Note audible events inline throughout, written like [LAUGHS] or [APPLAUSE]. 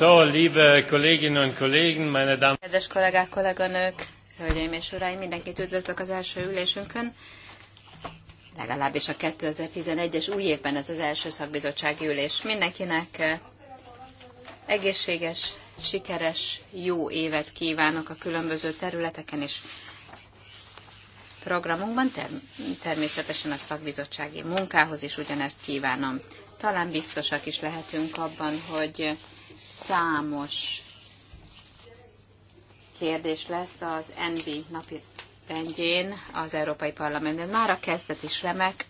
So, liebe Kolleginnen und Kollegen, meine Damen... Kedves kollégák, kolléganők, hölgyeim és uraim, mindenkit üdvözlök az első ülésünkön. Legalábbis a 2011-es új évben ez az első szakbizottsági ülés. Mindenkinek eh, egészséges, sikeres, jó évet kívánok a különböző területeken és programunkban, ter természetesen a szakbizottsági munkához is ugyanezt kívánom. Talán biztosak is lehetünk abban, hogy számos kérdés lesz az NB napi rendjén az Európai Parlamentben. Már a kezdet is remek.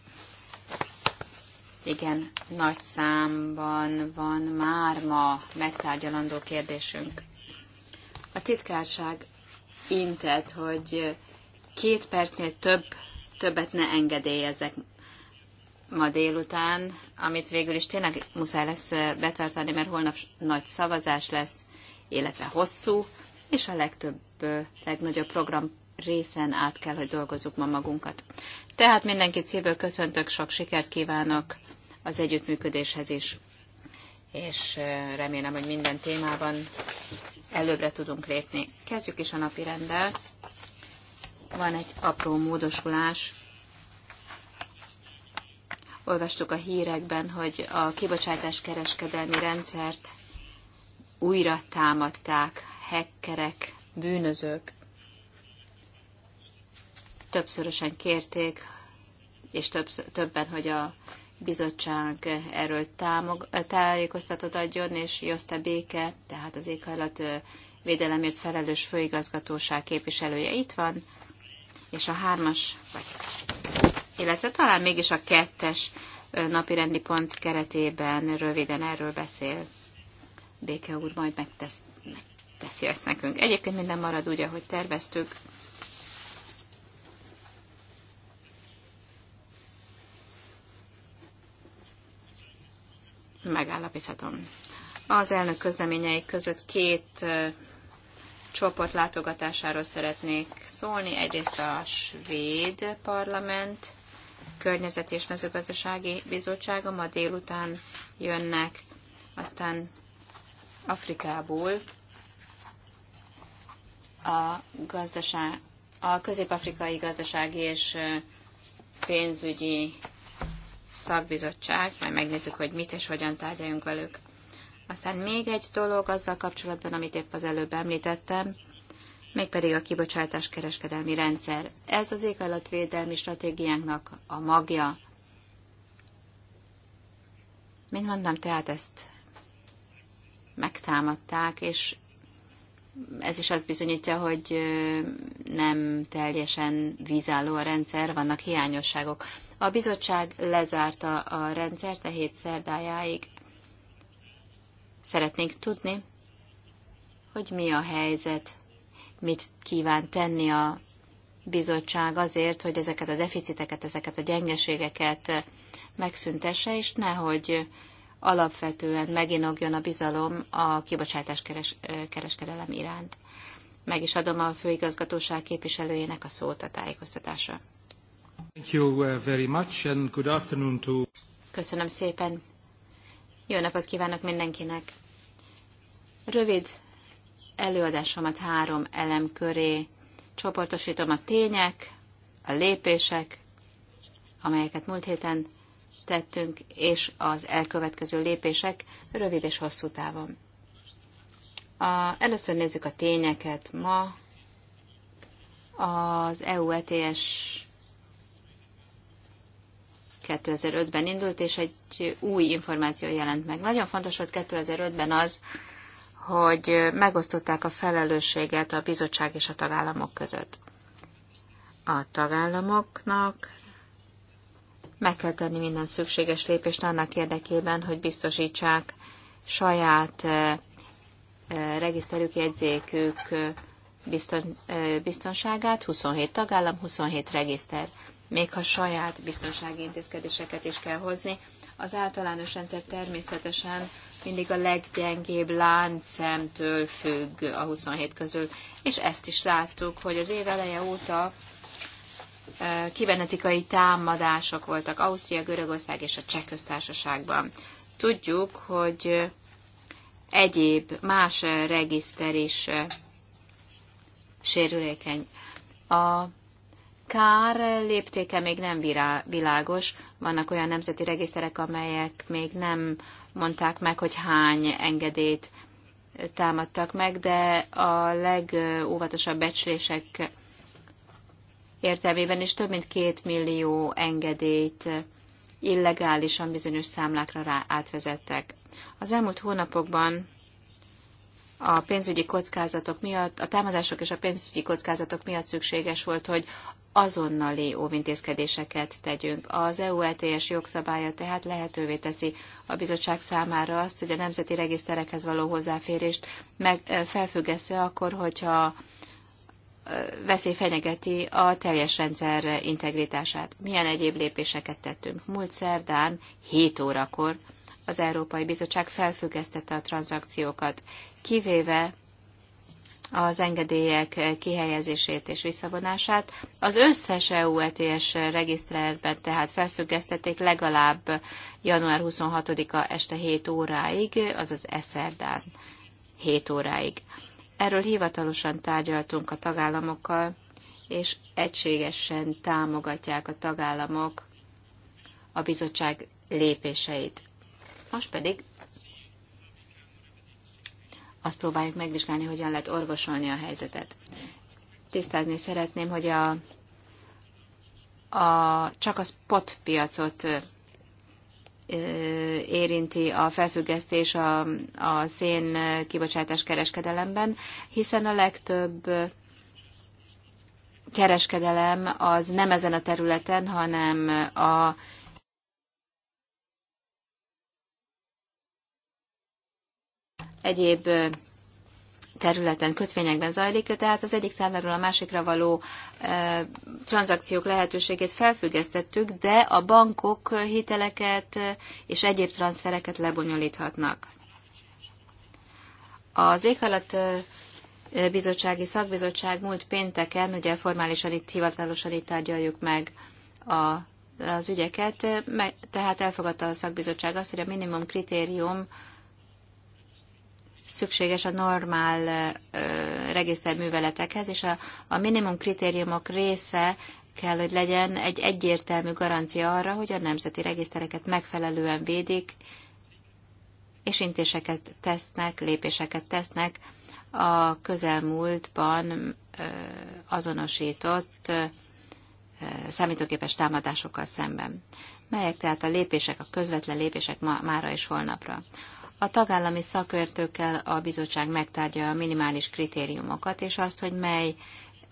Igen, nagy számban van már ma megtárgyalandó kérdésünk. A titkárság intett, hogy két percnél több, többet ne engedélyezek ma délután, amit végül is tényleg muszáj lesz betartani, mert holnap nagy szavazás lesz, illetve hosszú, és a legtöbb, legnagyobb program részen át kell, hogy dolgozzuk ma magunkat. Tehát mindenkit szívből köszöntök, sok sikert kívánok az együttműködéshez is, és remélem, hogy minden témában előbbre tudunk lépni. Kezdjük is a napi rendel. Van egy apró módosulás olvastuk a hírekben, hogy a kibocsátás kereskedelmi rendszert újra támadták hekkerek, bűnözők. Többszörösen kérték, és többsz- többen, hogy a bizottság erről támog, tájékoztatót adjon, és Josta Béke, tehát az éghajlat védelemért felelős főigazgatóság képviselője itt van, és a hármas, vagy illetve talán mégis a kettes napi rendi pont keretében röviden erről beszél. Béke úr majd megtesz, megteszi ezt nekünk. Egyébként minden marad úgy, ahogy terveztük. Megállapíthatom. Az elnök közleményei között két csoport látogatásáról szeretnék szólni. Egyrészt a svéd parlament Környezet és Mezőgazdasági Bizottsága ma délután jönnek, aztán Afrikából a, gazdaság, a közép-afrikai gazdasági és pénzügyi szakbizottság, majd megnézzük, hogy mit és hogyan tárgyaljunk velük. Aztán még egy dolog azzal kapcsolatban, amit épp az előbb említettem, mégpedig a kibocsátás kereskedelmi rendszer. Ez az éghajlatvédelmi stratégiánknak a magja. Mint mondtam, tehát ezt megtámadták, és ez is azt bizonyítja, hogy nem teljesen vízálló a rendszer, vannak hiányosságok. A bizottság lezárta a rendszert a hét szerdájáig. Szeretnénk tudni, hogy mi a helyzet mit kíván tenni a bizottság azért, hogy ezeket a deficiteket, ezeket a gyengeségeket megszüntesse, és nehogy alapvetően meginogjon a bizalom a kibocsátás keres, kereskedelem iránt. Meg is adom a főigazgatóság képviselőjének a szót a tájékoztatásra. Thank you uh, very much and good afternoon to... Köszönöm szépen. Jó napot kívánok mindenkinek. Rövid előadásomat három elem köré csoportosítom a tények, a lépések, amelyeket múlt héten tettünk, és az elkövetkező lépések rövid és hosszú távon. A, először nézzük a tényeket. Ma az EU ETS 2005-ben indult, és egy új információ jelent meg. Nagyon fontos volt 2005-ben az, hogy megosztották a felelősséget a bizottság és a tagállamok között. A tagállamoknak meg kell tenni minden szükséges lépést annak érdekében, hogy biztosítsák saját eh, eh, regiszterük, jegyzékük eh, biztonságát, 27 tagállam, 27 regiszter. Még ha saját biztonsági intézkedéseket is kell hozni, az általános rendszer természetesen mindig a leggyengébb láncszemtől függ a 27 közül, és ezt is láttuk, hogy az év eleje óta kibenetikai támadások voltak Ausztria, Görögország és a Cseh köztársaságban. Tudjuk, hogy egyéb más regiszter is sérülékeny. A kár léptéke még nem világos. Vannak olyan nemzeti regiszterek, amelyek még nem mondták meg, hogy hány engedélyt támadtak meg, de a legóvatosabb becslések értelmében is több mint két millió engedélyt illegálisan bizonyos számlákra rá átvezettek. Az elmúlt hónapokban a pénzügyi kockázatok miatt, a támadások és a pénzügyi kockázatok miatt szükséges volt, hogy azonnali óvintézkedéseket tegyünk. Az EU ETS jogszabálya tehát lehetővé teszi a bizottság számára azt, hogy a nemzeti regiszterekhez való hozzáférést meg, felfüggesse akkor, hogyha veszély fenyegeti a teljes rendszer integritását. Milyen egyéb lépéseket tettünk? Múlt szerdán 7 órakor az Európai Bizottság felfüggesztette a tranzakciókat, kivéve az engedélyek kihelyezését és visszavonását. Az összes EU ETS regisztrerben tehát felfüggesztették legalább január 26-a este 7 óráig, azaz Eszerdán 7 óráig. Erről hivatalosan tárgyaltunk a tagállamokkal, és egységesen támogatják a tagállamok a bizottság lépéseit. Most pedig azt próbáljuk megvizsgálni, hogyan lehet orvosolni a helyzetet. Tisztázni szeretném, hogy a, a, csak a spot piacot érinti a felfüggesztés a, a szén kibocsátás kereskedelemben, hiszen a legtöbb kereskedelem az nem ezen a területen, hanem a egyéb területen, kötvényekben zajlik, tehát az egyik számláról a másikra való e, tranzakciók lehetőségét felfüggesztettük, de a bankok hiteleket és egyéb transfereket lebonyolíthatnak. Az éghajlat bizottsági szakbizottság múlt pénteken, ugye formálisan itt hivatalosan itt tárgyaljuk meg a, az ügyeket, tehát elfogadta a szakbizottság azt, hogy a minimum kritérium szükséges a normál regiszterműveletekhez, és a, a minimum kritériumok része kell, hogy legyen egy egyértelmű garancia arra, hogy a nemzeti regisztereket megfelelően védik, és intéseket tesznek, lépéseket tesznek a közelmúltban azonosított számítógépes támadásokkal szemben. Melyek tehát a lépések, a közvetlen lépések ma, mára és holnapra. A tagállami szakértőkkel a bizottság megtárgyalja a minimális kritériumokat, és azt, hogy mely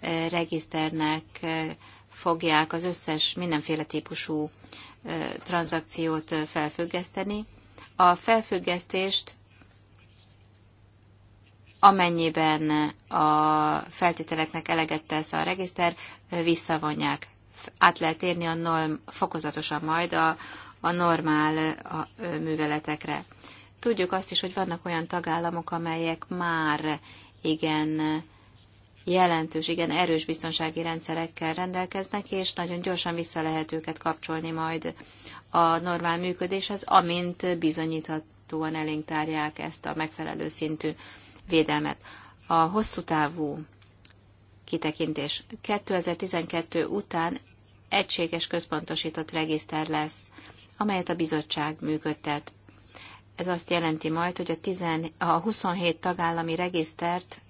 e, regiszternek e, fogják az összes mindenféle típusú e, tranzakciót felfüggeszteni. A felfüggesztést amennyiben a feltételeknek eleget tesz a regiszter, visszavonják. Át lehet érni a norm, fokozatosan majd a, a normál a, a műveletekre. Tudjuk azt is, hogy vannak olyan tagállamok, amelyek már igen jelentős, igen erős biztonsági rendszerekkel rendelkeznek, és nagyon gyorsan vissza lehet őket kapcsolni majd a normál működéshez, amint bizonyíthatóan elénk tárják ezt a megfelelő szintű védelmet. A hosszú távú kitekintés 2012 után egységes központosított regiszter lesz, amelyet a bizottság működtet. Ez azt jelenti majd, hogy a, 10, a 27 tagállami regisztert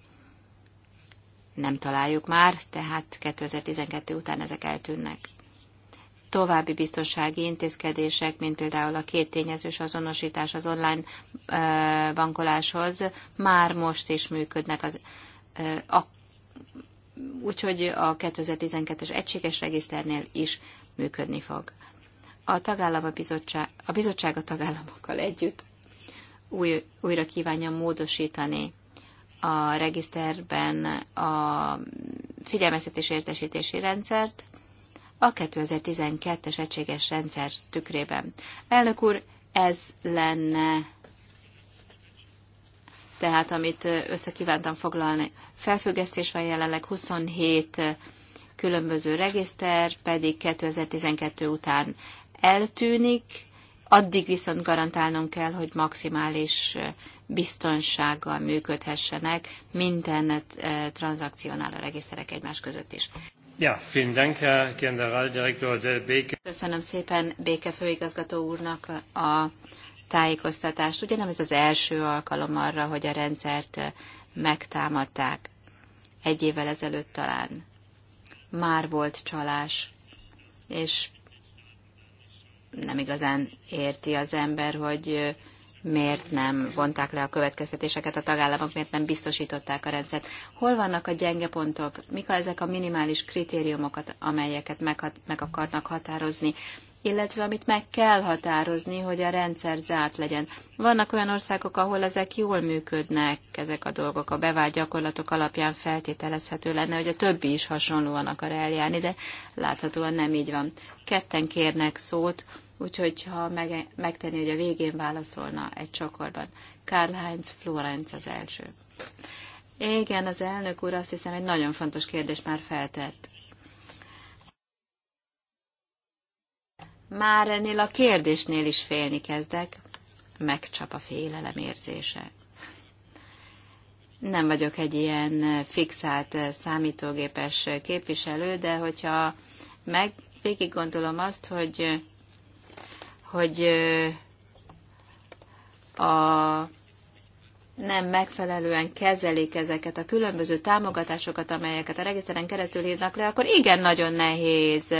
nem találjuk már, tehát 2012 után ezek eltűnnek. További biztonsági intézkedések, mint például a két tényezős azonosítás az online bankoláshoz, már most is működnek. Az, a, úgyhogy a 2012-es egységes regiszternél is működni fog. A, tagállam bizottság, a bizottság a tagállamokkal együtt új, újra kívánja módosítani a regiszterben a figyelmeztetés értesítési rendszert a 2012-es egységes rendszer tükrében. Elnök úr, ez lenne tehát amit összekívántam foglalni. Felfüggesztés van jelenleg 27 különböző regiszter, pedig 2012 után eltűnik, Addig viszont garantálnunk kell, hogy maximális biztonsággal működhessenek minden tranzakcionál a regiszterek egymás között is. Ja, vielen Dank, Herr Generaldirektor de Köszönöm szépen Béke főigazgató úrnak a tájékoztatást. Ugye nem ez az első alkalom arra, hogy a rendszert megtámadták. Egy évvel ezelőtt talán már volt csalás, és nem igazán érti az ember, hogy miért nem vonták le a következtetéseket a tagállamok, miért nem biztosították a rendszert. Hol vannak a gyenge pontok? Mik ezek a minimális kritériumokat, amelyeket meg, meg akarnak határozni illetve amit meg kell határozni, hogy a rendszer zárt legyen. Vannak olyan országok, ahol ezek jól működnek, ezek a dolgok a bevált gyakorlatok alapján feltételezhető lenne, hogy a többi is hasonlóan akar eljárni, de láthatóan nem így van. Ketten kérnek szót, úgyhogy ha meg, megtenni, hogy a végén válaszolna egy csokorban. Karl Heinz Florenz az első. Igen, az elnök úr azt hiszem egy nagyon fontos kérdést már feltett. Már ennél a kérdésnél is félni kezdek, megcsap a félelem érzése. Nem vagyok egy ilyen fixált számítógépes képviselő, de hogyha meg végig gondolom azt, hogy, hogy a nem megfelelően kezelik ezeket a különböző támogatásokat, amelyeket a regiszteren keresztül írnak le, akkor igen nagyon nehéz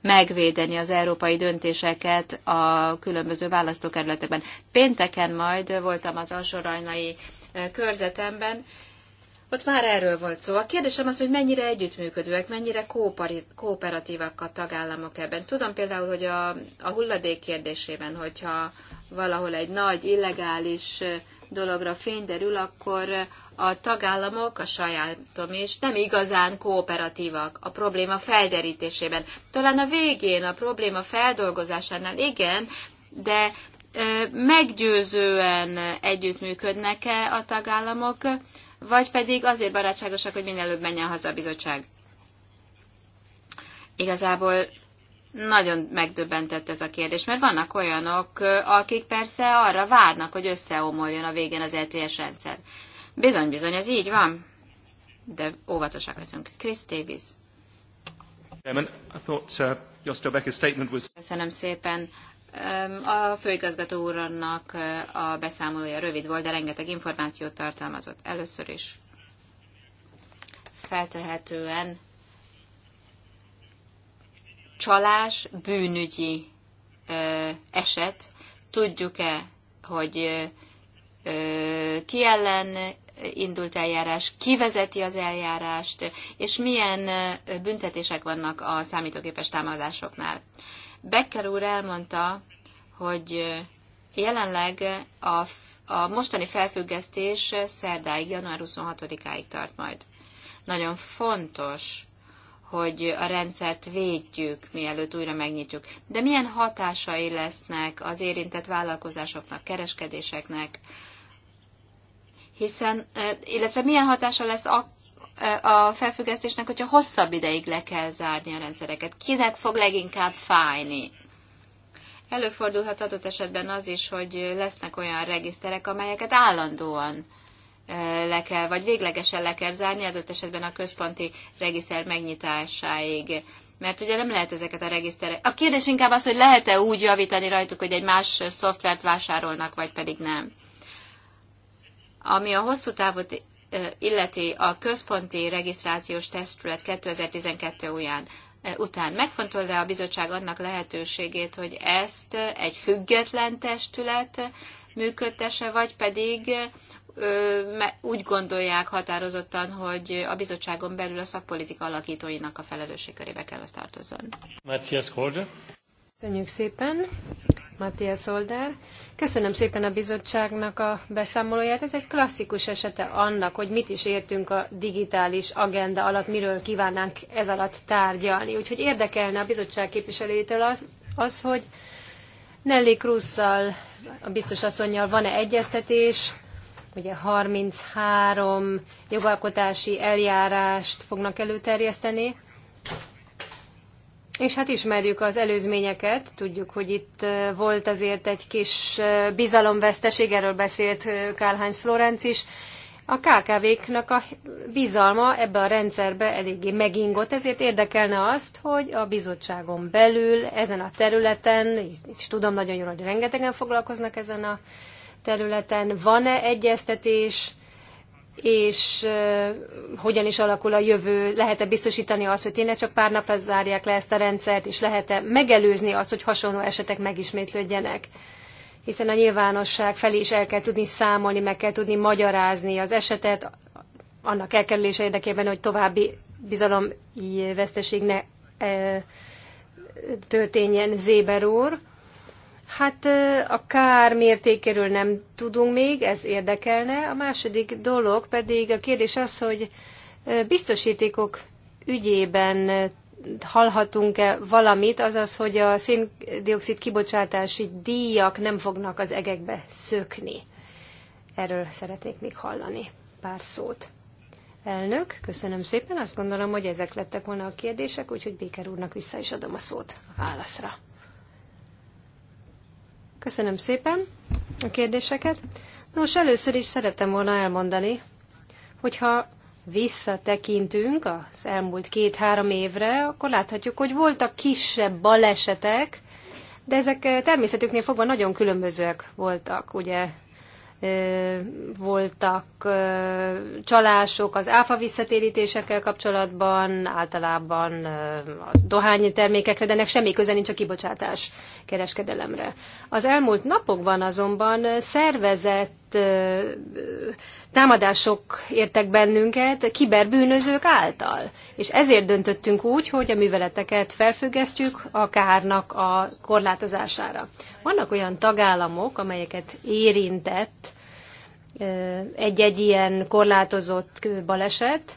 megvédeni az európai döntéseket a különböző választókerületekben. Pénteken majd voltam az alsorajnai körzetemben, ott már erről volt szó. A kérdésem az, hogy mennyire együttműködőek, mennyire kooperatívak a tagállamok ebben. Tudom például, hogy a, a hulladék kérdésében, hogyha valahol egy nagy illegális dologra fény derül, akkor a tagállamok, a sajátom is, nem igazán kooperatívak a probléma felderítésében. Talán a végén, a probléma feldolgozásánál igen, de meggyőzően együttműködnek-e a tagállamok, vagy pedig azért barátságosak, hogy minél előbb menjen haza a bizottság. Igazából nagyon megdöbbentett ez a kérdés, mert vannak olyanok, akik persze arra várnak, hogy összeomoljon a végén az LTS e rendszer. Bizony, bizony, ez így van. De óvatosak leszünk. Chris Davis. Uh, Köszönöm szépen. A főigazgató úrnak a beszámolója rövid volt, de rengeteg információt tartalmazott először is. Feltehetően csalás bűnügyi eset, tudjuk-e, hogy ki ellen indult eljárás, ki vezeti az eljárást, és milyen büntetések vannak a számítógépes támadásoknál. Becker úr elmondta, hogy jelenleg a, a mostani felfüggesztés szerdáig, január 26-áig tart majd. Nagyon fontos, hogy a rendszert védjük, mielőtt újra megnyitjuk. De milyen hatásai lesznek az érintett vállalkozásoknak, kereskedéseknek, hiszen, illetve milyen hatása lesz a, a felfüggesztésnek, hogyha hosszabb ideig le kell zárni a rendszereket? Kinek fog leginkább fájni? Előfordulhat adott esetben az is, hogy lesznek olyan regiszterek, amelyeket állandóan le kell, vagy véglegesen le kell zárni, adott esetben a központi regiszter megnyitásáig. Mert ugye nem lehet ezeket a regiszterek. A kérdés inkább az, hogy lehet-e úgy javítani rajtuk, hogy egy más szoftvert vásárolnak, vagy pedig nem. Ami a hosszú távot eh, illeti a központi regisztrációs testület 2012 uján, eh, után megfontolja a bizottság annak lehetőségét, hogy ezt egy független testület működtesse, vagy pedig úgy gondolják határozottan, hogy a bizottságon belül a szakpolitika alakítóinak a felelősség körébe kell az tartozzon. Matthias Holder. Köszönjük szépen, Matthias Holder. Köszönöm szépen a bizottságnak a beszámolóját. Ez egy klasszikus esete annak, hogy mit is értünk a digitális agenda alatt, miről kívánnánk ez alatt tárgyalni. Úgyhogy érdekelne a bizottság képviselőjétől az, az hogy Nelly Krusszal, a biztos asszonynal van-e egyeztetés, ugye 33 jogalkotási eljárást fognak előterjeszteni, és hát ismerjük az előzményeket, tudjuk, hogy itt volt azért egy kis bizalomveszteség, erről beszélt karl Florenc is. A KKV-knak a bizalma ebbe a rendszerbe eléggé megingott, ezért érdekelne azt, hogy a bizottságon belül, ezen a területen, és tudom nagyon jól, hogy rengetegen foglalkoznak ezen a területen van-e egyeztetés, és hogyan is alakul a jövő, lehet-e biztosítani azt, hogy tényleg csak pár napra zárják le ezt a rendszert, és lehet-e megelőzni azt, hogy hasonló esetek megismétlődjenek. Hiszen a nyilvánosság felé is el kell tudni számolni, meg kell tudni magyarázni az esetet, annak elkerülése érdekében, hogy további bizalomveszteség ne e, történjen. Zéber úr, Hát a kár mértékéről nem tudunk még, ez érdekelne. A második dolog pedig a kérdés az, hogy biztosítékok ügyében hallhatunk-e valamit, azaz, hogy a széndiokszid kibocsátási díjak nem fognak az egekbe szökni. Erről szeretnék még hallani pár szót. Elnök, köszönöm szépen. Azt gondolom, hogy ezek lettek volna a kérdések, úgyhogy Béker úrnak vissza is adom a szót a válaszra. Köszönöm szépen a kérdéseket. Nos, először is szerettem volna elmondani, hogyha visszatekintünk az elmúlt két-három évre, akkor láthatjuk, hogy voltak kisebb balesetek, de ezek természetüknél fogva nagyon különbözőek voltak. Ugye voltak csalások az áfa visszatérítésekkel kapcsolatban, általában a dohányi termékekre, de ennek semmi köze nincs a kibocsátás kereskedelemre. Az elmúlt napokban azonban szervezett támadások értek bennünket kiberbűnözők által, és ezért döntöttünk úgy, hogy a műveleteket felfüggesztjük a kárnak a korlátozására. Vannak olyan tagállamok, amelyeket érintett, egy-egy ilyen korlátozott baleset.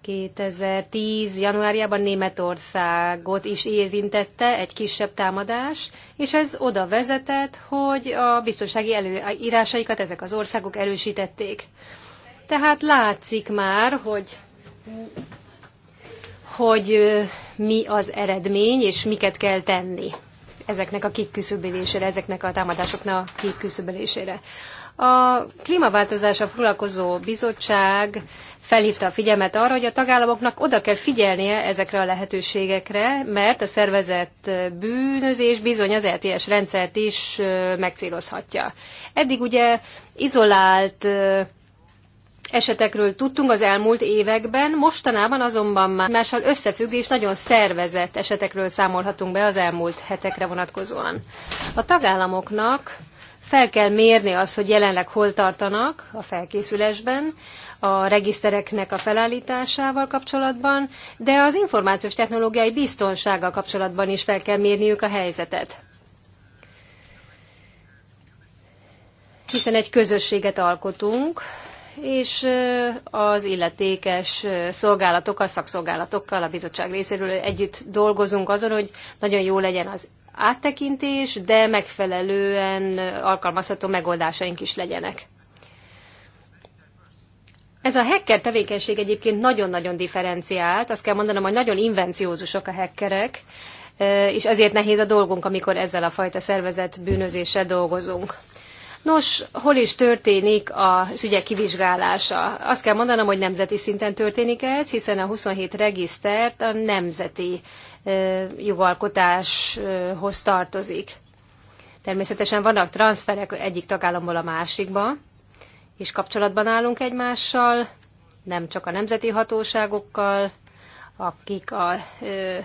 2010. januárjában Németországot is érintette egy kisebb támadás, és ez oda vezetett, hogy a biztonsági előírásaikat ezek az országok erősítették. Tehát látszik már, hogy hogy mi az eredmény, és miket kell tenni ezeknek a kiküszöbölésére, ezeknek a támadásoknak a kiküszöbölésére. A klímaváltozással foglalkozó bizottság felhívta a figyelmet arra, hogy a tagállamoknak oda kell figyelnie ezekre a lehetőségekre, mert a szervezett bűnözés bizony az LTS e rendszert is megcélozhatja. Eddig ugye izolált esetekről tudtunk az elmúlt években, mostanában azonban már mással összefüggő és nagyon szervezett esetekről számolhatunk be az elmúlt hetekre vonatkozóan. A tagállamoknak fel kell mérni az, hogy jelenleg hol tartanak a felkészülésben, a regisztereknek a felállításával kapcsolatban, de az információs technológiai biztonsággal kapcsolatban is fel kell mérniük a helyzetet. Hiszen egy közösséget alkotunk, és az illetékes szolgálatokkal, szakszolgálatokkal, a bizottság részéről együtt dolgozunk azon, hogy nagyon jó legyen az áttekintés, de megfelelően alkalmazható megoldásaink is legyenek. Ez a hacker tevékenység egyébként nagyon-nagyon differenciált, azt kell mondanom, hogy nagyon invenciózusok a hackerek, és ezért nehéz a dolgunk, amikor ezzel a fajta szervezet bűnözéssel dolgozunk. Nos, hol is történik az ügyek kivizsgálása? Azt kell mondanom, hogy nemzeti szinten történik ez, hiszen a 27 regisztert a nemzeti jogalkotáshoz tartozik. Természetesen vannak transferek egyik tagállamból a másikba, és kapcsolatban állunk egymással, nem csak a nemzeti hatóságokkal, akik a ö,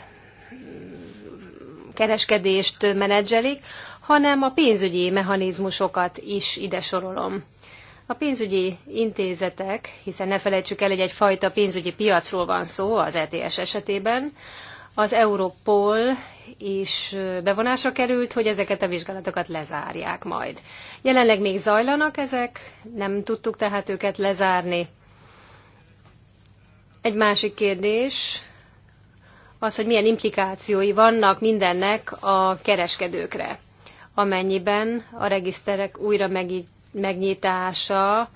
kereskedést menedzselik, hanem a pénzügyi mechanizmusokat is ide sorolom. A pénzügyi intézetek, hiszen ne felejtsük el, hogy egyfajta pénzügyi piacról van szó az ETS esetében, az Europol is bevonásra került, hogy ezeket a vizsgálatokat lezárják majd. Jelenleg még zajlanak ezek, nem tudtuk tehát őket lezárni. Egy másik kérdés az, hogy milyen implikációi vannak mindennek a kereskedőkre amennyiben a regiszterek újra megnyitása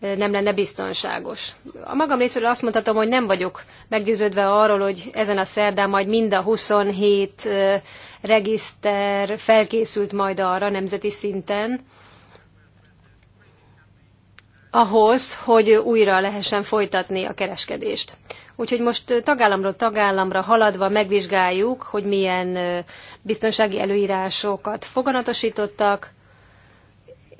eh, nem lenne biztonságos. A magam részéről azt mondhatom, hogy nem vagyok meggyőződve arról, hogy ezen a szerdán majd mind a 27 eh, regiszter felkészült majd arra nemzeti szinten, ahhoz, hogy újra lehessen folytatni a kereskedést. Úgyhogy most tagállamról tagállamra haladva megvizsgáljuk, hogy milyen biztonsági előírásokat foganatosítottak,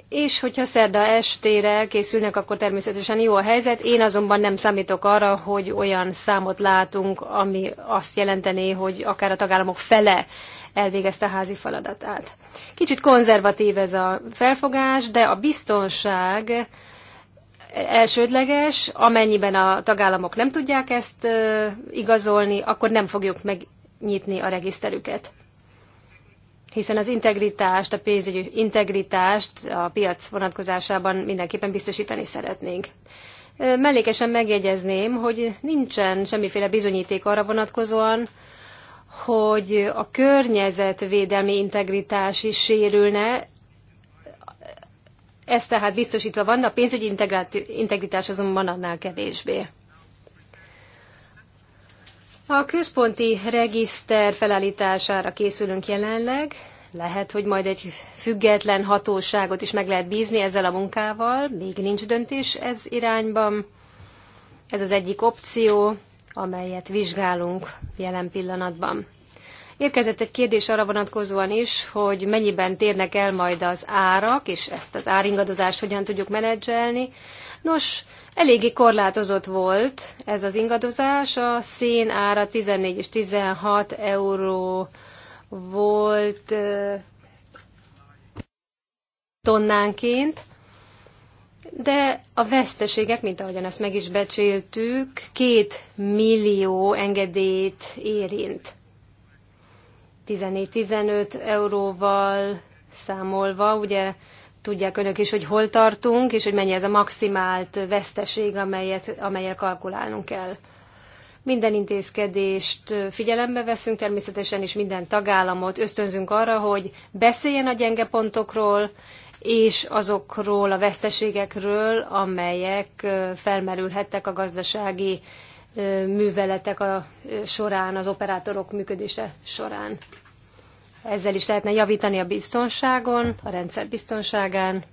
és hogyha szerda estére készülnek, akkor természetesen jó a helyzet. Én azonban nem számítok arra, hogy olyan számot látunk, ami azt jelenteni, hogy akár a tagállamok fele elvégezte a házi feladatát. Kicsit konzervatív ez a felfogás, de a biztonság elsődleges, amennyiben a tagállamok nem tudják ezt igazolni, akkor nem fogjuk megnyitni a regiszterüket. Hiszen az integritást, a pénzügyi integritást a piac vonatkozásában mindenképpen biztosítani szeretnénk. Mellékesen megjegyezném, hogy nincsen semmiféle bizonyíték arra vonatkozóan, hogy a környezetvédelmi integritás is sérülne ez tehát biztosítva van, a pénzügyi integritás azonban annál kevésbé. A központi regiszter felállítására készülünk jelenleg. Lehet, hogy majd egy független hatóságot is meg lehet bízni ezzel a munkával. Még nincs döntés ez irányban. Ez az egyik opció, amelyet vizsgálunk jelen pillanatban. Érkezett egy kérdés arra vonatkozóan is, hogy mennyiben térnek el majd az árak, és ezt az áringadozást hogyan tudjuk menedzselni. Nos, eléggé korlátozott volt ez az ingadozás. A szén ára 14 és 16 euró volt tonnánként, de a veszteségek, mint ahogyan ezt meg is becséltük, két millió engedélyt érint. 14-15 euróval számolva, ugye tudják önök is, hogy hol tartunk, és hogy mennyi ez a maximált veszteség, amelyet, amelyel kalkulálnunk kell. Minden intézkedést figyelembe veszünk természetesen, és minden tagállamot ösztönzünk arra, hogy beszéljen a gyenge pontokról, és azokról a veszteségekről, amelyek felmerülhettek a gazdasági műveletek a során, az operátorok működése során. Ezzel is lehetne javítani a biztonságon, a rendszer biztonságán,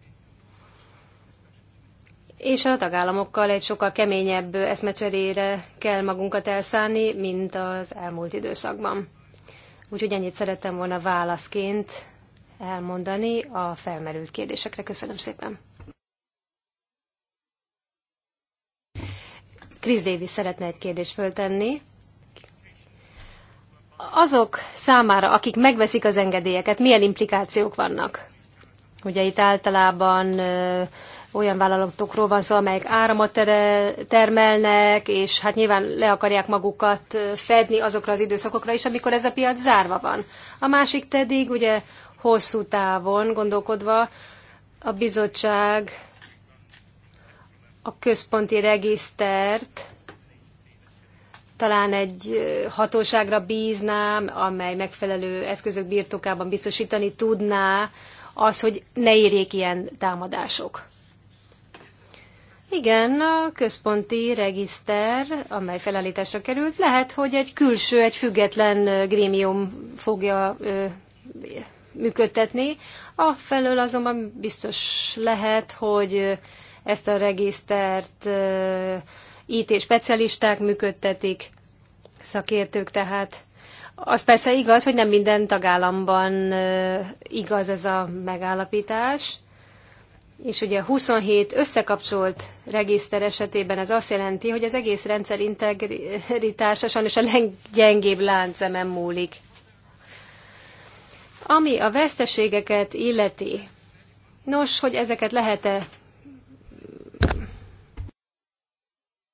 és a tagállamokkal egy sokkal keményebb eszmecserére kell magunkat elszállni, mint az elmúlt időszakban. Úgyhogy ennyit szerettem volna válaszként elmondani a felmerült kérdésekre. Köszönöm szépen. Krisz Davis szeretne egy kérdést föltenni azok számára, akik megveszik az engedélyeket, milyen implikációk vannak? Ugye itt általában olyan vállalatokról van szó, amelyek áramot termelnek, és hát nyilván le akarják magukat fedni azokra az időszakokra is, amikor ez a piac zárva van. A másik pedig ugye hosszú távon gondolkodva a bizottság a központi regisztert talán egy hatóságra bíznám, amely megfelelő eszközök birtokában biztosítani tudná az, hogy ne érjék ilyen támadások. Igen, a központi regiszter, amely felállításra került, lehet, hogy egy külső, egy független grémium fogja ö, működtetni. A felől azonban biztos lehet, hogy ezt a regisztert ö, IT specialisták működtetik, szakértők tehát. Az persze igaz, hogy nem minden tagállamban igaz ez a megállapítás, és ugye 27 összekapcsolt regiszter esetében ez azt jelenti, hogy az egész rendszer integritása sajnos a leggyengébb láncemen múlik. Ami a veszteségeket illeti, nos, hogy ezeket lehet-e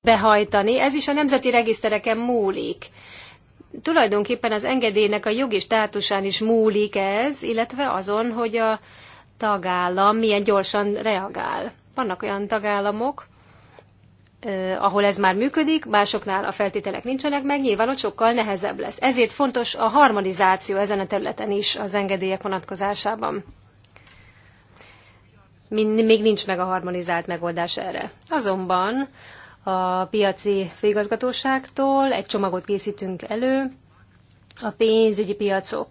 behajtani, ez is a nemzeti regisztereken múlik. Tulajdonképpen az engedélynek a jogi státusán is múlik ez, illetve azon, hogy a tagállam milyen gyorsan reagál. Vannak olyan tagállamok, eh, ahol ez már működik, másoknál a feltételek nincsenek meg, nyilván ott sokkal nehezebb lesz. Ezért fontos a harmonizáció ezen a területen is az engedélyek vonatkozásában. Még nincs meg a harmonizált megoldás erre. Azonban a piaci főigazgatóságtól. Egy csomagot készítünk elő a pénzügyi piacok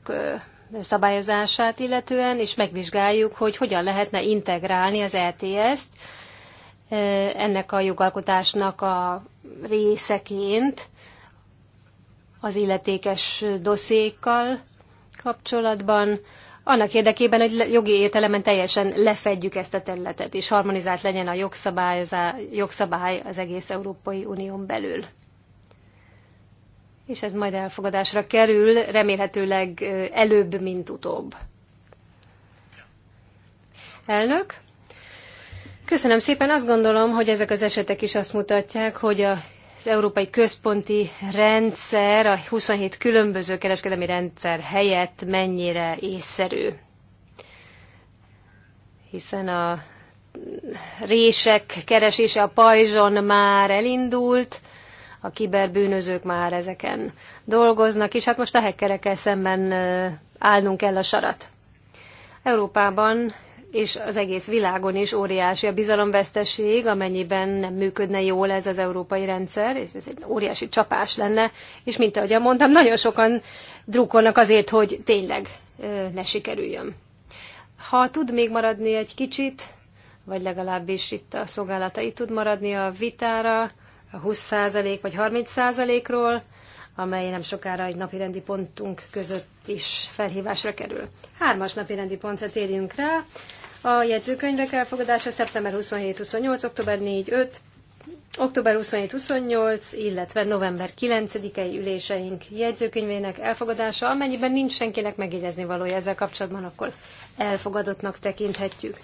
szabályozását illetően, és megvizsgáljuk, hogy hogyan lehetne integrálni az ETS-t ennek a jogalkotásnak a részeként az illetékes dosszékkal kapcsolatban annak érdekében, hogy jogi értelemben teljesen lefedjük ezt a területet, és harmonizált legyen a jogszabály, az, a jogszabály az egész Európai Unión belül. És ez majd elfogadásra kerül, remélhetőleg előbb, mint utóbb. Elnök, köszönöm szépen. Azt gondolom, hogy ezek az esetek is azt mutatják, hogy a az Európai Központi Rendszer a 27 különböző kereskedelmi rendszer helyett mennyire észszerű. Hiszen a rések keresése a pajzson már elindult, a kiberbűnözők már ezeken dolgoznak, és hát most a hekkerekkel szemben állnunk kell a sarat. Európában és az egész világon is óriási a bizalomvesztesség, amennyiben nem működne jól ez az európai rendszer, és ez egy óriási csapás lenne, és mint ahogy mondtam, nagyon sokan drukkolnak azért, hogy tényleg ne sikerüljön. Ha tud még maradni egy kicsit, vagy legalábbis itt a szolgálatai tud maradni a vitára, a 20% vagy 30%-ról, amely nem sokára egy napi rendi pontunk között is felhívásra kerül. Hármas napi rendi pontra térjünk rá. A jegyzőkönyvek elfogadása szeptember 27-28, október 4-5, október 27-28, illetve november 9-ei üléseink jegyzőkönyvének elfogadása, amennyiben nincs senkinek megjegyezni valója ezzel kapcsolatban, akkor elfogadottnak tekinthetjük.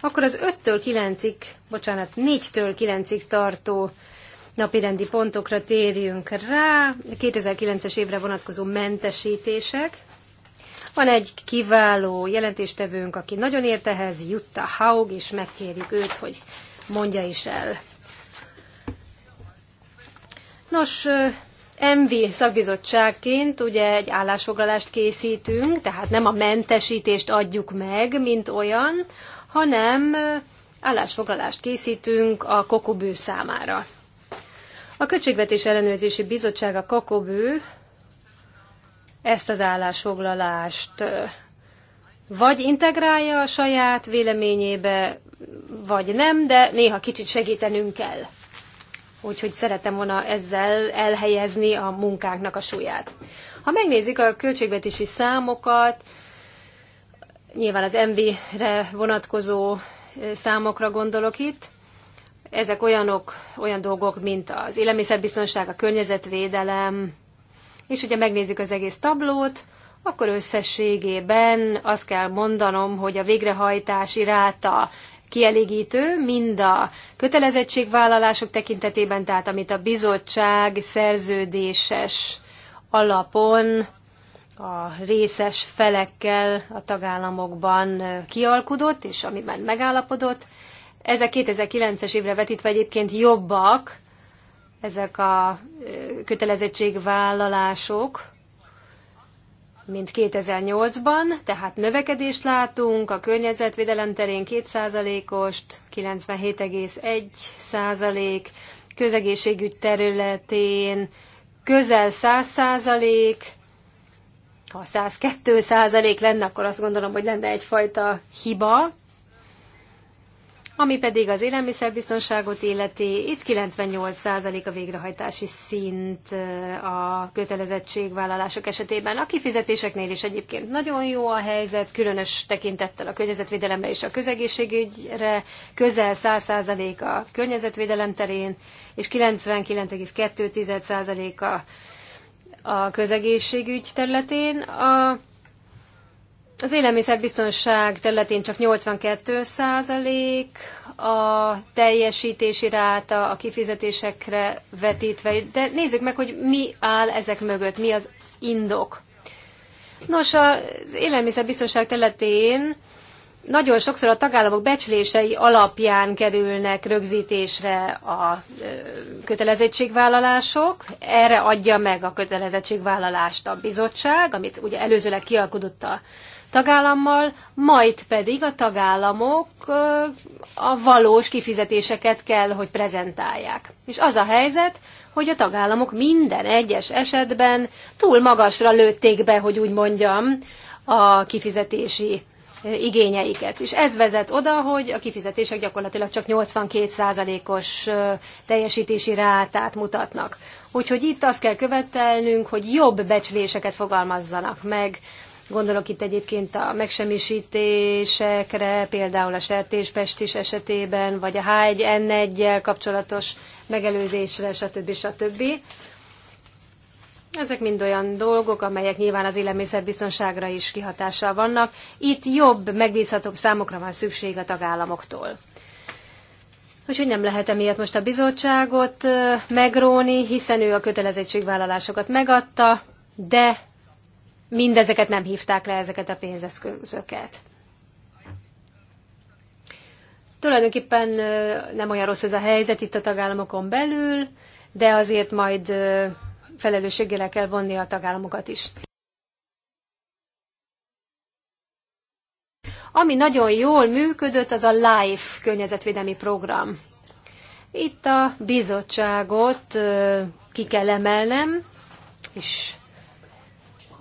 Akkor az 5-től 9-ig, bocsánat, 4-től 9-ig tartó napirendi pontokra térjünk rá. 2009-es évre vonatkozó mentesítések. Van egy kiváló jelentéstevőnk, aki nagyon ért ehhez, Jutta Haug, és megkérjük őt, hogy mondja is el. Nos, MV szakbizottságként ugye egy állásfoglalást készítünk, tehát nem a mentesítést adjuk meg, mint olyan, hanem állásfoglalást készítünk a kokobő számára. A Költségvetés Ellenőrzési Bizottság a kokobő ezt az állásfoglalást vagy integrálja a saját véleményébe, vagy nem, de néha kicsit segítenünk kell. Úgyhogy szeretem volna ezzel elhelyezni a munkánknak a súlyát. Ha megnézik a költségvetési számokat, nyilván az MV-re vonatkozó számokra gondolok itt, ezek olyanok, olyan dolgok, mint az élelmiszerbiztonság, a környezetvédelem, és ugye megnézzük az egész tablót, akkor összességében azt kell mondanom, hogy a végrehajtási ráta kielégítő, mind a kötelezettségvállalások tekintetében, tehát amit a bizottság szerződéses alapon a részes felekkel a tagállamokban kialkudott, és amiben megállapodott. Ezek 2009-es évre vetítve egyébként jobbak, ezek a kötelezettségvállalások, mint 2008-ban, tehát növekedést látunk, a környezetvédelem terén 2%-ost, 97,1%, közegészségügy területén közel 100%, ha 102% lenne, akkor azt gondolom, hogy lenne egyfajta hiba, ami pedig az élelmiszerbiztonságot illeti, itt 98% a végrehajtási szint a kötelezettségvállalások esetében. A kifizetéseknél is egyébként nagyon jó a helyzet, különös tekintettel a környezetvédelemre és a közegészségügyre, közel 100% a környezetvédelem terén, és 99,2% a a közegészségügy területén. A az élelmiszerbiztonság területén csak 82 százalék a teljesítési ráta a kifizetésekre vetítve, de nézzük meg, hogy mi áll ezek mögött, mi az indok. Nos, az élelmiszerbiztonság területén nagyon sokszor a tagállamok becslései alapján kerülnek rögzítésre a kötelezettségvállalások. Erre adja meg a kötelezettségvállalást a bizottság, amit ugye előzőleg kialkodott a tagállammal, majd pedig a tagállamok a valós kifizetéseket kell, hogy prezentálják. És az a helyzet, hogy a tagállamok minden egyes esetben túl magasra lőtték be, hogy úgy mondjam, a kifizetési igényeiket. És ez vezet oda, hogy a kifizetések gyakorlatilag csak 82%-os teljesítési rátát mutatnak. Úgyhogy itt azt kell követelnünk, hogy jobb becsléseket fogalmazzanak meg Gondolok itt egyébként a megsemmisítésekre, például a sertéspestis esetében, vagy a H1N1-jel kapcsolatos megelőzésre, stb. stb. Ezek mind olyan dolgok, amelyek nyilván az élelmiszerbiztonságra is kihatással vannak. Itt jobb, megbízhatóbb számokra van szükség a tagállamoktól. Úgyhogy nem lehet emiatt most a bizottságot megróni, hiszen ő a kötelezettségvállalásokat megadta, de mindezeket nem hívták le, ezeket a pénzeszközöket. Tulajdonképpen nem olyan rossz ez a helyzet itt a tagállamokon belül, de azért majd felelősségére kell vonni a tagállamokat is. Ami nagyon jól működött, az a LIFE környezetvédelmi program. Itt a bizottságot ki kell emelnem, és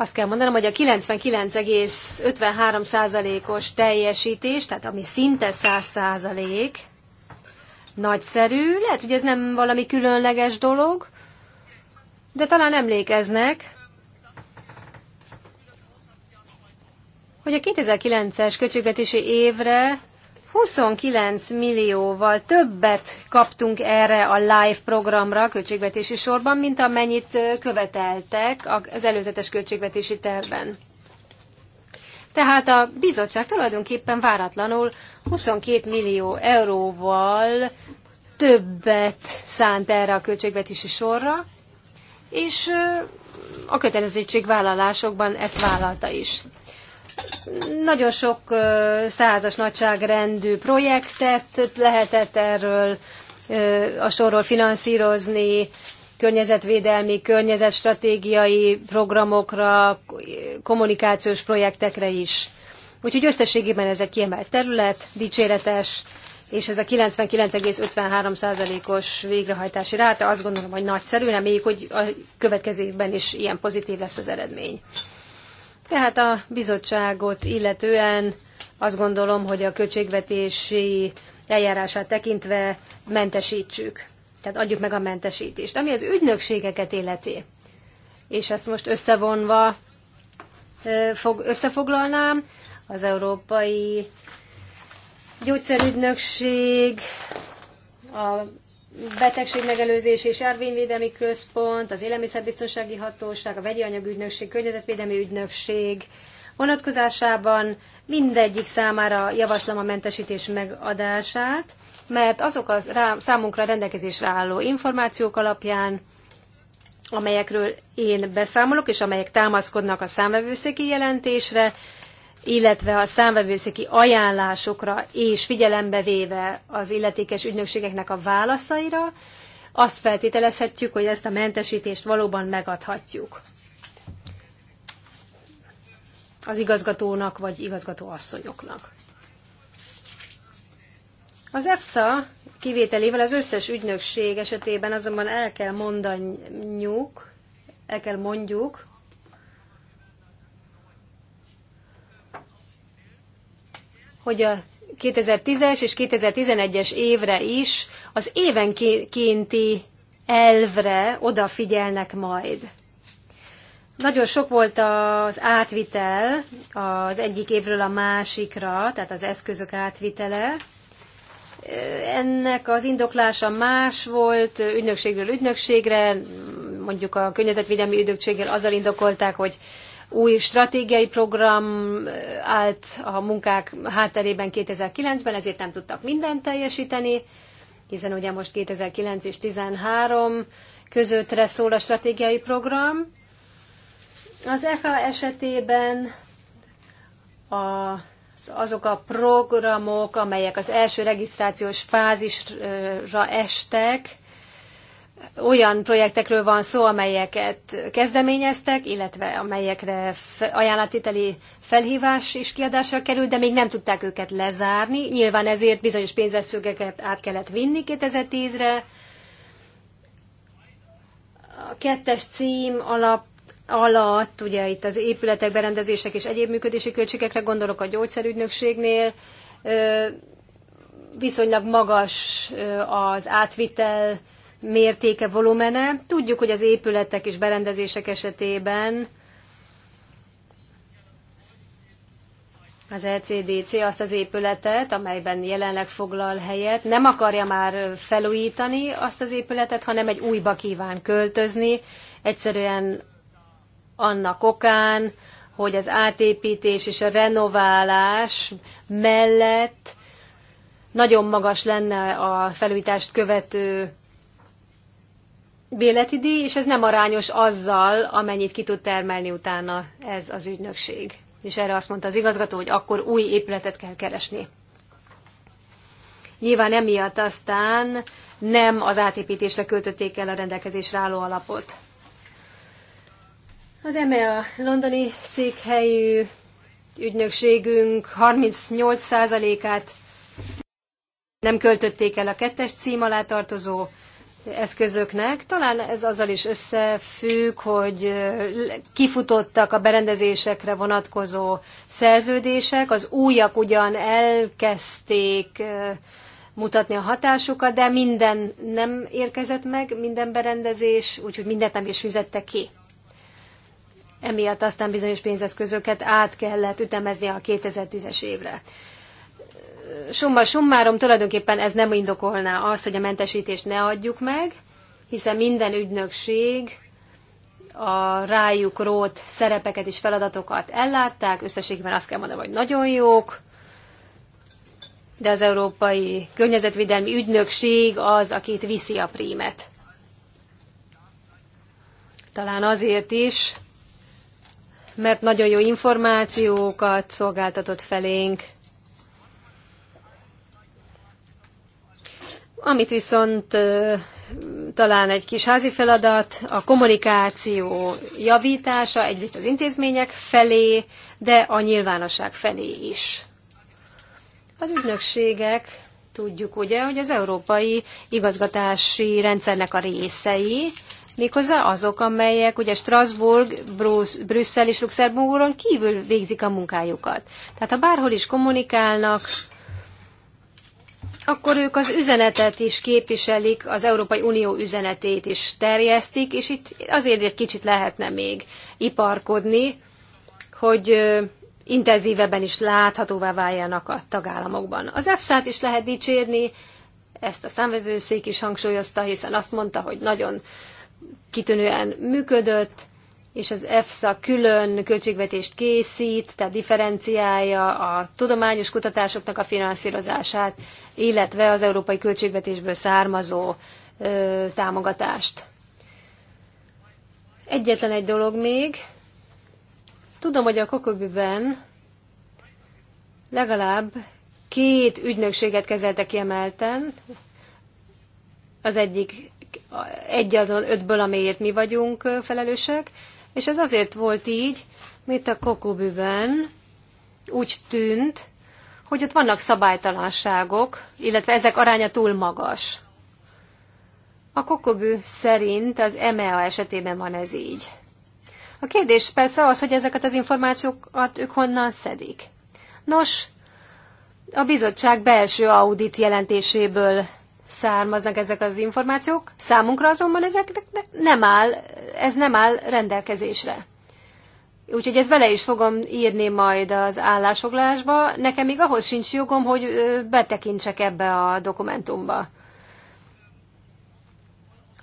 azt kell mondanom, hogy a 99,53%-os teljesítés, tehát ami szinte 100% nagyszerű, lehet, hogy ez nem valami különleges dolog, de talán emlékeznek, hogy a 2009-es költségvetési évre 29 millióval többet kaptunk erre a live programra a költségvetési sorban, mint amennyit követeltek az előzetes költségvetési tervben. Tehát a bizottság tulajdonképpen váratlanul 22 millió euróval többet szánt erre a költségvetési sorra, és a kötelezettségvállalásokban ezt vállalta is. Nagyon sok százas nagyságrendű projektet lehetett erről a sorról finanszírozni, környezetvédelmi, környezetstratégiai programokra, kommunikációs projektekre is. Úgyhogy összességében ez egy kiemelt terület, dicséretes, és ez a 99,53%-os végrehajtási ráta azt gondolom, hogy nagyszerű, reméljük, hogy a következő évben is ilyen pozitív lesz az eredmény. Tehát a bizottságot illetően azt gondolom, hogy a költségvetési eljárását tekintve mentesítsük. Tehát adjuk meg a mentesítést. Ami az ügynökségeket illeti, és ezt most összevonva összefoglalnám, az Európai Gyógyszerügynökség, a betegség és járvényvédelmi központ, az élelmiszerbiztonsági hatóság, a vegyi anyagügynökség, környezetvédelmi ügynökség vonatkozásában mindegyik számára javaslom a mentesítés megadását, mert azok a az rá, számunkra rendelkezésre álló információk alapján, amelyekről én beszámolok, és amelyek támaszkodnak a számvevőszéki jelentésre, illetve a számvevőszéki ajánlásokra és figyelembe véve az illetékes ügynökségeknek a válaszaira, azt feltételezhetjük, hogy ezt a mentesítést valóban megadhatjuk az igazgatónak vagy igazgatóasszonyoknak. Az EFSA kivételével az összes ügynökség esetében azonban el kell mondaniuk, el kell mondjuk, hogy a 2010-es és 2011-es évre is az évenkénti elvre odafigyelnek majd. Nagyon sok volt az átvitel az egyik évről a másikra, tehát az eszközök átvitele. Ennek az indoklása más volt, ügynökségről ügynökségre, mondjuk a környezetvédelmi ügynökséggel azzal indokolták, hogy új stratégiai program eh, állt a munkák hátterében 2009-ben, ezért nem tudtak mindent teljesíteni, hiszen ugye most 2009 és 2013 közöttre szól a stratégiai program. Az EFA esetében a azok a programok, amelyek az első regisztrációs fázisra estek, olyan projektekről van szó, amelyeket kezdeményeztek, illetve amelyekre ajánlatiteli felhívás is kiadásra került, de még nem tudták őket lezárni. Nyilván ezért bizonyos pénzeszögeket át kellett vinni 2010-re. A kettes cím alap alatt, ugye itt az épületek, berendezések és egyéb működési költségekre gondolok a gyógyszerügynökségnél, viszonylag magas az átvitel mértéke, volumene. Tudjuk, hogy az épületek és berendezések esetében az ECDC azt az épületet, amelyben jelenleg foglal helyet, nem akarja már felújítani azt az épületet, hanem egy újba kíván költözni, egyszerűen annak okán, hogy az átépítés és a renoválás mellett nagyon magas lenne a felújítást követő béleti és ez nem arányos azzal, amennyit ki tud termelni utána ez az ügynökség. És erre azt mondta az igazgató, hogy akkor új épületet kell keresni. Nyilván emiatt aztán nem az átépítésre költötték el a rendelkezésre álló alapot. Az EME a londoni székhelyű ügynökségünk 38%-át nem költötték el a kettes cím alá tartozó eszközöknek. Talán ez azzal is összefügg, hogy kifutottak a berendezésekre vonatkozó szerződések, az újak ugyan elkezdték mutatni a hatásukat, de minden nem érkezett meg, minden berendezés, úgyhogy mindent nem is fizette ki. Emiatt aztán bizonyos pénzeszközöket át kellett ütemezni a 2010-es évre summa summarum tulajdonképpen ez nem indokolná az, hogy a mentesítést ne adjuk meg, hiszen minden ügynökség a rájuk rót szerepeket és feladatokat ellátták, összességében azt kell mondanom, hogy nagyon jók, de az Európai Környezetvédelmi Ügynökség az, akit viszi a prímet. Talán azért is, mert nagyon jó információkat szolgáltatott felénk, Amit viszont talán egy kis házi feladat, a kommunikáció javítása egyrészt az intézmények felé, de a nyilvánosság felé is. Az ügynökségek tudjuk ugye, hogy az európai igazgatási rendszernek a részei, méghozzá azok, amelyek ugye Strasbourg, Bruce, Brüsszel és Luxemburgon kívül végzik a munkájukat. Tehát ha bárhol is kommunikálnak, akkor ők az üzenetet is képviselik, az Európai Unió üzenetét is terjesztik, és itt azért egy kicsit lehetne még iparkodni, hogy intenzívebben is láthatóvá váljanak a tagállamokban. Az EFSA-t is lehet dicsérni, ezt a számvevőszék is hangsúlyozta, hiszen azt mondta, hogy nagyon kitűnően működött, és az EFSA külön költségvetést készít, tehát differenciálja a tudományos kutatásoknak a finanszírozását, illetve az európai költségvetésből származó ö, támogatást. Egyetlen egy dolog még. Tudom, hogy a Kokobiben legalább két ügynökséget kezeltek kiemelten. Az egyik egy azon ötből, amiért mi vagyunk felelősök. És ez azért volt így, mert a kokobűben úgy tűnt, hogy ott vannak szabálytalanságok, illetve ezek aránya túl magas. A kokobű szerint az EMEA esetében van ez így. A kérdés persze az, hogy ezeket az információkat ők honnan szedik. Nos, a bizottság belső audit jelentéséből származnak ezek az információk, számunkra azonban ezeknek nem áll, ez nem áll rendelkezésre. Úgyhogy ezt bele is fogom írni majd az állásfoglalásba. Nekem még ahhoz sincs jogom, hogy betekintsek ebbe a dokumentumba.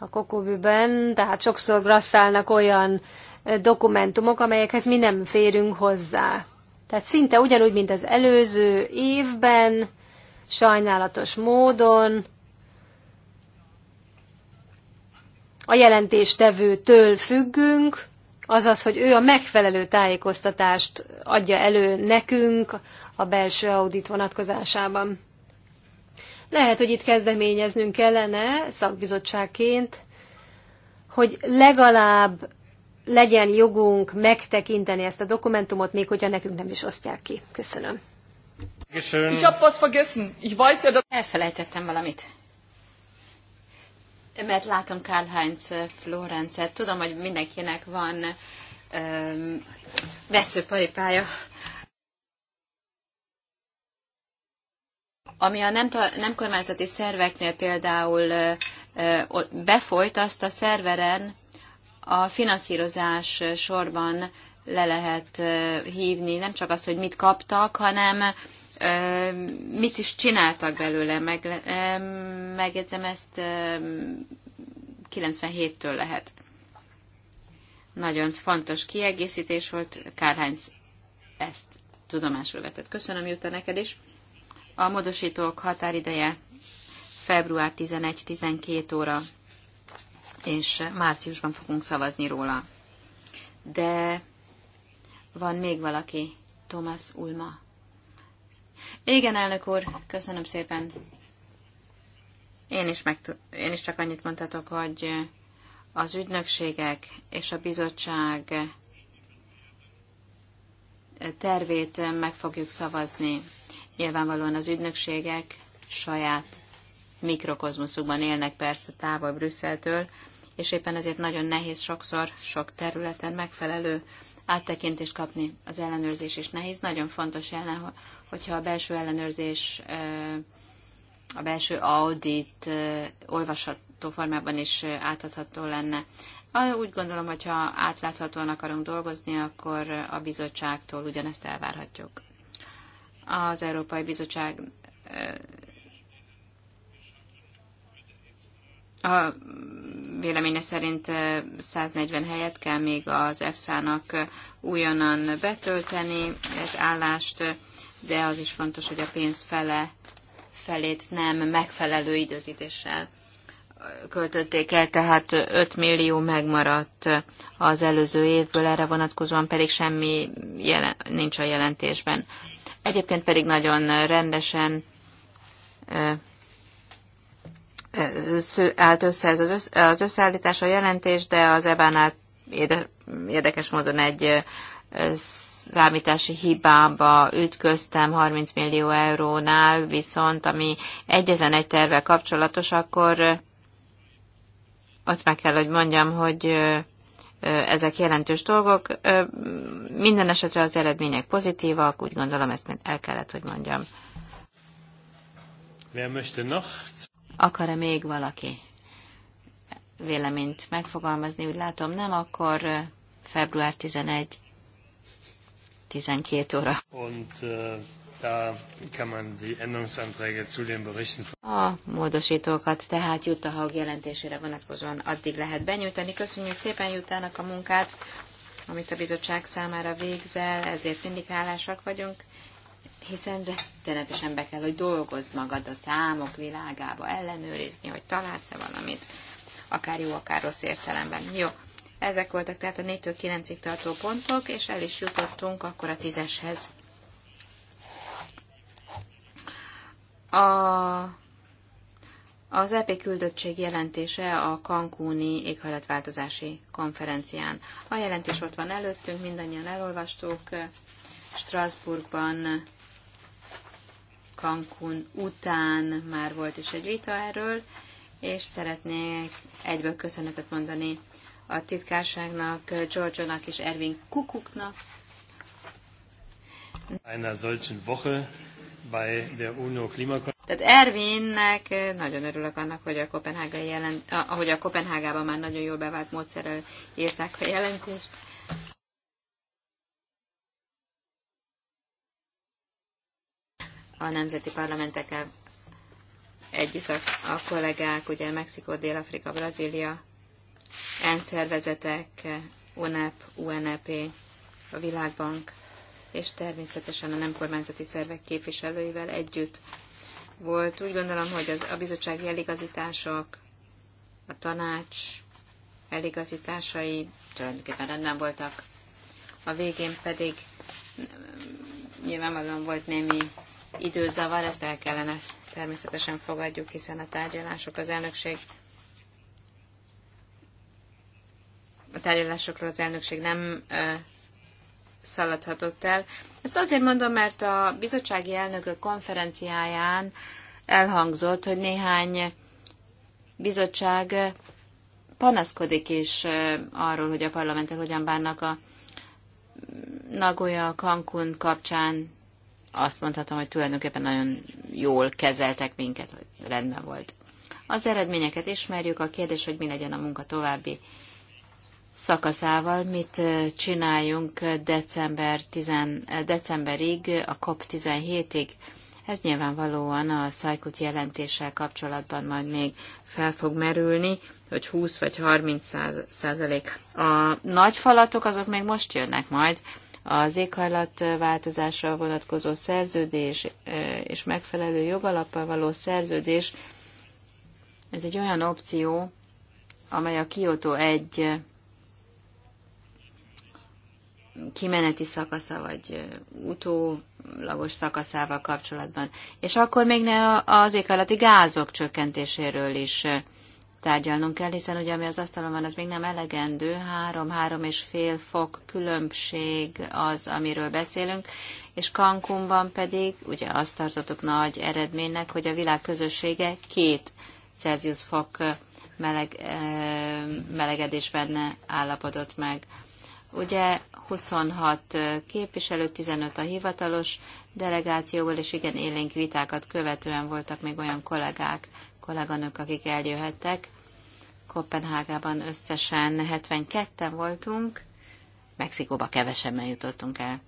A kokóbűben, tehát sokszor grasszálnak olyan dokumentumok, amelyekhez mi nem férünk hozzá. Tehát szinte ugyanúgy, mint az előző évben, sajnálatos módon a jelentéstevőtől függünk, azaz, hogy ő a megfelelő tájékoztatást adja elő nekünk a belső audit vonatkozásában. Lehet, hogy itt kezdeményeznünk kellene szakbizottságként, hogy legalább legyen jogunk megtekinteni ezt a dokumentumot, még hogyha nekünk nem is osztják ki. Köszönöm. Köszönöm. Elfelejtettem valamit mert látom Karl-Heinz eh, Florencet, tudom, hogy mindenkinek van öm, ehm, veszőparipája. Ami a nem, nem kormányzati szerveknél például uh, uh, befolyt, azt a szerveren a finanszírozás sorban le lehet hívni, nem csak az, hogy mit kaptak, hanem mit is csináltak belőle, meg, megjegyzem ezt 97-től lehet. Nagyon fontos kiegészítés volt, Kárhányz ezt tudomásul vetett. Köszönöm, Jutta, neked is. A módosítók határideje február 11-12 óra, és márciusban fogunk szavazni róla. De van még valaki, Thomas Ulma. Igen, elnök úr, köszönöm szépen. Én is, meg, én is csak annyit mondhatok, hogy az ügynökségek és a bizottság tervét meg fogjuk szavazni. Nyilvánvalóan az ügynökségek saját mikrokozmoszukban élnek persze távol Brüsszeltől, és éppen ezért nagyon nehéz sokszor sok területen megfelelő áttekintést kapni. Az ellenőrzés is nehéz. Nagyon fontos lenne, hogyha a belső ellenőrzés, a belső audit olvasható formában is átadható lenne. Úgy gondolom, hogyha átláthatóan akarunk dolgozni, akkor a bizottságtól ugyanezt elvárhatjuk. Az Európai Bizottság A véleménye szerint 140 helyet kell még az EFSA-nak újonnan betölteni, egy állást, de az is fontos, hogy a pénz fele, felét nem megfelelő időzítéssel költötték el, tehát 5 millió megmaradt az előző évből, erre vonatkozóan pedig semmi jelen, nincs a jelentésben. Egyébként pedig nagyon rendesen állt össze ez az, össz, az összeállítás, a jelentés, de az EBA-nál érdekes módon egy számítási hibába ütköztem 30 millió eurónál, viszont ami egyetlen egy tervvel kapcsolatos, akkor ott meg kell, hogy mondjam, hogy ezek jelentős dolgok. Minden esetre az eredmények pozitívak, úgy gondolom ezt el kellett, hogy mondjam. Wer möchte noch? Akar-e még valaki véleményt megfogalmazni? Úgy látom, nem, akkor február 11, 12 óra. Und, uh... Da kann man die Änderungsanträge zu den Berichten... A módosítókat tehát Jutta Haug jelentésére vonatkozóan addig lehet benyújtani. Köszönjük szépen Jutának a munkát, amit a bizottság számára végzel, ezért mindig hálásak vagyunk hiszen rettenetesen be kell, hogy dolgozd magad a számok világába, ellenőrizni, hogy találsz-e valamit, akár jó, akár rossz értelemben. Jó, ezek voltak tehát a 4-től 9-ig tartó pontok, és el is jutottunk akkor a 10-eshez. A, az EP küldöttség jelentése a Cancúni éghajlatváltozási konferencián. A jelentés ott van előttünk, mindannyian elolvastuk. Strasbourgban Cancún után már volt is egy vita erről, és szeretnék egyből köszönetet mondani a titkárságnak, Giorgionak és Ervin Kukuknak. Einer solchen Woche bei der UNO Klimakonferenz. Tehát Ervinnek nagyon örülök annak, hogy a Kopenhágai jelen, ahogy a Kopenhágában már nagyon jól bevált módszerrel írták a jelentést. a nemzeti parlamentekkel együtt a, a kollégák, ugye Mexikó, Dél-Afrika, Brazília, ENSZ UNEP, UNEP, a Világbank, és természetesen a nem kormányzati szervek képviselőivel együtt volt. Úgy gondolom, hogy az, a bizottsági eligazítások, a tanács eligazításai tulajdonképpen rendben voltak. A végén pedig nyilvánvalóan volt némi időzavar, ezt el kellene természetesen fogadjuk, hiszen a tárgyalások az elnökség a tárgyalásokról az elnökség nem ö, szaladhatott el. Ezt azért mondom, mert a bizottsági elnökök konferenciáján elhangzott, hogy néhány bizottság panaszkodik is arról, hogy a parlamenttel hogyan bánnak a Nagoya Cancun kapcsán azt mondhatom, hogy tulajdonképpen nagyon jól kezeltek minket, hogy rendben volt. Az eredményeket ismerjük, a kérdés, hogy mi legyen a munka további szakaszával, mit csináljunk december 10, decemberig, a COP17-ig. Ez nyilvánvalóan a Szajkut jelentéssel kapcsolatban majd még fel fog merülni, hogy 20 vagy 30 százalék. A nagy falatok azok még most jönnek majd, az éghajlatváltozásra vonatkozó szerződés és megfelelő jogalappal való szerződés, ez egy olyan opció, amely a Kyoto egy kimeneti szakasza, vagy utólagos szakaszával kapcsolatban. És akkor még ne az éghajlati gázok csökkentéséről is tárgyalnunk kell, hiszen ugye ami az asztalon van, az még nem elegendő. Három, három és fél fok különbség az, amiről beszélünk, és Cancunban pedig ugye azt tartottuk nagy eredménynek, hogy a világ közössége két Celsius fok meleg, melegedésben állapodott meg. Ugye 26 képviselő, 15 a hivatalos delegációból, és igen, élénk vitákat követően voltak még olyan kollégák, kolléganők, akik eljöhettek, Kopenhágában összesen 72-en voltunk, Mexikóba kevesebben jutottunk el.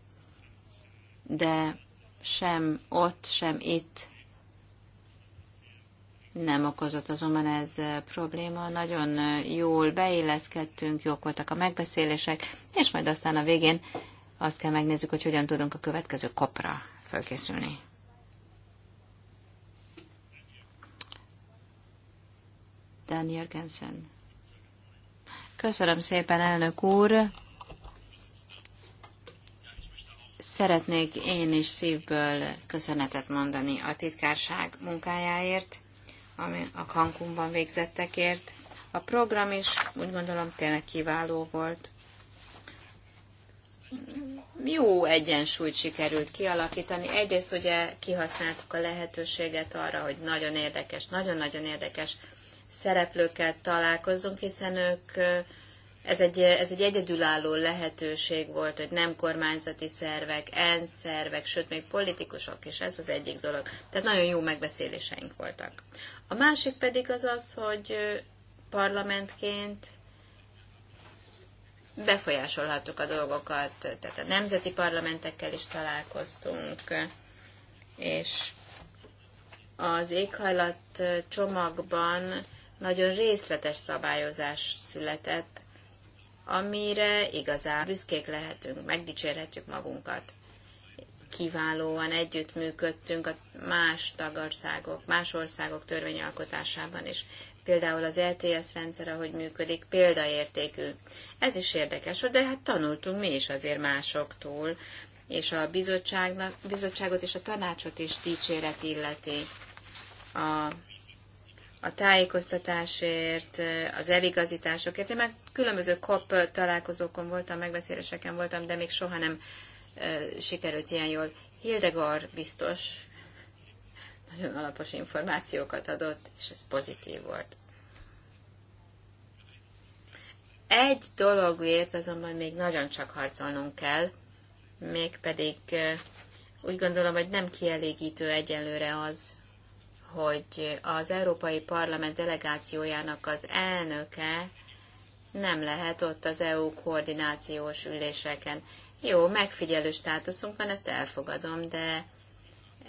De sem ott, sem itt nem okozott azonban ez probléma. Nagyon jól beilleszkedtünk, jók voltak a megbeszélések, és majd aztán a végén azt kell megnézzük, hogy hogyan tudunk a következő kopra fölkészülni. Daniel Jörgensen. Köszönöm szépen, elnök úr. Szeretnék én is szívből köszönetet mondani a titkárság munkájáért, ami a Cancunban végzettekért. A program is úgy gondolom tényleg kiváló volt. Jó egyensúlyt sikerült kialakítani. Egyrészt ugye kihasználtuk a lehetőséget arra, hogy nagyon érdekes, nagyon-nagyon érdekes szereplőkkel találkozzunk, hiszen ők ez egy, ez egy egyedülálló lehetőség volt, hogy nem kormányzati szervek, ENSZ szervek, sőt még politikusok, is ez az egyik dolog. Tehát nagyon jó megbeszéléseink voltak. A másik pedig az az, hogy parlamentként befolyásolhattuk a dolgokat, tehát a nemzeti parlamentekkel is találkoztunk, és az éghajlat csomagban nagyon részletes szabályozás született, amire igazán büszkék lehetünk, megdicsérhetjük magunkat. Kiválóan együttműködtünk a más tagországok, más országok törvényalkotásában is. Például az LTS rendszer, ahogy működik, példaértékű. Ez is érdekes, de hát tanultunk mi is azért másoktól, és a bizottságnak, bizottságot és a tanácsot is dicséret illeti. A a tájékoztatásért, az eligazításokért. Én már különböző kop találkozókon voltam, megbeszéléseken voltam, de még soha nem sikerült ilyen jól. Hildegard biztos nagyon alapos információkat adott, és ez pozitív volt. Egy dologért azonban még nagyon csak harcolnunk kell, mégpedig úgy gondolom, hogy nem kielégítő egyelőre az, hogy az Európai Parlament delegációjának az elnöke nem lehet ott az EU koordinációs üléseken. Jó, megfigyelő státuszunk van, ezt elfogadom, de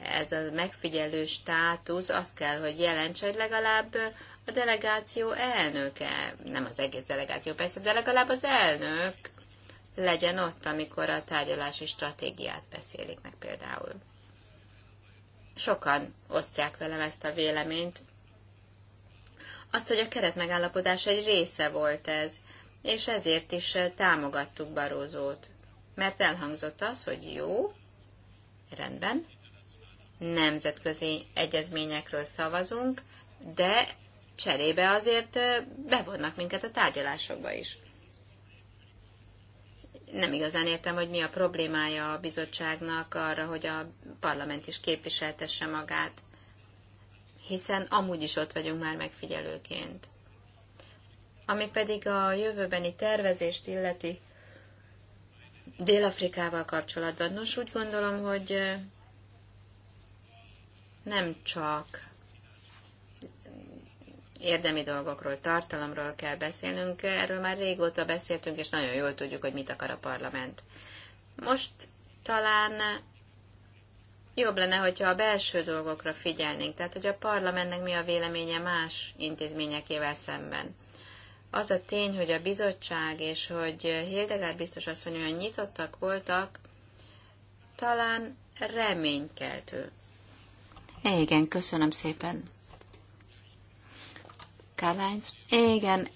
ez a megfigyelő státusz azt kell, hogy jelentse, hogy legalább a delegáció elnöke, nem az egész delegáció persze, de legalább az elnök legyen ott, amikor a tárgyalási stratégiát beszélik meg például. Sokan osztják velem ezt a véleményt. Azt, hogy a keretmegállapodás egy része volt ez, és ezért is támogattuk Barózót. Mert elhangzott az, hogy jó, rendben, nemzetközi egyezményekről szavazunk, de cserébe azért bevonnak minket a tárgyalásokba is nem igazán értem, hogy mi a problémája a bizottságnak arra, hogy a parlament is képviseltesse magát, hiszen amúgy is ott vagyunk már megfigyelőként. Ami pedig a jövőbeni tervezést illeti Dél-Afrikával kapcsolatban. Nos, úgy gondolom, hogy nem csak érdemi dolgokról, tartalomról kell beszélnünk. Erről már régóta beszéltünk, és nagyon jól tudjuk, hogy mit akar a parlament. Most talán jobb lenne, hogyha a belső dolgokra figyelnénk, tehát hogy a parlamentnek mi a véleménye más intézményekével szemben. Az a tény, hogy a bizottság és hogy Hildegard biztos asszony olyan nyitottak voltak, talán reménykeltő. igen, köszönöm szépen. Kálánc. Igen,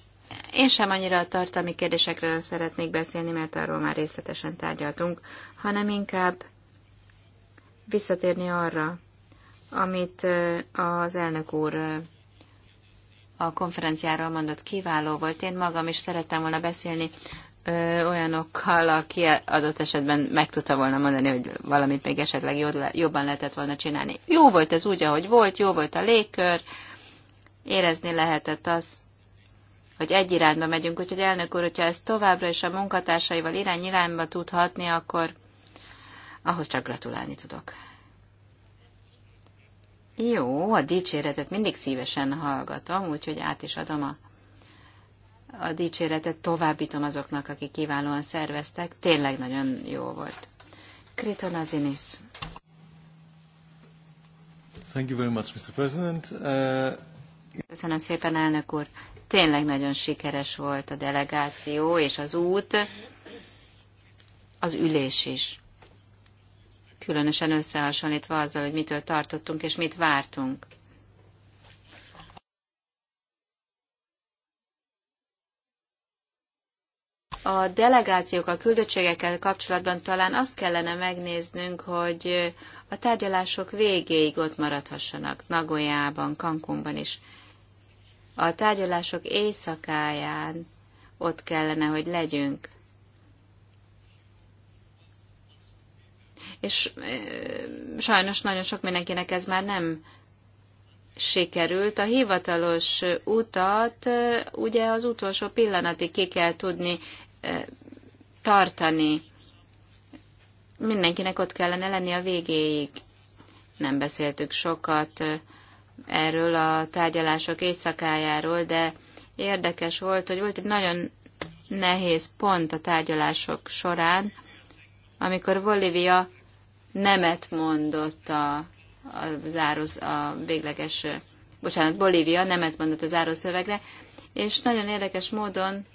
én sem annyira a tartalmi kérdésekről szeretnék beszélni, mert arról már részletesen tárgyaltunk, hanem inkább visszatérni arra, amit az elnök úr a konferenciáról mondott, kiváló volt. Én magam is szerettem volna beszélni olyanokkal, aki adott esetben meg tudta volna mondani, hogy valamit még esetleg jobban lehetett volna csinálni. Jó volt ez úgy, ahogy volt, jó volt a légkör, érezni lehetett az, hogy egy irányba megyünk, úgyhogy elnök úr, hogyha ezt továbbra is a munkatársaival irány irányba tudhatni, akkor ahhoz csak gratulálni tudok. Jó, a dicséretet mindig szívesen hallgatom, úgyhogy át is adom a, a dicséretet, továbbítom azoknak, akik kiválóan szerveztek. Tényleg nagyon jó volt. Kriton Azinis. Thank you very much, Mr. President. Uh... Köszönöm szépen, elnök úr. Tényleg nagyon sikeres volt a delegáció és az út, az ülés is. Különösen összehasonlítva azzal, hogy mitől tartottunk és mit vártunk. A delegációk, a küldöttségekkel kapcsolatban talán azt kellene megnéznünk, hogy a tárgyalások végéig ott maradhassanak, Nagoyában, Cancúnban is a tárgyalások éjszakáján ott kellene, hogy legyünk. És sajnos nagyon sok mindenkinek ez már nem sikerült. A hivatalos utat ugye az utolsó pillanatig ki kell tudni tartani. Mindenkinek ott kellene lenni a végéig. Nem beszéltük sokat erről a tárgyalások éjszakájáról, de érdekes volt, hogy volt egy nagyon nehéz pont a tárgyalások során, amikor Bolivia nemet mondott a, a, záros, a végleges, bocsánat, Bolívia nemet mondott a zárószövegre, és nagyon érdekes módon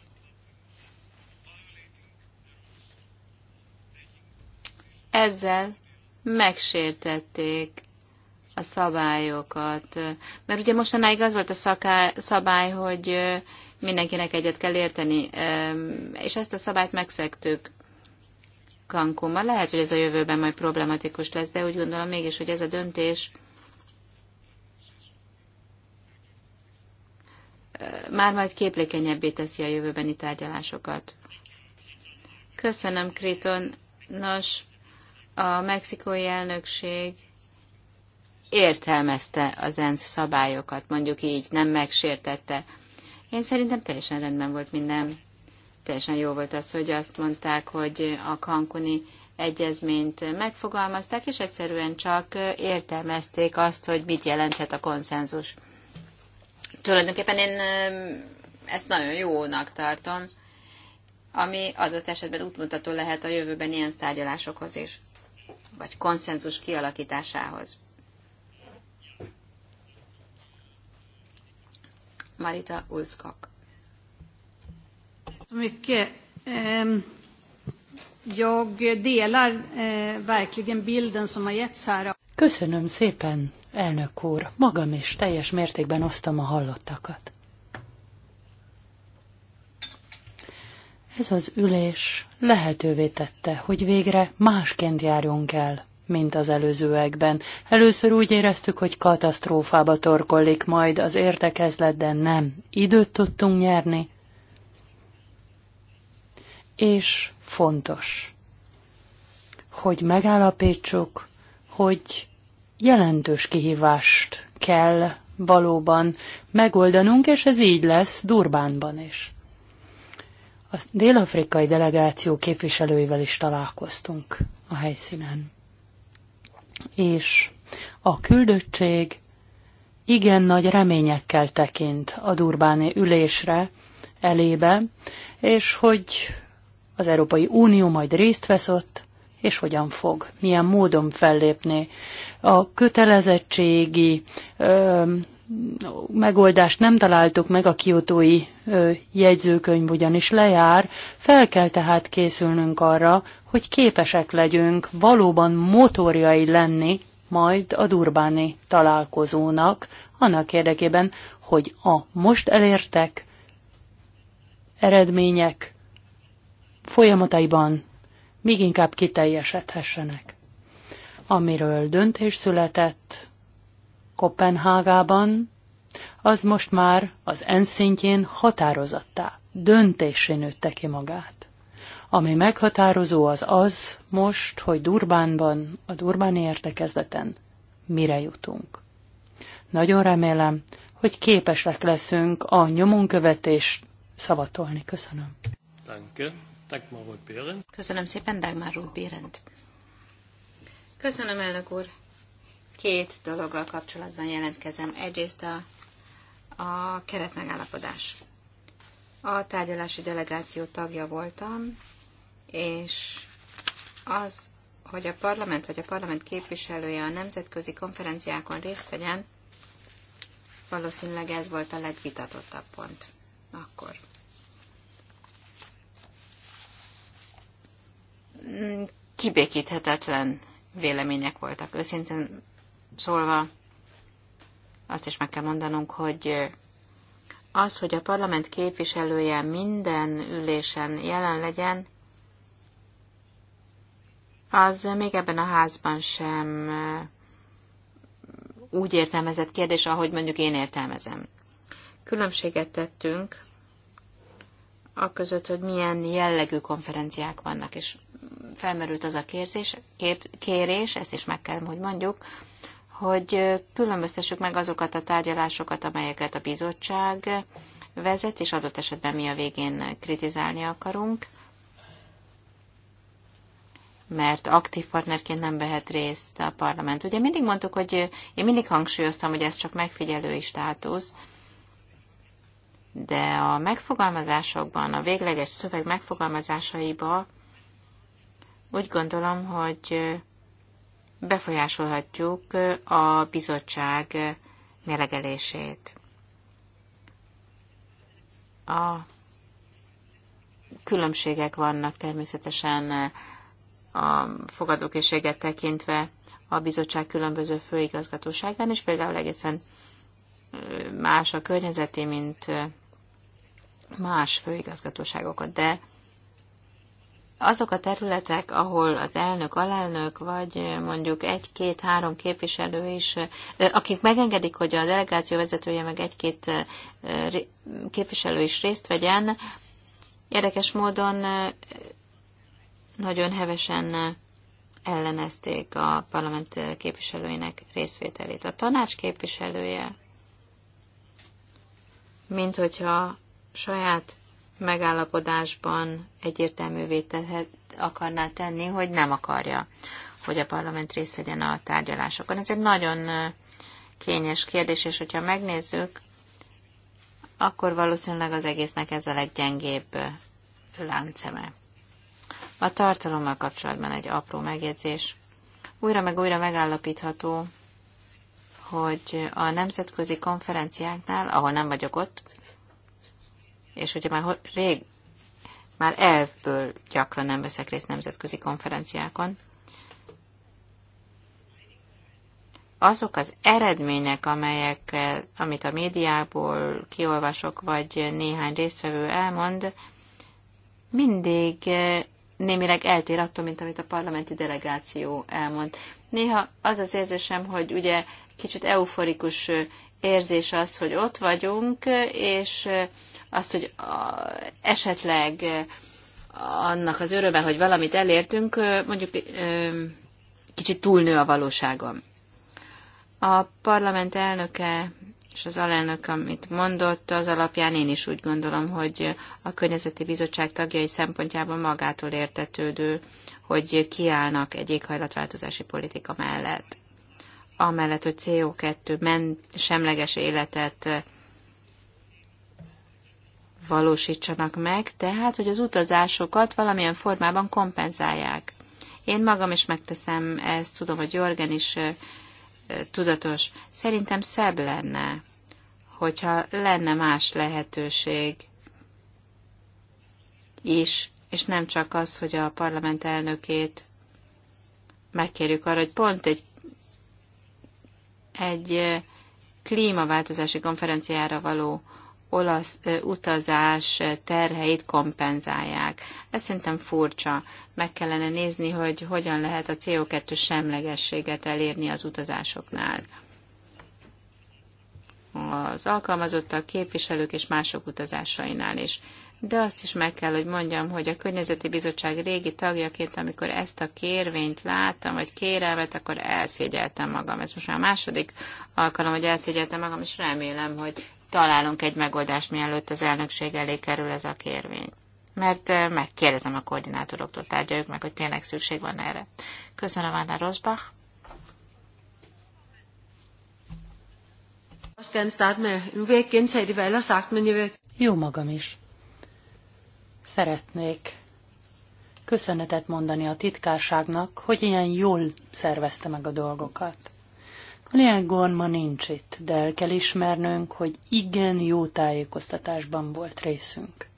ezzel megsértették a szabályokat. Mert ugye mostanáig az volt a szaká, szabály, hogy mindenkinek egyet kell érteni, és ezt a szabályt megszektük Cancunban. Lehet, hogy ez a jövőben majd problematikus lesz, de úgy gondolom mégis, hogy ez a döntés már majd képlékenyebbé teszi a jövőbeni tárgyalásokat. Köszönöm, Kriton. Nos, a mexikói elnökség értelmezte az ENSZ szabályokat, mondjuk így, nem megsértette. Én szerintem teljesen rendben volt minden. Teljesen jó volt az, hogy azt mondták, hogy a kankuni egyezményt megfogalmazták, és egyszerűen csak értelmezték azt, hogy mit jelenthet a konszenzus. Tulajdonképpen én ezt nagyon jónak tartom, ami adott esetben útmutató lehet a jövőben ilyen tárgyalásokhoz is, vagy konszenzus kialakításához. Marita Ulskok. Mycket. Ehm, jag delar eh, verkligen bilden som har getts här. Köszönöm szépen, elnök úr. Magam is teljes mértékben osztom a hallottakat. Ez az ülés lehetővé tette, hogy végre másként járjunk el mint az előzőekben. Először úgy éreztük, hogy katasztrófába torkollik majd az értekezlet, de nem. Időt tudtunk nyerni, és fontos, hogy megállapítsuk, hogy jelentős kihívást kell valóban megoldanunk, és ez így lesz Durbánban is. A dél-afrikai delegáció képviselőivel is találkoztunk a helyszínen és a küldöttség igen nagy reményekkel tekint a Durbáni ülésre elébe, és hogy az Európai Unió majd részt vesz ott, és hogyan fog, milyen módon fellépni. A kötelezettségi ö, megoldást nem találtuk meg, a kiotói jegyzőkönyv ugyanis lejár, fel kell tehát készülnünk arra, hogy képesek legyünk valóban motorjai lenni majd a durbáni találkozónak, annak érdekében, hogy a most elértek eredmények folyamataiban még inkább kiteljesedhessenek. Amiről döntés született, Kopenhágában, az most már az ENSZ szintjén határozattá, döntésé nőtte ki magát. Ami meghatározó az az most, hogy Durbánban, a Durbáni értekezleten mire jutunk. Nagyon remélem, hogy képesek leszünk a nyomonkövetést szavatolni. Köszönöm. Danke. Dagmar Köszönöm szépen, Dagmar Rúd Bérend. Köszönöm, elnök úr. Két dologgal kapcsolatban jelentkezem. Egyrészt a, a keretmegállapodás. A tárgyalási delegáció tagja voltam, és az, hogy a parlament vagy a parlament képviselője a nemzetközi konferenciákon részt vegyen, valószínűleg ez volt a legvitatottabb pont akkor. Kibékíthetetlen vélemények voltak. Őszintén szólva azt is meg kell mondanunk, hogy az, hogy a parlament képviselője minden ülésen jelen legyen, az még ebben a házban sem úgy értelmezett kérdés, ahogy mondjuk én értelmezem. Különbséget tettünk a között, hogy milyen jellegű konferenciák vannak, és felmerült az a kérzés, kérés, ezt is meg kell, hogy mondjuk, hogy különböztessük meg azokat a tárgyalásokat, amelyeket a bizottság vezet, és adott esetben mi a végén kritizálni akarunk, mert aktív partnerként nem vehet részt a parlament. Ugye mindig mondtuk, hogy én mindig hangsúlyoztam, hogy ez csak megfigyelői státusz, de a megfogalmazásokban, a végleges szöveg megfogalmazásaiba úgy gondolom, hogy befolyásolhatjuk a bizottság melegelését. A különbségek vannak természetesen a fogadókészséget tekintve a bizottság különböző főigazgatóságán, és például egészen más a környezeti, mint más főigazgatóságokat, de azok a területek, ahol az elnök, alelnök, vagy mondjuk egy-két-három képviselő is, akik megengedik, hogy a delegáció vezetője meg egy-két képviselő is részt vegyen, érdekes módon nagyon hevesen ellenezték a parlament képviselőinek részvételét. A tanács képviselője, mint hogyha saját megállapodásban egyértelművé tehet, akarná tenni, hogy nem akarja, hogy a parlament részt vegyen a tárgyalásokon. Ez egy nagyon kényes kérdés, és hogyha megnézzük, akkor valószínűleg az egésznek ez a leggyengébb lánceme. A tartalommal kapcsolatban egy apró megjegyzés. Újra meg újra megállapítható, hogy a nemzetközi konferenciáknál, ahol nem vagyok ott, és ugye már rég, már elvből gyakran nem veszek részt nemzetközi konferenciákon, azok az eredmények, amelyek, amit a médiából kiolvasok, vagy néhány résztvevő elmond, mindig eh, némileg eltér attól, mint amit a parlamenti delegáció elmond. Néha az az érzésem, hogy ugye kicsit euforikus eh, érzés az, hogy ott vagyunk, és az, hogy esetleg annak az öröme, hogy valamit elértünk, mondjuk kicsit túlnő a valóságon. A parlament elnöke és az alelnök, amit mondott, az alapján én is úgy gondolom, hogy a Környezeti Bizottság tagjai szempontjából magától értetődő, hogy kiállnak egy éghajlatváltozási politika mellett amellett, hogy CO2 men semleges életet valósítsanak meg, tehát, hogy az utazásokat valamilyen formában kompenzálják. Én magam is megteszem ezt, tudom, hogy Jorgen is tudatos. Szerintem szebb lenne, hogyha lenne más lehetőség is, és nem csak az, hogy a parlament elnökét megkérjük arra, hogy pont egy egy klímaváltozási konferenciára való olasz utazás terheit kompenzálják. Ez szerintem furcsa. Meg kellene nézni, hogy hogyan lehet a CO2 semlegességet elérni az utazásoknál. Az alkalmazottak, képviselők és mások utazásainál is de azt is meg kell, hogy mondjam, hogy a Környezeti Bizottság régi tagjaként, amikor ezt a kérvényt láttam, vagy kérelmet, akkor elszégyeltem magam. Ez most már a második alkalom, hogy elszégyeltem magam, és remélem, hogy találunk egy megoldást, mielőtt az elnökség elé kerül ez a kérvény. Mert eh, megkérdezem a koordinátoroktól, tárgyaljuk meg, hogy tényleg szükség van erre. Köszönöm, Anna Rosbach. Jó magam is. Szeretnék köszönetet mondani a titkárságnak, hogy ilyen jól szervezte meg a dolgokat. Lian Gorma nincs itt, de el kell ismernünk, hogy igen jó tájékoztatásban volt részünk.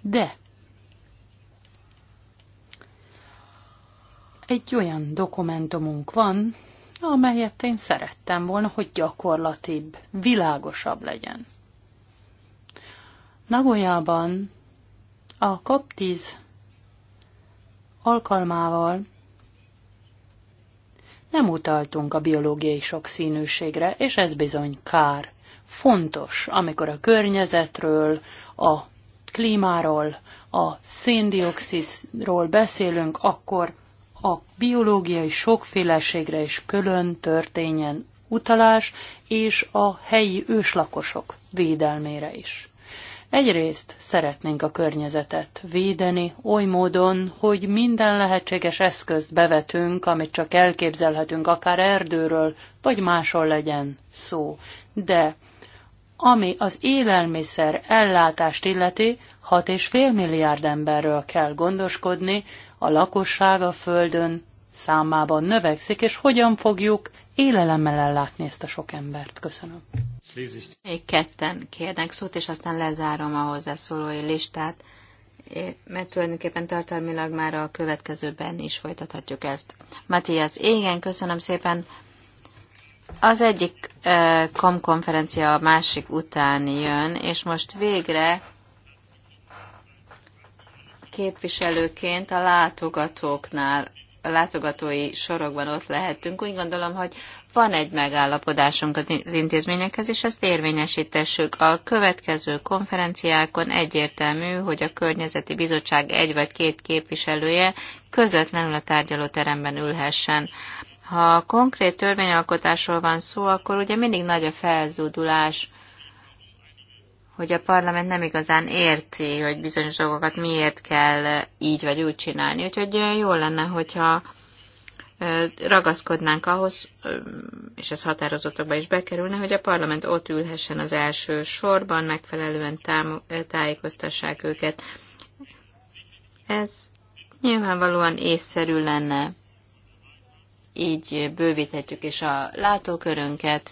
De egy olyan dokumentumunk van, amelyet én szerettem volna, hogy gyakorlatibb, világosabb legyen. Nagoyában a COP10 alkalmával nem utaltunk a biológiai sokszínűségre, és ez bizony kár. Fontos, amikor a környezetről, a klímáról, a széndiokszidról beszélünk, akkor a biológiai sokféleségre is külön történjen utalás, és a helyi őslakosok védelmére is. Egyrészt szeretnénk a környezetet védeni oly módon, hogy minden lehetséges eszközt bevetünk, amit csak elképzelhetünk, akár erdőről, vagy máshol legyen szó. De ami az élelmiszer ellátást illeti, 6,5 milliárd emberről kell gondoskodni, a lakosság a Földön számában növekszik, és hogyan fogjuk élelemmel ellátni ezt a sok embert. Köszönöm. Még ketten kérnek szót, és aztán lezárom a hozzászólói listát, mert tulajdonképpen tartalmilag már a következőben is folytathatjuk ezt. Matthias, igen, köszönöm szépen. Az egyik eh, komkonferencia a másik után jön, és most végre képviselőként a látogatóknál, a látogatói sorokban ott lehetünk. Úgy gondolom, hogy van egy megállapodásunk az intézményekhez, és ezt érvényesítessük. A következő konferenciákon egyértelmű, hogy a környezeti bizottság egy vagy két képviselője közvetlenül a tárgyalóteremben ülhessen. Ha konkrét törvényalkotásról van szó, akkor ugye mindig nagy a felzúdulás hogy a parlament nem igazán érti, hogy bizonyos dolgokat miért kell így vagy úgy csinálni. Úgyhogy jó lenne, hogyha ragaszkodnánk ahhoz, és ez határozottakba is bekerülne, hogy a parlament ott ülhessen az első sorban, megfelelően tájékoztassák őket. Ez nyilvánvalóan észszerű lenne. Így bővíthetjük és a látókörünket,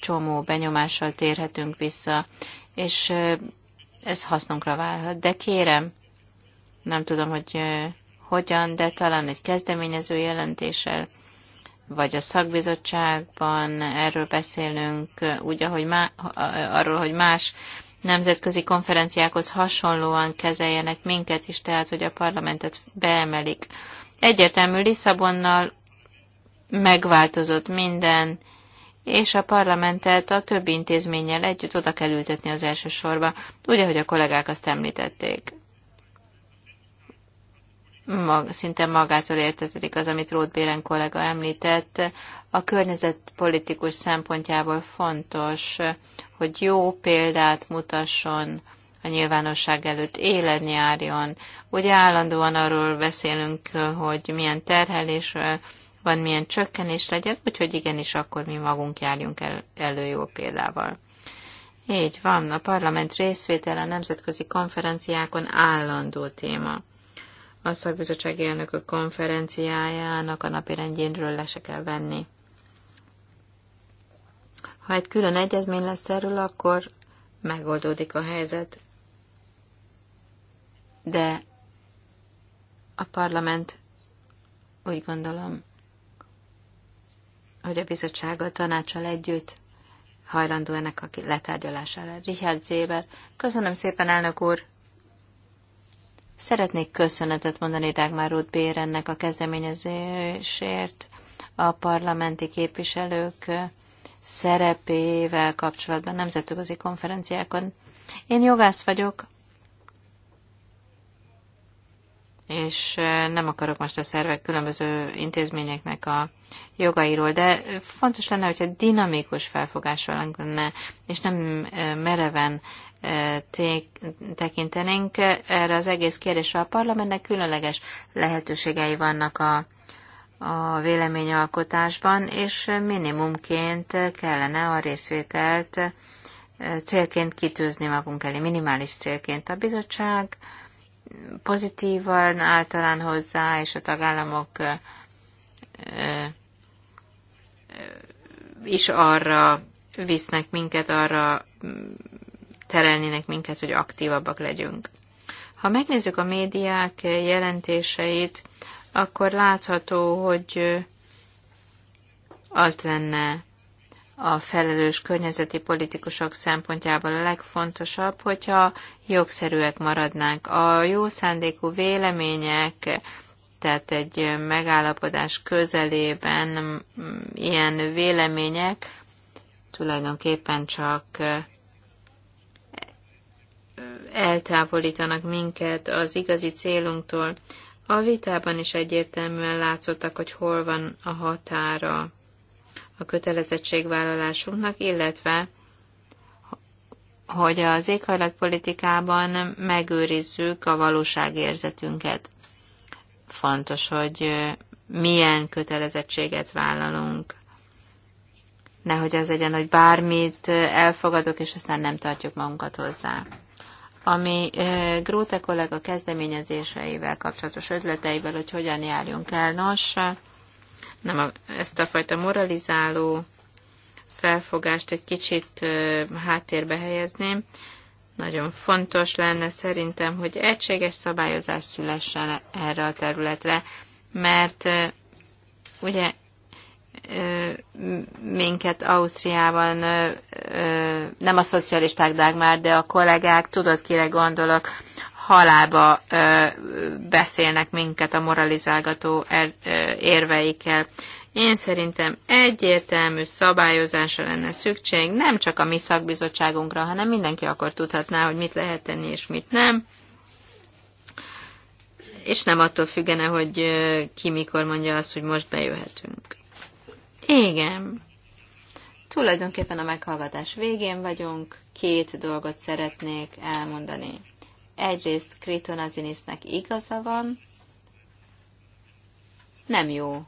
csomó benyomással térhetünk vissza, és ez hasznunkra válhat. De kérem, nem tudom, hogy hogyan, de talán egy kezdeményező jelentéssel, vagy a szakbizottságban erről beszélünk, úgy, ahogy má, arról, hogy más nemzetközi konferenciákhoz hasonlóan kezeljenek minket is, tehát, hogy a parlamentet beemelik. Egyértelmű Lisszabonnal megváltozott minden, és a parlamentet a többi intézménnyel együtt oda kell ültetni az első sorba, úgy, ahogy a kollégák azt említették. Mag, szinte magától értetődik az, amit Róth Béren kollega említett. A környezetpolitikus szempontjából fontos, hogy jó példát mutasson a nyilvánosság előtt, élen járjon. Ugye állandóan arról beszélünk, hogy milyen terhelés van milyen csökkenés legyen, úgyhogy igenis akkor mi magunk járjunk el, elő jó példával. Így van, a parlament részvétele a nemzetközi konferenciákon állandó téma. A szakbizottsági elnökök konferenciájának a napi rendjénről le se kell venni. Ha egy külön egyezmény lesz erről, akkor megoldódik a helyzet. De a parlament úgy gondolom hogy a bizottsággal a tanácsal együtt hajlandó ennek a letárgyalására. Richard Zéber, köszönöm szépen, elnök úr! Szeretnék köszönetet mondani Dagmar Ruth Bérennek a kezdeményezésért a parlamenti képviselők szerepével kapcsolatban nemzetközi konferenciákon. Én jogász vagyok, és nem akarok most a szervek különböző intézményeknek a jogairól, de fontos lenne, hogyha dinamikus felfogással lenne, és nem mereven tekintenénk erre az egész kérdésre. A parlamentnek különleges lehetőségei vannak a, a véleményalkotásban, és minimumként kellene a részvételt célként kitűzni magunk elé, minimális célként. A bizottság pozitívan általán hozzá, és a tagállamok is arra visznek minket, arra terelnének minket, hogy aktívabbak legyünk. Ha megnézzük a médiák jelentéseit, akkor látható, hogy az lenne a felelős környezeti politikusok szempontjából a legfontosabb, hogyha jogszerűek maradnánk. A jó szándékú vélemények, tehát egy megállapodás közelében mm, ilyen vélemények tulajdonképpen csak eltávolítanak minket az igazi célunktól. A vitában is egyértelműen látszottak, hogy hol van a határa a kötelezettségvállalásunknak, illetve hogy az éghajlatpolitikában megőrizzük a valóságérzetünket. Fontos, hogy milyen kötelezettséget vállalunk. Nehogy az legyen, hogy bármit elfogadok, és aztán nem tartjuk magunkat hozzá. Ami Gróte kollega kezdeményezéseivel kapcsolatos ötleteivel, hogy hogyan járjunk el, nos, nem a, ezt a fajta moralizáló felfogást egy kicsit háttérbe helyezném. Nagyon fontos lenne szerintem, hogy egységes szabályozás szülessen erre a területre, mert ugye minket Ausztriában nem a szocialisták dág már, de a kollégák, tudod, kire gondolok, halába beszélnek minket a moralizálgató érveikkel. Én szerintem egyértelmű szabályozásra lenne szükség, nem csak a mi szakbizottságunkra, hanem mindenki akkor tudhatná, hogy mit lehet tenni és mit nem. És nem attól függene, hogy ki mikor mondja azt, hogy most bejöhetünk. Igen. Tulajdonképpen a meghallgatás végén vagyunk, két dolgot szeretnék elmondani egyrészt Krétonazinisznek igaza van, nem jó,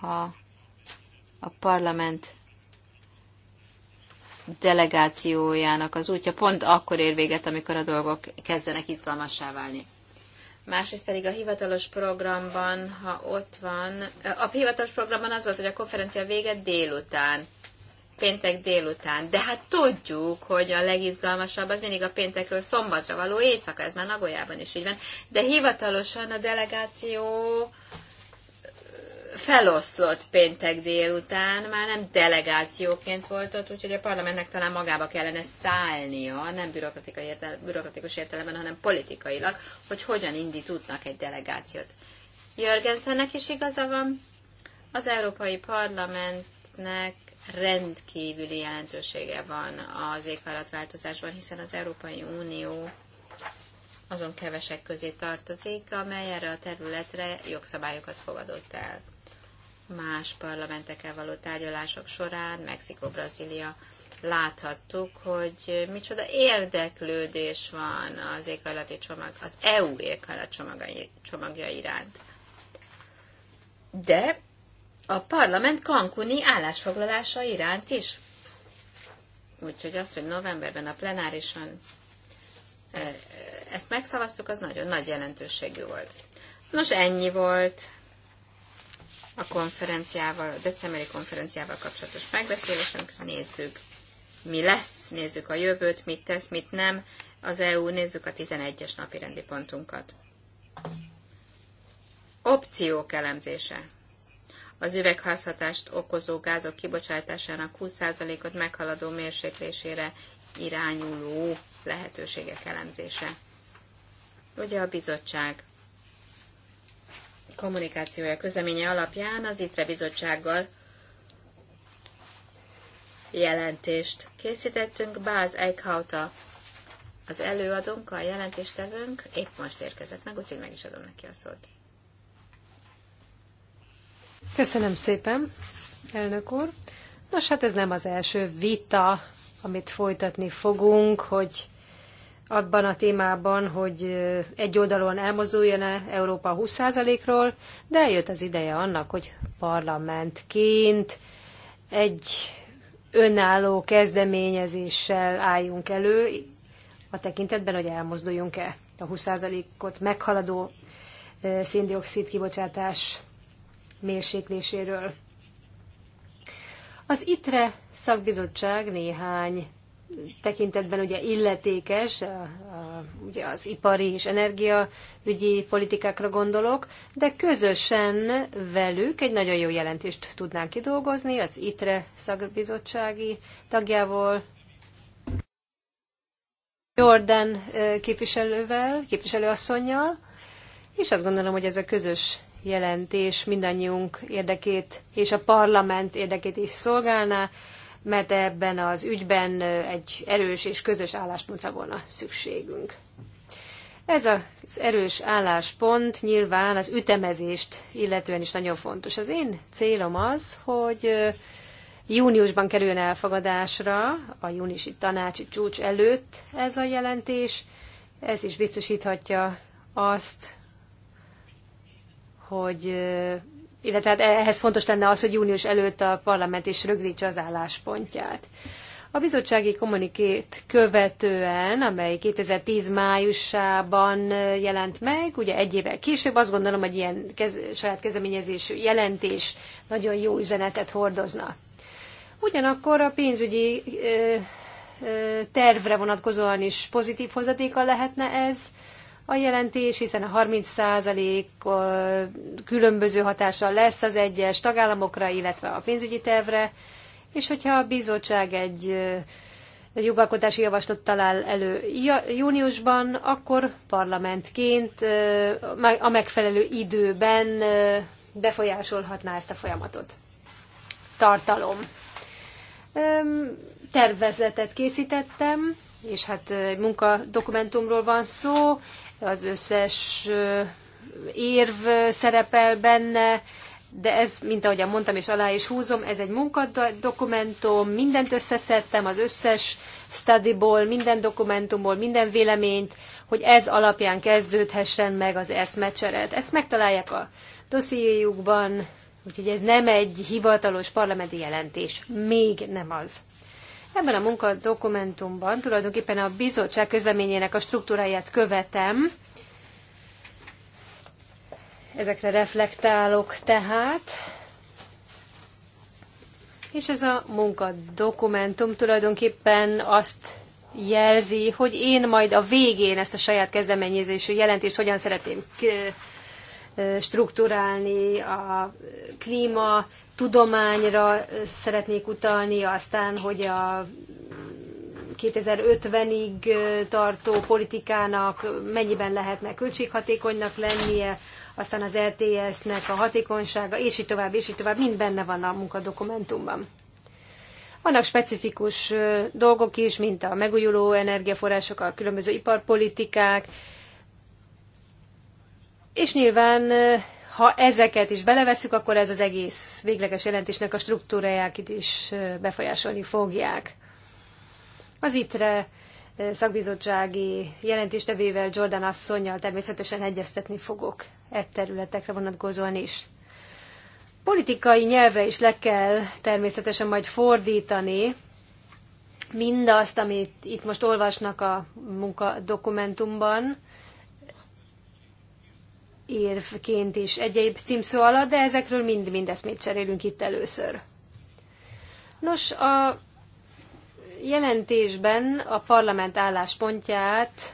ha a parlament delegációjának az útja pont akkor ér véget, amikor a dolgok kezdenek izgalmassá válni. Másrészt pedig a hivatalos programban, ha ott van, a hivatalos programban az volt, hogy a konferencia vége délután péntek délután. De hát tudjuk, hogy a legizgalmasabb az mindig a péntekről szombatra való éjszaka, ez már Nagoyában is így van. De hivatalosan a delegáció feloszlott péntek délután, már nem delegációként volt ott, úgyhogy a parlamentnek talán magába kellene szállnia, nem bürokratikai értele, bürokratikus értelemben, hanem politikailag, hogy hogyan indít útnak egy delegációt. Jörgensennek is igaza van, az Európai Parlamentnek rendkívüli jelentősége van az éghajlatváltozásban, hiszen az Európai Unió azon kevesek közé tartozik, amely erre a területre jogszabályokat fogadott el. Más parlamentekkel való tárgyalások során, Mexikó, Brazília, láthattuk, hogy micsoda érdeklődés van az éghajlati csomag, az EU éghajlat csomagja iránt. De a parlament kankuni állásfoglalása iránt is. Úgyhogy az, hogy novemberben a plenárison ezt megszavaztuk, az nagyon nagy jelentőségű volt. Nos, ennyi volt a konferenciával, a decemberi konferenciával kapcsolatos megbeszélésünk. Nézzük, mi lesz, nézzük a jövőt, mit tesz, mit nem. Az EU, nézzük a 11-es napi rendi pontunkat. Opciók elemzése az üvegházhatást okozó gázok kibocsátásának 20%-ot meghaladó mérséklésére irányuló lehetőségek elemzése. Ugye a bizottság kommunikációja közleménye alapján az ITRE bizottsággal jelentést készítettünk. Báz Eichhauta az előadónk, a jelentéstevőnk épp most érkezett meg, úgyhogy meg is adom neki a szót. Köszönöm szépen, elnök úr. Nos, hát ez nem az első vita, amit folytatni fogunk, hogy abban a témában, hogy egy oldalon elmozduljon -e Európa 20%-ról, de eljött az ideje annak, hogy parlamentként egy önálló kezdeményezéssel álljunk elő, a tekintetben, hogy elmozduljunk-e a 20%-ot meghaladó széndiokszid kibocsátás mérsékléséről. Az ITRE szakbizottság néhány tekintetben ugye illetékes, a, a, ugye az ipari és energiaügyi politikákra gondolok, de közösen velük egy nagyon jó jelentést tudnánk kidolgozni az ITRE szakbizottsági tagjával, Jordan eh, képviselővel, képviselőasszonynal, és azt gondolom, hogy ez a közös jelentés mindannyiunk érdekét és a parlament érdekét is szolgálná, mert ebben az ügyben egy erős és közös álláspontra volna szükségünk. Ez az erős álláspont nyilván az ütemezést illetően is nagyon fontos. Az én célom az, hogy júniusban kerüljön elfogadásra, a júniusi tanácsi csúcs előtt ez a jelentés. Ez is biztosíthatja azt, hogy illetve hát ehhez fontos lenne az, hogy június előtt a parlament is rögzítse az álláspontját. A bizottsági kommunikét követően, amely 2010 májusában jelent meg, ugye egy évvel később, azt gondolom, hogy ilyen kez, saját kezdeményezésű jelentés nagyon jó üzenetet hordozna. Ugyanakkor a pénzügyi ö, ö, tervre vonatkozóan is pozitív hozadéka lehetne ez, a jelentés, hiszen a 30% különböző hatással lesz az egyes tagállamokra, illetve a pénzügyi tervre, és hogyha a bizottság egy jogalkotási javaslat talál elő júniusban, akkor parlamentként a megfelelő időben befolyásolhatná ezt a folyamatot. Tartalom. Tervezetet készítettem, és hát munkadokumentumról van szó, az összes érv szerepel benne, de ez, mint ahogyan mondtam és alá is húzom, ez egy munkadokumentum, mindent összeszedtem, az összes studyból, minden dokumentumból, minden véleményt, hogy ez alapján kezdődhessen meg az eszmecseret. Ezt megtalálják a dossziéjukban, úgyhogy ez nem egy hivatalos parlamenti jelentés. Még nem az. Ebben a munkadokumentumban tulajdonképpen a bizottság közleményének a struktúráját követem. Ezekre reflektálok tehát. És ez a munkadokumentum tulajdonképpen azt jelzi, hogy én majd a végén ezt a saját kezdeményezésű jelentést hogyan szeretném strukturálni, a klíma tudományra szeretnék utalni, aztán, hogy a 2050-ig tartó politikának mennyiben lehetne költséghatékonynak lennie, aztán az LTS-nek a hatékonysága, és így tovább, és így tovább, mind benne van a munkadokumentumban. Vannak specifikus dolgok is, mint a megújuló energiaforrások, a különböző iparpolitikák, és nyilván, ha ezeket is belevesszük, akkor ez az egész végleges jelentésnek a struktúráját is befolyásolni fogják. Az ITRE szakbizottsági jelentéstevével Jordan asszonynal természetesen egyeztetni fogok e területekre vonatkozóan is. Politikai nyelvre is le kell természetesen majd fordítani mindazt, amit itt most olvasnak a munkadokumentumban, érvként és egyéb címszó alatt, de ezekről mind mindezt még cserélünk itt először. Nos, a jelentésben a parlament álláspontját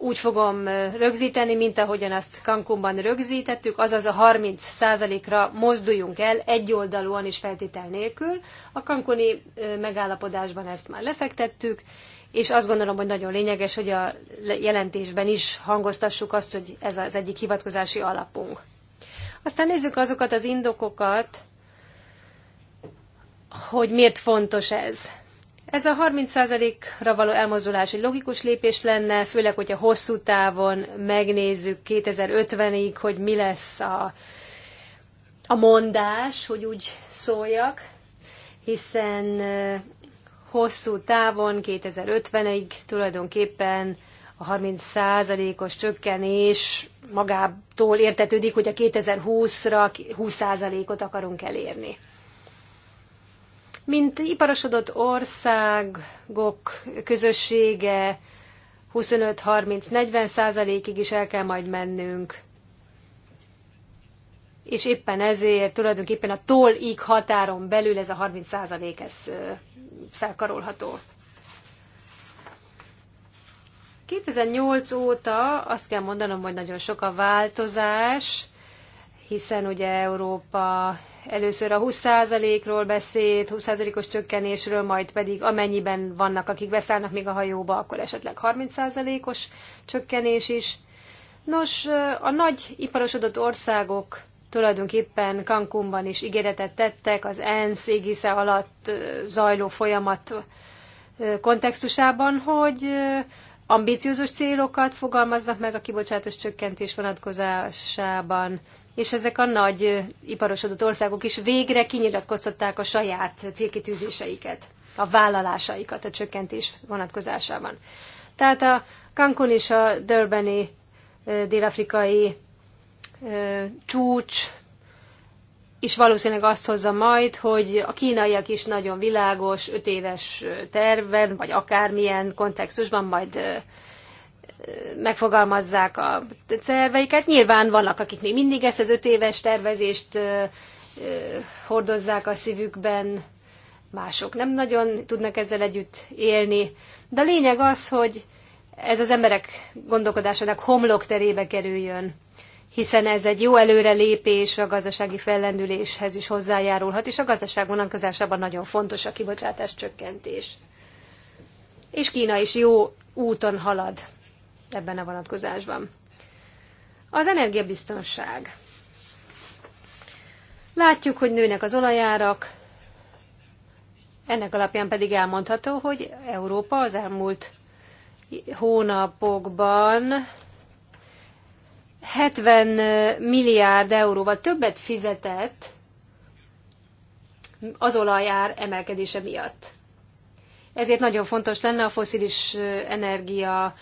úgy fogom rögzíteni, mint ahogyan azt Cancúnban rögzítettük, azaz a 30%-ra mozduljunk el egyoldalúan is feltétel nélkül. A Cancúni megállapodásban ezt már lefektettük, és azt gondolom, hogy nagyon lényeges, hogy a jelentésben is hangoztassuk azt, hogy ez az egyik hivatkozási alapunk. Aztán nézzük azokat az indokokat, hogy miért fontos ez. Ez a 30%-ra való elmozdulás egy logikus lépés lenne, főleg, hogyha hosszú távon megnézzük 2050-ig, hogy mi lesz a, a mondás, hogy úgy szóljak, hiszen hosszú távon 2050-ig tulajdonképpen a 30%-os csökkenés magától értetődik, hogy a 2020-ra 20%-ot akarunk elérni. Mint iparosodott országok közössége 25-30-40 százalékig is el kell majd mennünk és éppen ezért tulajdonképpen a tollig határon belül ez a 30% ez felkarolható. 2008 óta azt kell mondanom, hogy nagyon sok a változás, hiszen ugye Európa először a 20%-ról beszélt, 20%-os csökkenésről, majd pedig amennyiben vannak, akik beszállnak még a hajóba, akkor esetleg 30%-os csökkenés is. Nos, a nagy iparosodott országok Tulajdonképpen Cancúnban is ígéretet tettek az ENSZ égisze alatt zajló folyamat kontextusában, hogy ambíciózus célokat fogalmaznak meg a kibocsátás csökkentés vonatkozásában, és ezek a nagy iparosodott országok is végre kinyilatkoztatták a saját célkitűzéseiket, a vállalásaikat a csökkentés vonatkozásában. Tehát a Cancún és a Durbani dél-afrikai csúcs és valószínűleg azt hozza majd, hogy a kínaiak is nagyon világos, öt éves terven, vagy akármilyen kontextusban majd megfogalmazzák a terveiket. Nyilván vannak, akik még mindig ezt az öt éves tervezést hordozzák a szívükben, mások nem nagyon tudnak ezzel együtt élni. De a lényeg az, hogy ez az emberek gondolkodásának homlok terébe kerüljön hiszen ez egy jó előrelépés a gazdasági fellendüléshez is hozzájárulhat, és a gazdaság vonatkozásában nagyon fontos a kibocsátás csökkentés. És Kína is jó úton halad ebben a vonatkozásban. Az energiabiztonság. Látjuk, hogy nőnek az olajárak, ennek alapján pedig elmondható, hogy Európa az elmúlt hónapokban 70 milliárd euróval többet fizetett az olajár emelkedése miatt. Ezért nagyon fontos lenne a foszilis energia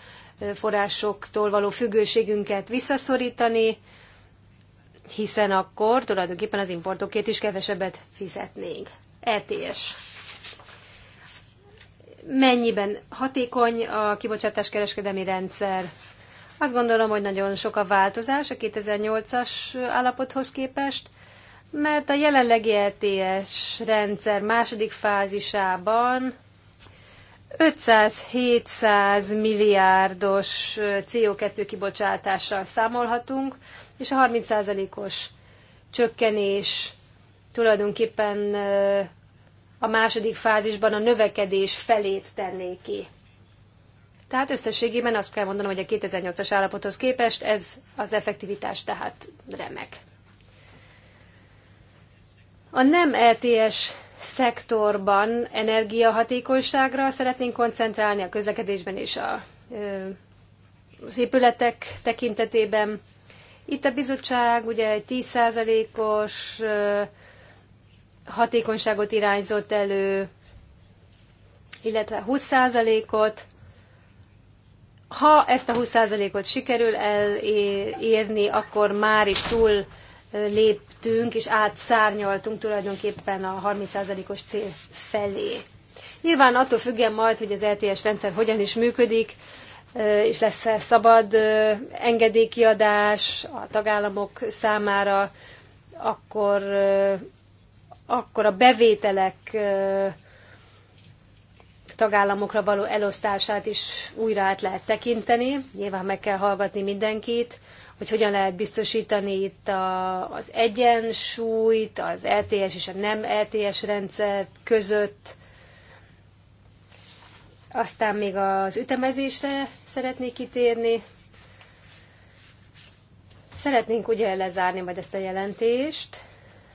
forrásoktól való függőségünket visszaszorítani, hiszen akkor tulajdonképpen az importokért is kevesebbet fizetnénk. ETS. Mennyiben hatékony a kibocsátás rendszer? Azt gondolom, hogy nagyon sok a változás a 2008-as állapothoz képest, mert a jelenlegi LTS e rendszer második fázisában 500-700 milliárdos CO2 kibocsátással számolhatunk, és a 30%-os csökkenés tulajdonképpen a második fázisban a növekedés felét tenné ki. Tehát összességében azt kell mondanom, hogy a 2008-as állapothoz képest ez az effektivitás tehát remek. A nem LTS e szektorban energiahatékonyságra szeretnénk koncentrálni a közlekedésben és a, az épületek tekintetében. Itt a bizottság ugye egy 10%-os hatékonyságot irányzott elő, illetve 20%-ot, ha ezt a 20%-ot sikerül elérni, akkor már is túl léptünk, és átszárnyaltunk tulajdonképpen a 30%-os cél felé. Nyilván attól függően majd, hogy az LTS rendszer hogyan is működik, és lesz-e szabad engedélykiadás a tagállamok számára, akkor, akkor a bevételek tagállamokra való elosztását is újra át lehet tekinteni. Nyilván meg kell hallgatni mindenkit, hogy hogyan lehet biztosítani itt a, az egyensúlyt, az LTS és a nem LTS rendszer között. Aztán még az ütemezésre szeretnék kitérni. Szeretnénk ugye lezárni majd ezt a jelentést,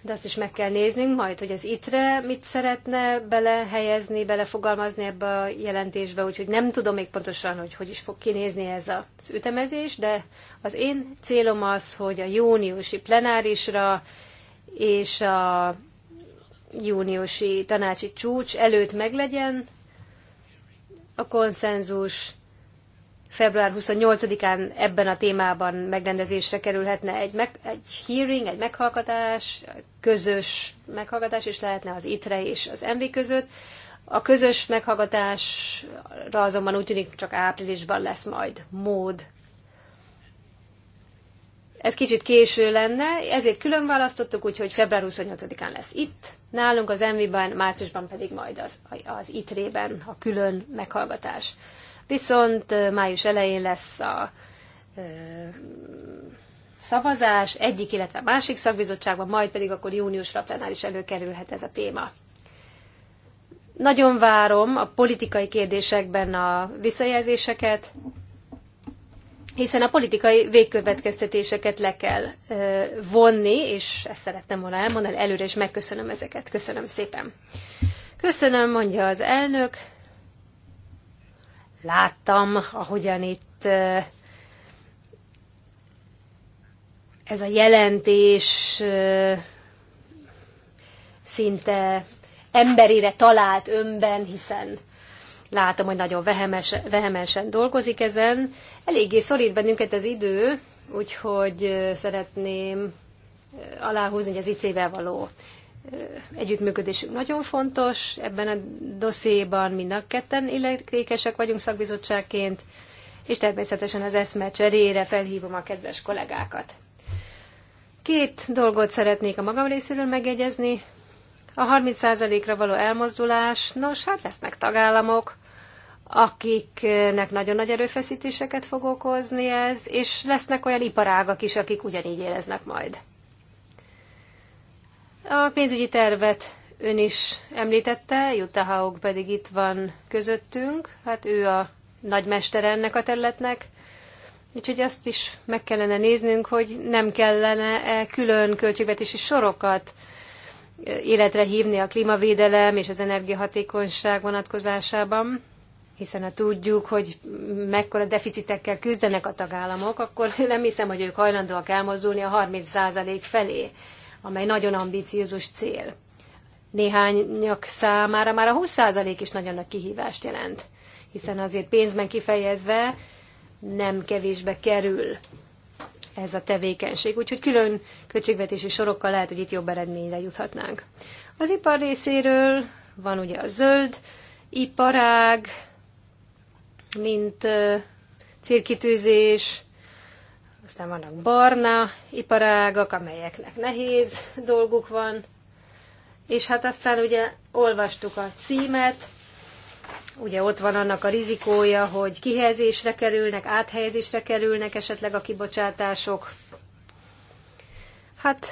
de azt is meg kell néznünk majd, hogy az ITRE mit szeretne belehelyezni, belefogalmazni ebbe a jelentésbe, úgyhogy nem tudom még pontosan, hogy hogy is fog kinézni ez az ütemezés, de az én célom az, hogy a júniusi plenárisra és a júniusi tanácsi csúcs előtt meglegyen a konszenzus, február 28-án ebben a témában megrendezésre kerülhetne egy, meg, egy hearing, egy meghallgatás, közös meghallgatás is lehetne az ITRE és az MV között. A közös meghallgatásra azonban úgy tűnik csak áprilisban lesz majd mód. Ez kicsit késő lenne, ezért külön választottuk, úgyhogy február 28-án lesz itt, nálunk az MV-ben, márciusban pedig majd az, az ITRE-ben a külön meghallgatás. Viszont május elején lesz a szavazás egyik, illetve másik szakbizottságban, majd pedig akkor júniusra plenáris előkerülhet ez a téma. Nagyon várom a politikai kérdésekben a visszajelzéseket, hiszen a politikai végkövetkeztetéseket le kell vonni, és ezt szerettem volna elmondani, előre is megköszönöm ezeket. Köszönöm szépen. Köszönöm, mondja az elnök láttam, ahogyan itt ez a jelentés szinte emberire talált önben, hiszen látom, hogy nagyon vehemes, vehemesen dolgozik ezen. Eléggé szorít bennünket az idő, úgyhogy szeretném aláhúzni, hogy az itt való együttműködésünk nagyon fontos. Ebben a dossziéban mind a ketten illetékesek vagyunk szakbizottságként, és természetesen az eszme cserére felhívom a kedves kollégákat. Két dolgot szeretnék a magam részéről megjegyezni. A 30%-ra való elmozdulás, nos, hát lesznek tagállamok, akiknek nagyon nagy erőfeszítéseket fog okozni ez, és lesznek olyan iparágak is, akik ugyanígy éreznek majd. A pénzügyi tervet ön is említette, Jutta Haug pedig itt van közöttünk, hát ő a nagymester ennek a területnek, úgyhogy azt is meg kellene néznünk, hogy nem kellene -e külön költségvetési sorokat e, életre hívni a klímavédelem és az energiahatékonyság vonatkozásában, hiszen ha tudjuk, hogy mekkora deficitekkel küzdenek a tagállamok, akkor nem hiszem, hogy ők hajlandóak elmozdulni a 30% felé amely nagyon ambiciózus cél. Néhányak számára már a 20% is nagyon nagy kihívást jelent, hiszen azért pénzben kifejezve nem kevésbe kerül ez a tevékenység. Úgyhogy külön költségvetési sorokkal lehet, hogy itt jobb eredményre juthatnánk. Az ipar részéről van ugye a zöld iparág, mint célkitűzés, aztán vannak barna iparágak, amelyeknek nehéz dolguk van. És hát aztán ugye olvastuk a címet, ugye ott van annak a rizikója, hogy kihelyezésre kerülnek, áthelyezésre kerülnek esetleg a kibocsátások. Hát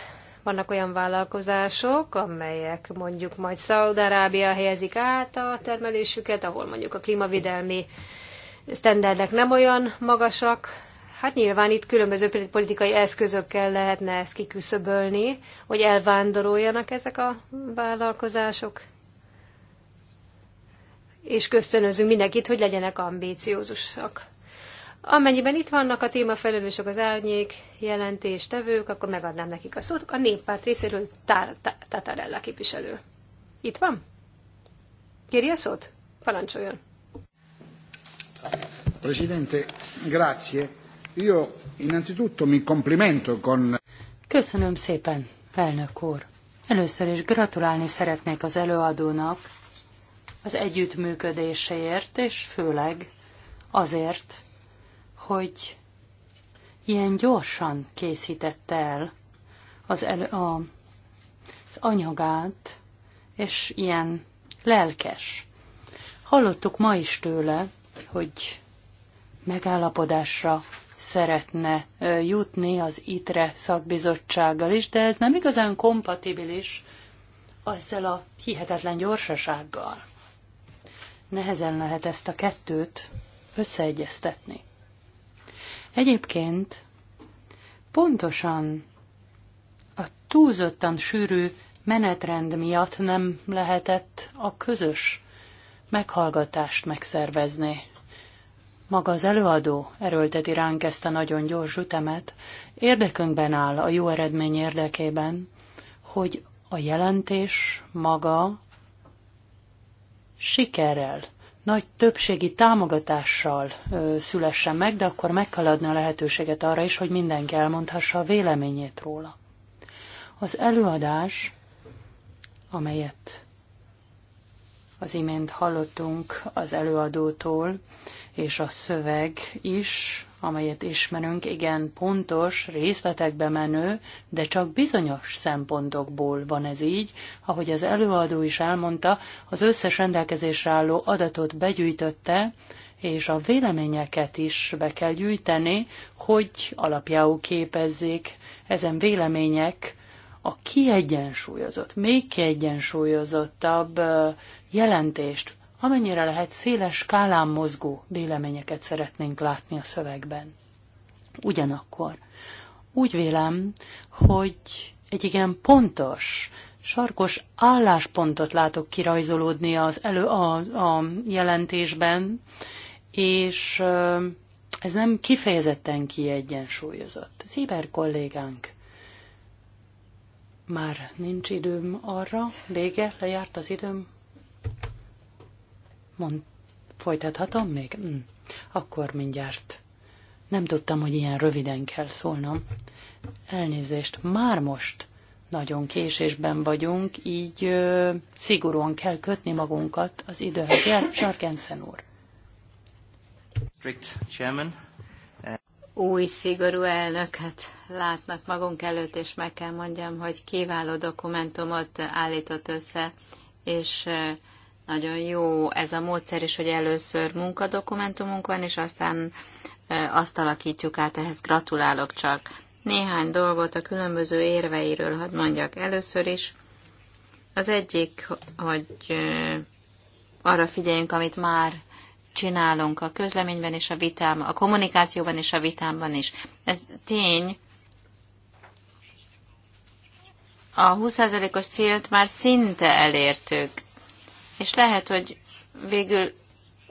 vannak olyan vállalkozások, amelyek mondjuk majd Szaudarábia helyezik át a termelésüket, ahol mondjuk a klímavédelmi sztenderdek nem olyan magasak, Hát nyilván itt különböző politikai eszközökkel lehetne ezt kiküszöbölni, hogy elvándoroljanak ezek a vállalkozások. És köszönözünk mindenkit, hogy legyenek ambíciózusak. Amennyiben itt vannak a témafelelősök, az árnyék jelentéstevők, akkor megadnám nekik a szót. A néppárt részéről Tár- Tatarella képviselő. Itt van? Kéri a szót? Parancsoljon. Presidente, grazie. Io innanzitutto mi complimento con... Köszönöm szépen, elnök úr. Először is gratulálni szeretnék az előadónak az együttműködéséért, és főleg azért, hogy ilyen gyorsan készítette el az, elő, a, az anyagát, és ilyen lelkes. Hallottuk ma is tőle, hogy megállapodásra szeretne jutni az ITRE szakbizottsággal is, de ez nem igazán kompatibilis azzal a hihetetlen gyorsasággal. Nehezen lehet ezt a kettőt összeegyeztetni. Egyébként pontosan a túlzottan sűrű menetrend miatt nem lehetett a közös meghallgatást megszervezni maga az előadó erőlteti ránk ezt a nagyon gyors ütemet. Érdekünkben áll a jó eredmény érdekében, hogy a jelentés maga sikerrel, nagy többségi támogatással ö, szülessen meg, de akkor meg kell adni a lehetőséget arra is, hogy mindenki elmondhassa a véleményét róla. Az előadás, amelyet az imént hallottunk az előadótól, és a szöveg is, amelyet ismerünk, igen pontos, részletekbe menő, de csak bizonyos szempontokból van ez így. Ahogy az előadó is elmondta, az összes rendelkezésre álló adatot begyűjtötte, és a véleményeket is be kell gyűjteni, hogy alapjául képezzék ezen vélemények a kiegyensúlyozott, még kiegyensúlyozottabb jelentést, amennyire lehet széles skálán mozgó véleményeket szeretnénk látni a szövegben. Ugyanakkor úgy vélem, hogy egy igen pontos, sarkos álláspontot látok kirajzolódni az elő, a, a jelentésben, és ez nem kifejezetten kiegyensúlyozott. Ziber kollégánk már nincs időm arra, vége, lejárt az időm. Mond, folytathatom még? Hm. Akkor mindjárt. Nem tudtam, hogy ilyen röviden kell szólnom. Elnézést, már most nagyon késésben vagyunk, így ö, szigorúan kell kötni magunkat az időhöz. Sarkensen úr. Strict chairman új szigorú elnöket látnak magunk előtt, és meg kell mondjam, hogy kiváló dokumentumot állított össze, és nagyon jó ez a módszer is, hogy először munkadokumentumunk van, és aztán azt alakítjuk át, ehhez gratulálok csak. Néhány dolgot a különböző érveiről hadd mondjak először is. Az egyik, hogy arra figyeljünk, amit már csinálunk a közleményben és a vitában, a kommunikációban és a vitámban is. Ez tény. A 20%-os célt már szinte elértük, és lehet, hogy végül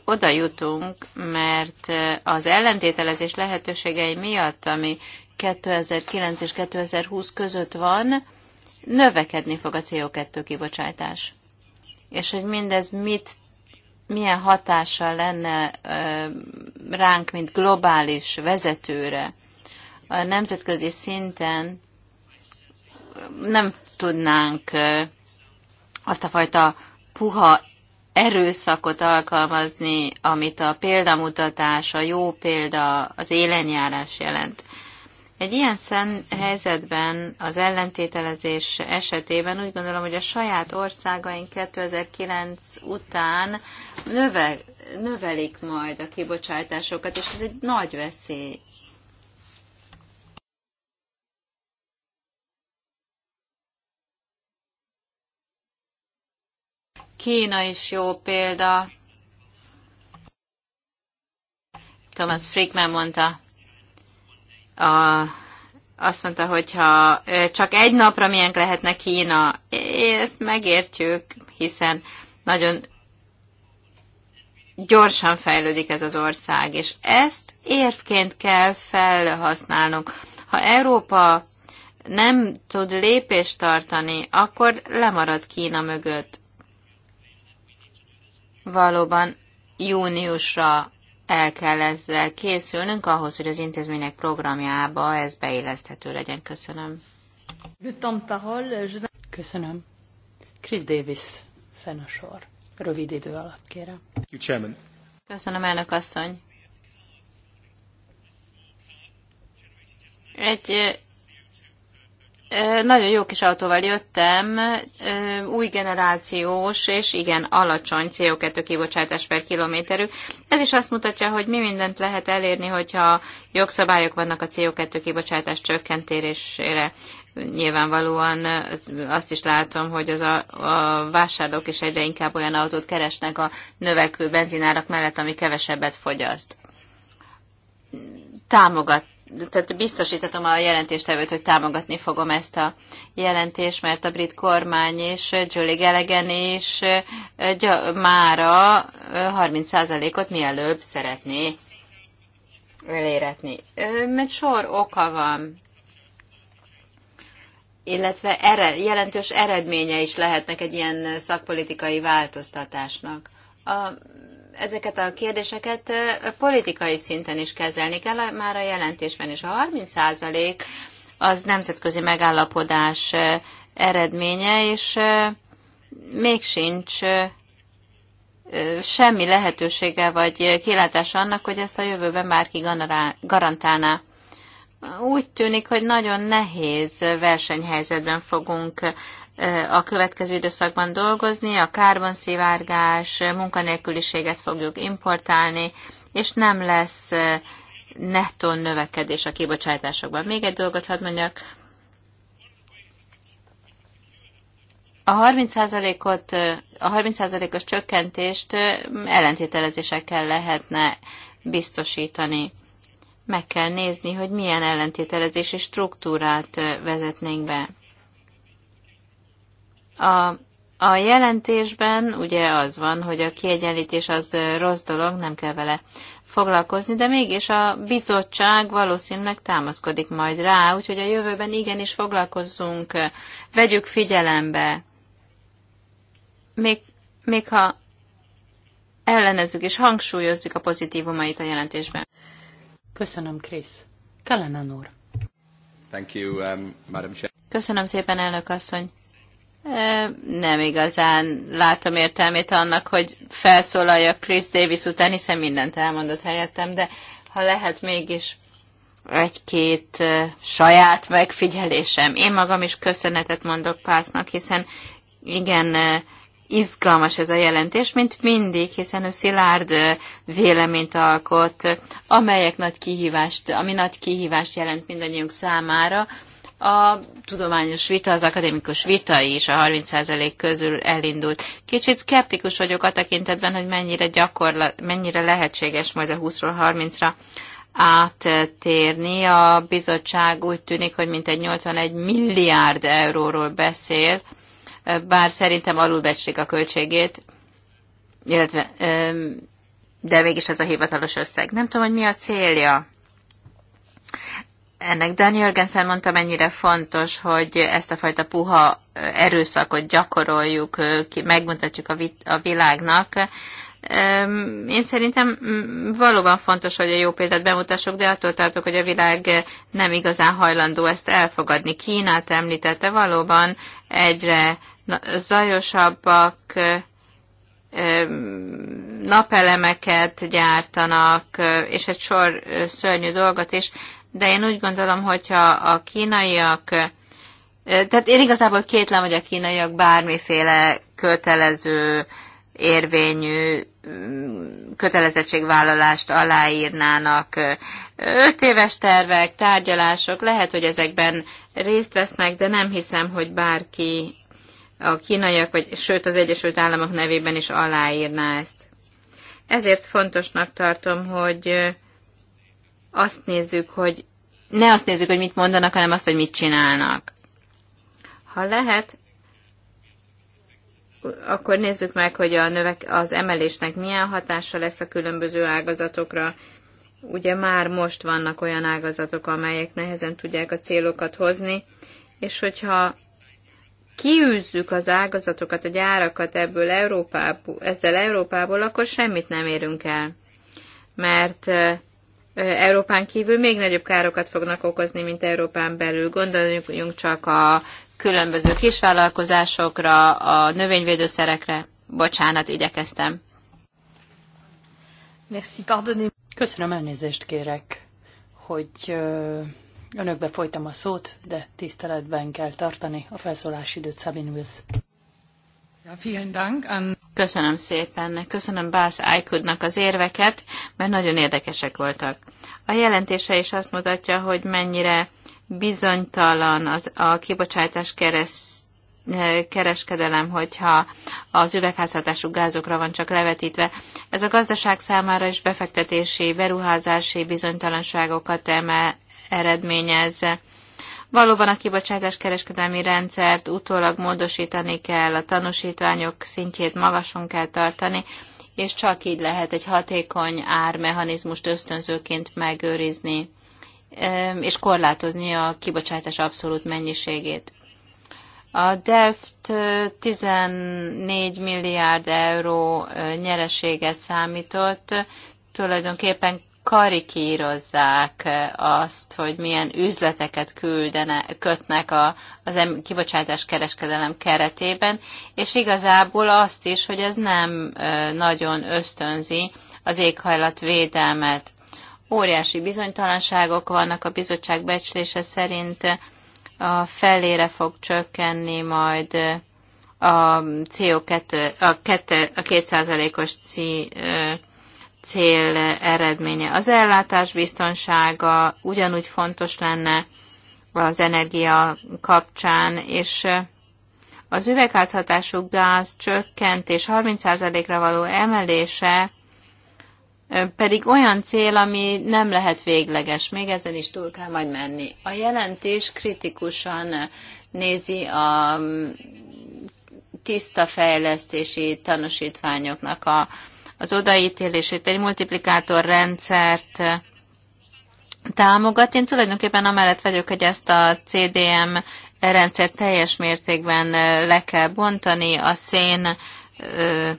oda jutunk, mert az ellentételezés lehetőségei miatt, ami 2009 és 2020 között van, növekedni fog a CO2 kibocsátás. És hogy mindez mit milyen hatása lenne ránk, mint globális vezetőre a nemzetközi szinten, nem tudnánk azt a fajta puha erőszakot alkalmazni, amit a példamutatás, a jó példa, az élenjárás jelent. Egy ilyen szen helyzetben, az ellentételezés esetében úgy gondolom, hogy a saját országaink 2009 után növel, növelik majd a kibocsátásokat, és ez egy nagy veszély. Kína is jó példa. Thomas Frickman mondta, a, azt mondta, hogy ha csak egy napra milyen lehetne Kína, ezt megértjük, hiszen nagyon gyorsan fejlődik ez az ország, és ezt érvként kell felhasználnunk. Ha Európa nem tud lépést tartani, akkor lemarad Kína mögött. Valóban júniusra el kell ezzel készülnünk ahhoz, hogy az intézmények programjába ez beilleszthető legyen. Köszönöm. Köszönöm. Chris Davis, szenasor. Rövid idő alatt, kérem. Köszönöm, elnök asszony. Egy nagyon jó kis autóval jöttem, új generációs, és igen, alacsony CO2 kibocsátás per kilométerű. Ez is azt mutatja, hogy mi mindent lehet elérni, hogyha jogszabályok vannak a CO2 kibocsátás csökkentésére. Nyilvánvalóan azt is látom, hogy az a, a vásárlók is egyre inkább olyan autót keresnek a növekvő benzinárak mellett, ami kevesebbet fogyaszt. Támogat, tehát biztosítatom a jelentéstevőt, hogy támogatni fogom ezt a jelentést, mert a brit kormány és Julie Gelegen is mára 30%-ot mielőbb szeretné eléretni. Mert sor oka van illetve ered, jelentős eredménye is lehetnek egy ilyen szakpolitikai változtatásnak. A ezeket a kérdéseket politikai szinten is kezelni kell, már a jelentésben is. A 30% az nemzetközi megállapodás eredménye, és még sincs semmi lehetősége vagy kilátása annak, hogy ezt a jövőben bárki garantálná. Úgy tűnik, hogy nagyon nehéz versenyhelyzetben fogunk a következő időszakban dolgozni, a kárbonszivárgás munkanélküliséget fogjuk importálni, és nem lesz nettó növekedés a kibocsátásokban. Még egy dolgot hadd mondjak. A 30%-ot, a 30%-os csökkentést ellentételezésekkel lehetne biztosítani. Meg kell nézni, hogy milyen ellentételezési struktúrát vezetnénk be. A, a jelentésben ugye az van, hogy a kiegyenlítés az rossz dolog, nem kell vele foglalkozni, de mégis a bizottság valószínűleg támaszkodik majd rá, úgyhogy a jövőben igenis foglalkozzunk, vegyük figyelembe, még, még ha ellenezzük és hangsúlyozzuk a pozitívumait a jelentésben. Köszönöm, Krisz. Kellenen úr. Thank you, um, Madam Chair. Köszönöm szépen, elnök asszony nem igazán látom értelmét annak, hogy felszólaljak Chris Davis után, hiszen mindent elmondott helyettem, de ha lehet mégis egy-két saját megfigyelésem. Én magam is köszönetet mondok Pásznak, hiszen igen, izgalmas ez a jelentés, mint mindig, hiszen ő szilárd véleményt alkot, amelyek nagy kihívást, ami nagy kihívást jelent mindannyiunk számára, a tudományos vita, az akadémikus vita is a 30% közül elindult. Kicsit szkeptikus vagyok a tekintetben, hogy mennyire, gyakorla, mennyire lehetséges majd a 20-ról 30-ra áttérni. A bizottság úgy tűnik, hogy mintegy 81 milliárd euróról beszél, bár szerintem alulbecslik a költségét, illetve, de mégis ez a hivatalos összeg. Nem tudom, hogy mi a célja ennek Dani Jörgensen mondta, mennyire fontos, hogy ezt a fajta puha erőszakot gyakoroljuk, ki, megmutatjuk a, a világnak. Én szerintem mm, valóban fontos, hogy a jó példát bemutassuk, de attól tartok, hogy a világ nem igazán hajlandó ezt elfogadni. Kínát említette valóban egyre zajosabbak, napelemeket gyártanak, és egy sor szörnyű dolgot is de én úgy gondolom, hogyha a kínaiak, tehát én igazából kétlem, hogy a kínaiak bármiféle kötelező, érvényű mm, kötelezettségvállalást aláírnának. Öt éves tervek, tárgyalások, lehet, hogy ezekben részt vesznek, de nem hiszem, hogy bárki a kínaiak, vagy sőt az Egyesült Államok nevében is aláírná ezt. Ezért fontosnak tartom, hogy azt nézzük, hogy ne azt nézzük, hogy mit mondanak, hanem azt, hogy mit csinálnak. Ha lehet, akkor nézzük meg, hogy a növek, az emelésnek milyen hatása lesz a különböző ágazatokra. Ugye már most vannak olyan ágazatok, amelyek nehezen tudják a célokat hozni, és hogyha kiűzzük az ágazatokat, a gyárakat ebből Európából, ezzel Európából, akkor semmit nem érünk el. Mert Európán kívül még nagyobb károkat fognak okozni, mint Európán belül. Gondoljunk csak a különböző kisvállalkozásokra, a növényvédőszerekre. Bocsánat, igyekeztem. Merci, pardonnez. Köszönöm, elnézést kérek, hogy önökbe folytam a szót, de tiszteletben kell tartani a felszólási időt, Sabine Wills. Köszönöm szépen, köszönöm Bász Ájkudnak az érveket, mert nagyon érdekesek voltak. A jelentése is azt mutatja, hogy mennyire bizonytalan az, a kibocsátás kereszt kereskedelem, hogyha az üvegházhatású gázokra van csak levetítve. Ez a gazdaság számára is befektetési, beruházási bizonytalanságokat emel, eredményez Valóban a kibocsátás kereskedelmi rendszert utólag módosítani kell, a tanúsítványok szintjét magason kell tartani, és csak így lehet egy hatékony ármechanizmust ösztönzőként megőrizni ehm, és korlátozni a kibocsátás abszolút mennyiségét. A Delft 14 milliárd euró nyereséget számított, tulajdonképpen karikírozzák azt, hogy milyen üzleteket küldene, kötnek a, az em, kibocsátás kereskedelem keretében, és igazából azt is, hogy ez nem nagyon ösztönzi az éghajlat védelmet. Óriási bizonytalanságok vannak a bizottság becslése szerint a felére fog csökkenni majd a CO2, a, kette, a 2%-os cél eredménye. Az ellátás biztonsága ugyanúgy fontos lenne az energia kapcsán, és az üvegházhatású gáz csökkentés 30%-ra való emelése pedig olyan cél, ami nem lehet végleges, még ezen is túl kell majd menni. A jelentés kritikusan nézi a mm, tiszta fejlesztési tanúsítványoknak a az odaítélését, egy multiplikátor rendszert támogat. Én tulajdonképpen amellett vagyok, hogy ezt a CDM rendszert teljes mértékben le kell bontani, a szén ö,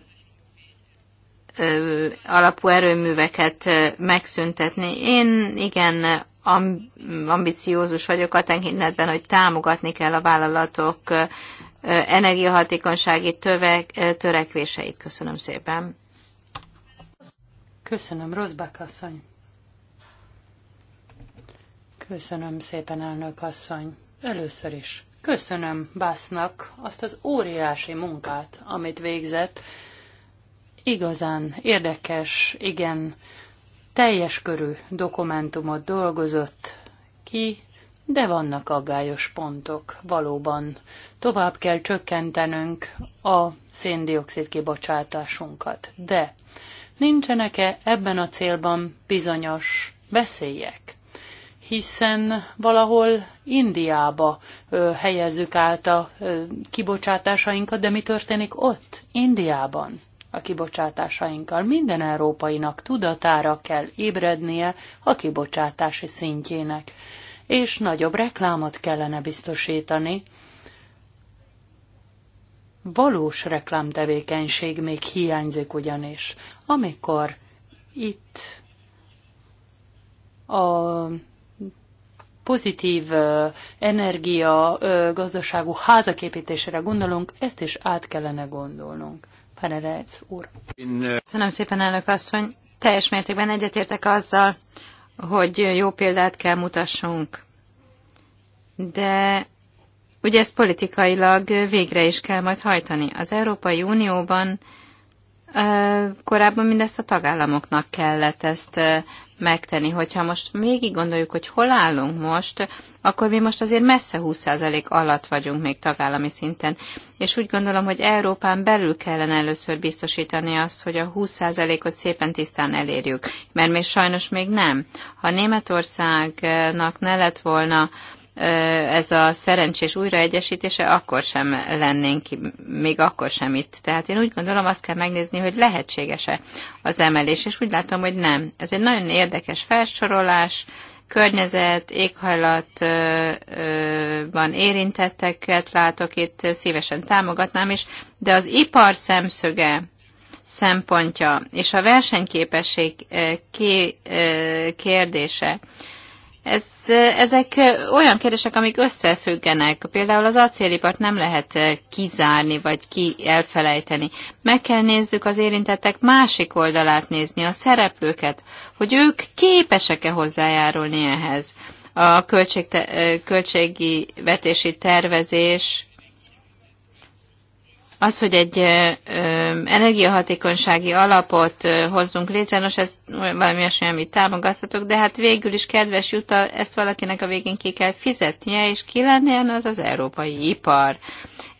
ö, alapú erőműveket megszüntetni. Én igen ambiciózus vagyok a tekintetben, hogy támogatni kell a vállalatok energiahatékonysági tövek, törekvéseit. Köszönöm szépen. Köszönöm, Rozbák asszony. Köszönöm szépen, elnök asszony. Először is köszönöm Básznak azt az óriási munkát, amit végzett. Igazán érdekes, igen, teljes körű dokumentumot dolgozott ki, de vannak aggályos pontok. Valóban tovább kell csökkentenünk a széndiokszid kibocsátásunkat. De nincsenek-e ebben a célban bizonyos veszélyek? hiszen valahol Indiába ö, helyezzük át a ö, kibocsátásainkat, de mi történik ott, Indiában? a kibocsátásainkkal minden európainak tudatára kell ébrednie a kibocsátási szintjének, és nagyobb reklámot kellene biztosítani Valós reklámtevékenység még hiányzik ugyanis. Amikor itt a pozitív energia gazdaságú házaképítésre gondolunk, ezt is át kellene gondolnunk. Fenerec úr. Köszönöm szépen, elnök asszony. Teljes mértékben egyetértek azzal, hogy jó példát kell mutassunk. De Ugye ezt politikailag végre is kell majd hajtani. Az Európai Unióban korábban mindezt a tagállamoknak kellett ezt megtenni. Hogyha most végig gondoljuk, hogy hol állunk most, akkor mi most azért messze 20% alatt vagyunk még tagállami szinten. És úgy gondolom, hogy Európán belül kellene először biztosítani azt, hogy a 20%-ot szépen tisztán elérjük, mert még sajnos még nem. Ha Németországnak ne lett volna ez a szerencsés újraegyesítése, akkor sem lennénk, még akkor sem itt. Tehát én úgy gondolom, azt kell megnézni, hogy lehetséges-e az emelés, és úgy látom, hogy nem. Ez egy nagyon érdekes felsorolás, környezet, éghajlatban érintetteket látok itt, szívesen támogatnám is, de az ipar szemszöge szempontja és a versenyképesség kérdése, ez, ezek olyan kérdések, amik összefüggenek. Például az acélipart nem lehet kizárni, vagy ki elfelejteni. Meg kell nézzük az érintettek másik oldalát nézni, a szereplőket, hogy ők képesek-e hozzájárulni ehhez. A költség, költségi vetési tervezés az, hogy egy energiahatékonysági alapot hozzunk létre, nos, ez valami olyasmi, amit támogathatok, de hát végül is, kedves Juta, ezt valakinek a végén ki kell fizetnie, és ki lennél hát az az európai ipar.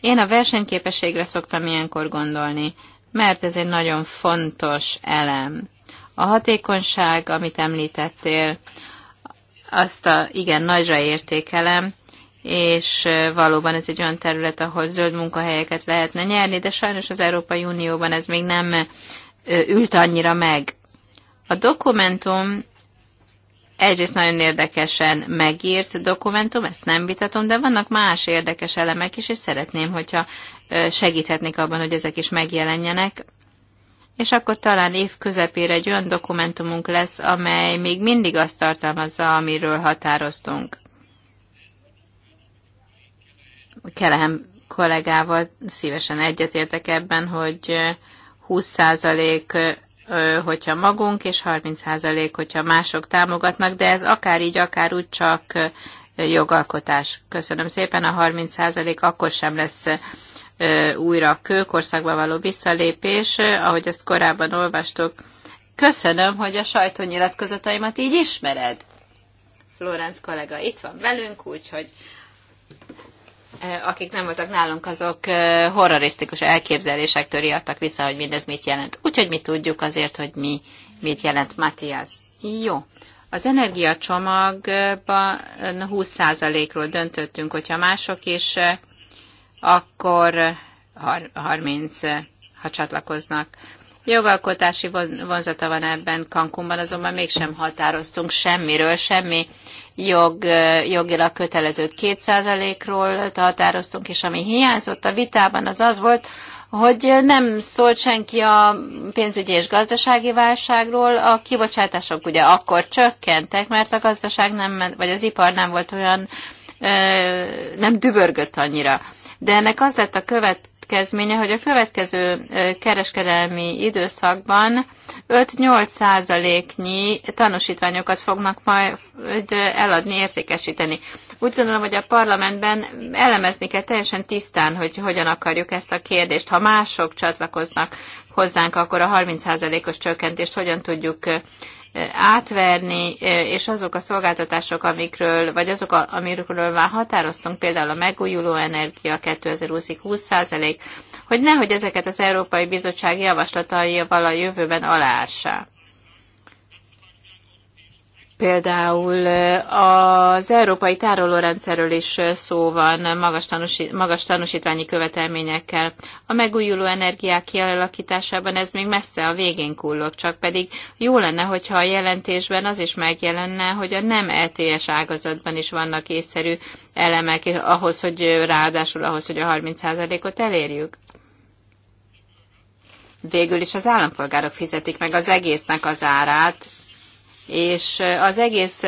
Én a versenyképességre szoktam ilyenkor gondolni, mert ez egy nagyon fontos elem. A hatékonyság, amit említettél, azt a, igen, nagyra értékelem, és valóban ez egy olyan terület, ahol zöld munkahelyeket lehetne nyerni, de sajnos az Európai Unióban ez még nem ült annyira meg. A dokumentum egyrészt nagyon érdekesen megírt dokumentum, ezt nem vitatom, de vannak más érdekes elemek is, és szeretném, hogyha segíthetnék abban, hogy ezek is megjelenjenek. És akkor talán év közepére egy olyan dokumentumunk lesz, amely még mindig azt tartalmazza, amiről határoztunk. Kelehem kollégával szívesen egyetértek ebben, hogy 20% hogyha magunk, és 30% hogyha mások támogatnak, de ez akár így, akár úgy csak jogalkotás. Köszönöm szépen, a 30% akkor sem lesz újra kőkorszakba való visszalépés, ahogy ezt korábban olvastuk. Köszönöm, hogy a sajtónyilatkozataimat így ismered. Florenc kollega itt van velünk, úgyhogy akik nem voltak nálunk, azok horrorisztikus elképzelésektől riadtak vissza, hogy mindez mit jelent. Úgyhogy mi tudjuk azért, hogy mi mit jelent Matthias. Jó. Az energiacsomagban 20%-ról döntöttünk, hogyha mások is, akkor 30, ha csatlakoznak. Jogalkotási vonzata van ebben Cancunban, azonban mégsem határoztunk semmiről, semmi jog, eh, jogilag kötelezőt 2%-ról határoztunk, és ami hiányzott a vitában, az az volt, hogy nem szólt senki a pénzügyi és gazdasági válságról, a kibocsátások ugye akkor csökkentek, mert a gazdaság nem, vagy az ipar nem volt olyan, eh, nem dübörgött annyira. De ennek az lett a követ, következménye, hogy a következő kereskedelmi időszakban 5-8 százaléknyi tanúsítványokat fognak majd eladni, értékesíteni. Úgy gondolom, hogy a parlamentben elemezni kell teljesen tisztán, hogy hogyan akarjuk ezt a kérdést. Ha mások csatlakoznak hozzánk, akkor a 30 százalékos csökkentést hogyan tudjuk átverni, és azok a szolgáltatások, amikről, vagy azok, a, amikről már határoztunk, például a megújuló energia 2020-ig 20%, hogy nehogy ezeket az Európai Bizottság javaslatai a jövőben aláássák. Például az európai tárolórendszerről is szó van magas, tanúsi, magas tanúsítványi követelményekkel. A megújuló energiák kialakításában ez még messze a végén kullog, csak pedig jó lenne, hogyha a jelentésben az is megjelenne, hogy a nem ETS ágazatban is vannak észszerű elemek ahhoz, hogy ráadásul ahhoz, hogy a 30%-ot elérjük. Végül is az állampolgárok fizetik meg az egésznek az árát, és az egész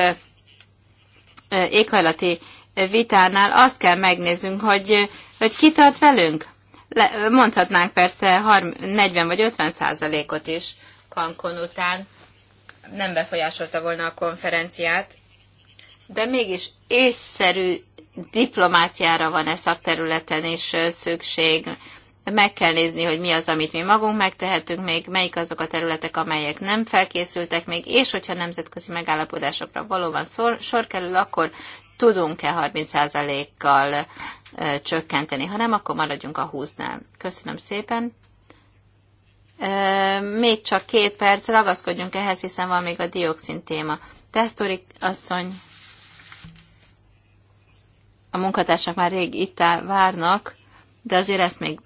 éghajlati vitánál azt kell megnéznünk, hogy, hogy ki tart velünk. Le, mondhatnánk persze 30, 40 vagy 50 százalékot is Cancun után. Nem befolyásolta volna a konferenciát, de mégis észszerű diplomáciára van e szakterületen is szükség meg kell nézni, hogy mi az, amit mi magunk megtehetünk még, melyik azok a területek, amelyek nem felkészültek még, és hogyha nemzetközi megállapodásokra valóban szor, sor kerül, akkor tudunk-e 30%-kal csökkenteni. Ha nem, akkor maradjunk a 20-nál. Köszönöm szépen. még csak két perc, ragaszkodjunk ehhez, hiszen van még a dioxin téma. Tesztori asszony, a munkatársak már rég itt áll, várnak, de azért ezt még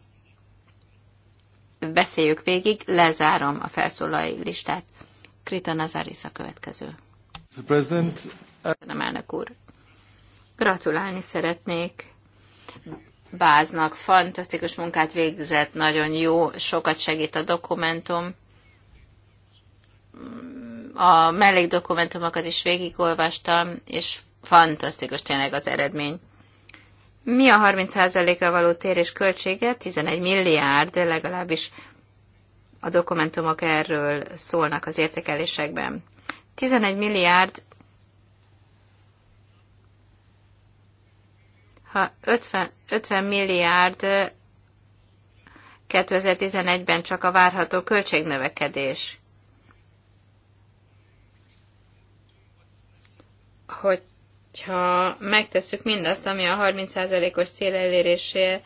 beszéljük végig, lezárom a felszólalói listát. Krita Nazaris a következő. Uh, Köszönöm, elnök úr. Gratulálni szeretnék. Báznak fantasztikus munkát végzett, nagyon jó, sokat segít a dokumentum. A dokumentumokat is végigolvastam, és fantasztikus tényleg az eredmény. Mi a 30%-ra való térés költsége? 11 milliárd, legalábbis a dokumentumok erről szólnak az értékelésekben. 11 milliárd, ha 50, 50 milliárd 2011-ben csak a várható költségnövekedés. Hogy hogyha megtesszük mindazt, ami a 30%-os cél elérésé eh,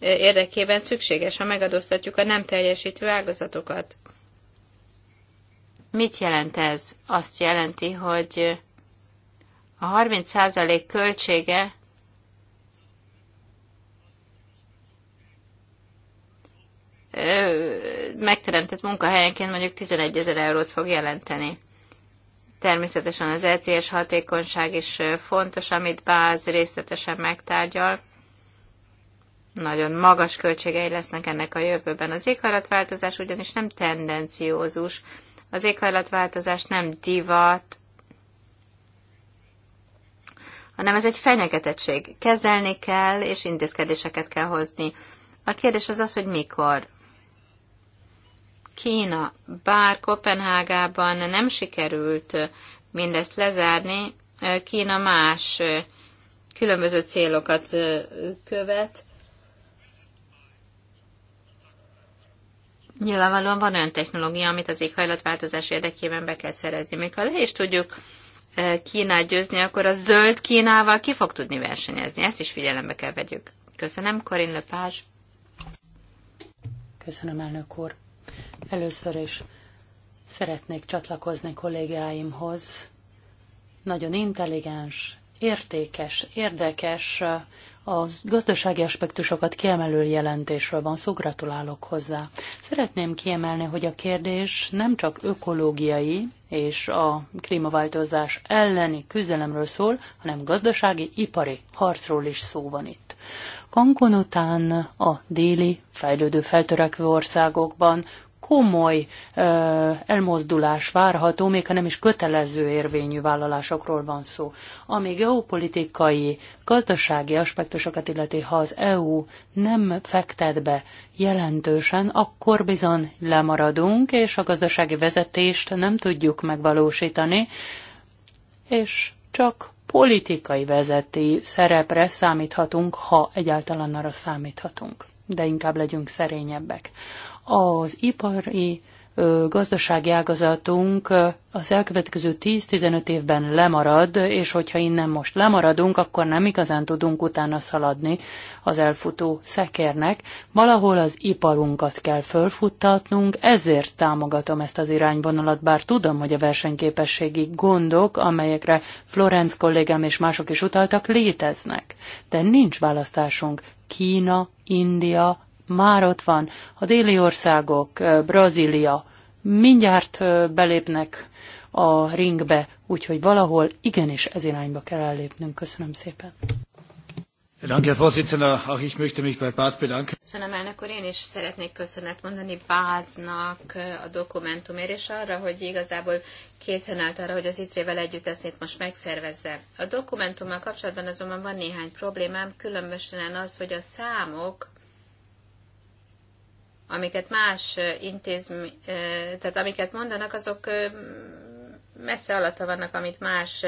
érdekében szükséges, ha megadóztatjuk a nem teljesítő ágazatokat. Mit jelent ez? Azt jelenti, hogy a 30% költsége eh, megteremtett munkahelyenként mondjuk 11 ezer eurót fog jelenteni. Természetesen az ECS hatékonyság is fontos, amit Báz részletesen megtárgyal. Nagyon magas költségei lesznek ennek a jövőben. Az éghajlatváltozás ugyanis nem tendenciózus. Az éghajlatváltozás nem divat, hanem ez egy fenyegetettség. Kezelni kell, és intézkedéseket kell hozni. A kérdés az az, hogy mikor. Kína, bár Kopenhágában nem sikerült mindezt lezárni, Kína más különböző célokat követ. Nyilvánvalóan van olyan technológia, amit az éghajlatváltozás érdekében be kell szerezni. Még ha le is tudjuk Kínát győzni, akkor a zöld Kínával ki fog tudni versenyezni. Ezt is figyelembe kell vegyük. Köszönöm, Karin Lepázs. Köszönöm, elnök úr. Először is szeretnék csatlakozni kollégáimhoz. Nagyon intelligens, értékes, érdekes, a gazdasági aspektusokat kiemelő jelentésről van szó, gratulálok hozzá. Szeretném kiemelni, hogy a kérdés nem csak ökológiai és a klímaváltozás elleni küzdelemről szól, hanem gazdasági, ipari harcról is szó van itt. Kankon után a déli, fejlődő, feltörekvő országokban komoly ö, elmozdulás várható, még ha nem is kötelező érvényű vállalásokról van szó. Ami geopolitikai, gazdasági aspektusokat illeti, ha az EU nem fektet be jelentősen, akkor bizony lemaradunk, és a gazdasági vezetést nem tudjuk megvalósítani, és csak politikai vezeti szerepre számíthatunk, ha egyáltalán arra számíthatunk. De inkább legyünk szerényebbek. Az ipari gazdasági ágazatunk az elkövetkező 10-15 évben lemarad, és hogyha innen most lemaradunk, akkor nem igazán tudunk utána szaladni az elfutó szekérnek. Valahol az iparunkat kell fölfuttatnunk, ezért támogatom ezt az irányvonalat, bár tudom, hogy a versenyképességi gondok, amelyekre Florenc kollégám és mások is utaltak, léteznek. De nincs választásunk. Kína, India, már ott van. A déli országok, Brazília mindjárt belépnek a ringbe, úgyhogy valahol igenis ez irányba kell ellépnünk. Köszönöm szépen. Danke, Vorsitzender. Auch ich möchte mich bei Bas bedanken. Köszönöm, elnök úr. Én is szeretnék köszönet mondani Báznak a dokumentumért, és arra, hogy igazából készen állt arra, hogy az ITRE-vel együtt ezt itt most megszervezze. A dokumentummal kapcsolatban azonban van néhány problémám, különösen az, hogy a számok amiket más intézmény, tehát amiket mondanak, azok messze alatta vannak, amit más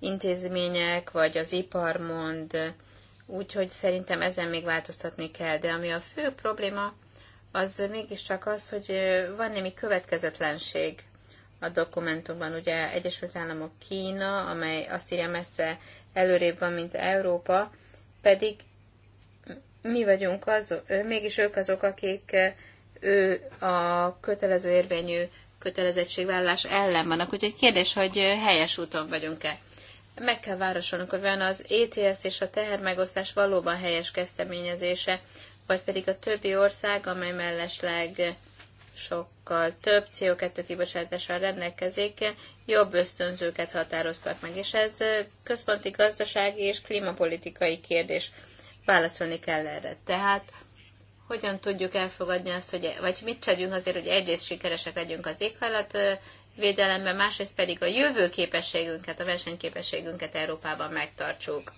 intézmények vagy az ipar mond. Úgyhogy szerintem ezen még változtatni kell. De ami a fő probléma, az mégiscsak az, hogy van némi következetlenség a dokumentumban. Ugye Egyesült Államok Kína, amely azt írja messze előrébb van, mint Európa, pedig mi vagyunk az, mégis ők azok, akik ő a kötelező érvényű kötelezettségvállalás ellen vannak. Úgyhogy kérdés, hogy helyes úton vagyunk-e. Meg kell városolnunk, hogy van az ETS és a tehermegosztás valóban helyes kezdeményezése, vagy pedig a többi ország, amely mellesleg sokkal több CO2 kibocsátással rendelkezik, jobb ösztönzőket határoztak meg. És ez központi gazdasági és klímapolitikai kérdés válaszolni kell erre. Tehát hogyan tudjuk elfogadni azt, hogy, vagy mit tegyünk azért, hogy egyrészt sikeresek legyünk az éghajlat védelemben, másrészt pedig a jövő képességünket, a versenyképességünket Európában megtartsuk.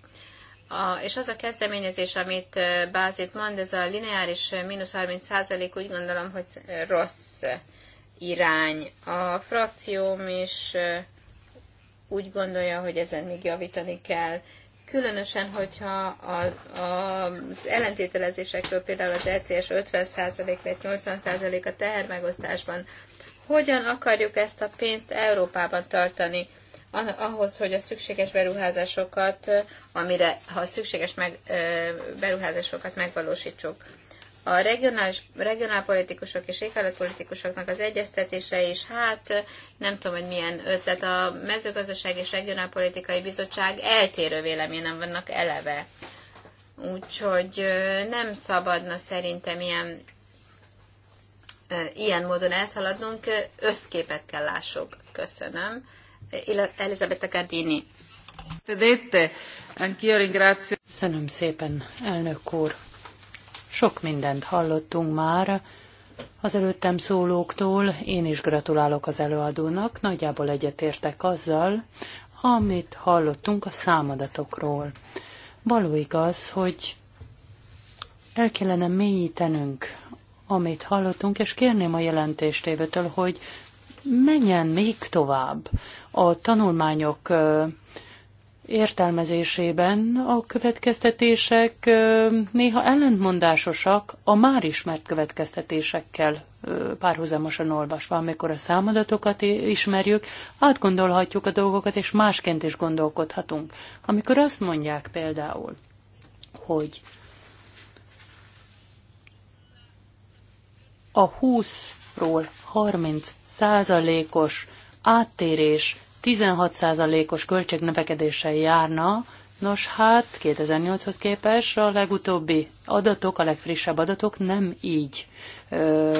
A, és az a kezdeményezés, amit Bázit mond, ez a lineáris mínusz 30 százalék, úgy gondolom, hogy rossz irány. A frakcióm is úgy gondolja, hogy ezen még javítani kell különösen, hogyha a, a, az ellentételezésekről például az LTS e 50% vagy 80% a tehermegosztásban, hogyan akarjuk ezt a pénzt Európában tartani? ahhoz, hogy a szükséges beruházásokat, amire, ha a szükséges meg, beruházásokat megvalósítsuk a regionális, regionálpolitikusok és éghajlatpolitikusoknak az egyeztetése is, hát nem tudom, hogy milyen ötlet. A mezőgazdaság és regionálpolitikai bizottság eltérő véleményen vannak eleve. Úgyhogy nem szabadna szerintem ilyen, ilyen módon elszaladnunk, összképet kell lássuk. Köszönöm. Elizabeth Cardini. Köszönöm szépen, elnök úr. Sok mindent hallottunk már az előttem szólóktól. Én is gratulálok az előadónak. Nagyjából egyetértek azzal, amit hallottunk a számadatokról. Való igaz, hogy el kellene mélyítenünk, amit hallottunk, és kérném a jelentéstévőtől, hogy menjen még tovább a tanulmányok értelmezésében a következtetések néha ellentmondásosak a már ismert következtetésekkel párhuzamosan olvasva, amikor a számadatokat ismerjük, átgondolhatjuk a dolgokat, és másként is gondolkodhatunk. Amikor azt mondják például, hogy a 20-ról 30 százalékos áttérés 16%-os költségnövekedéssel járna, Nos hát, 2008-hoz képest a legutóbbi adatok, a legfrissebb adatok nem így ö,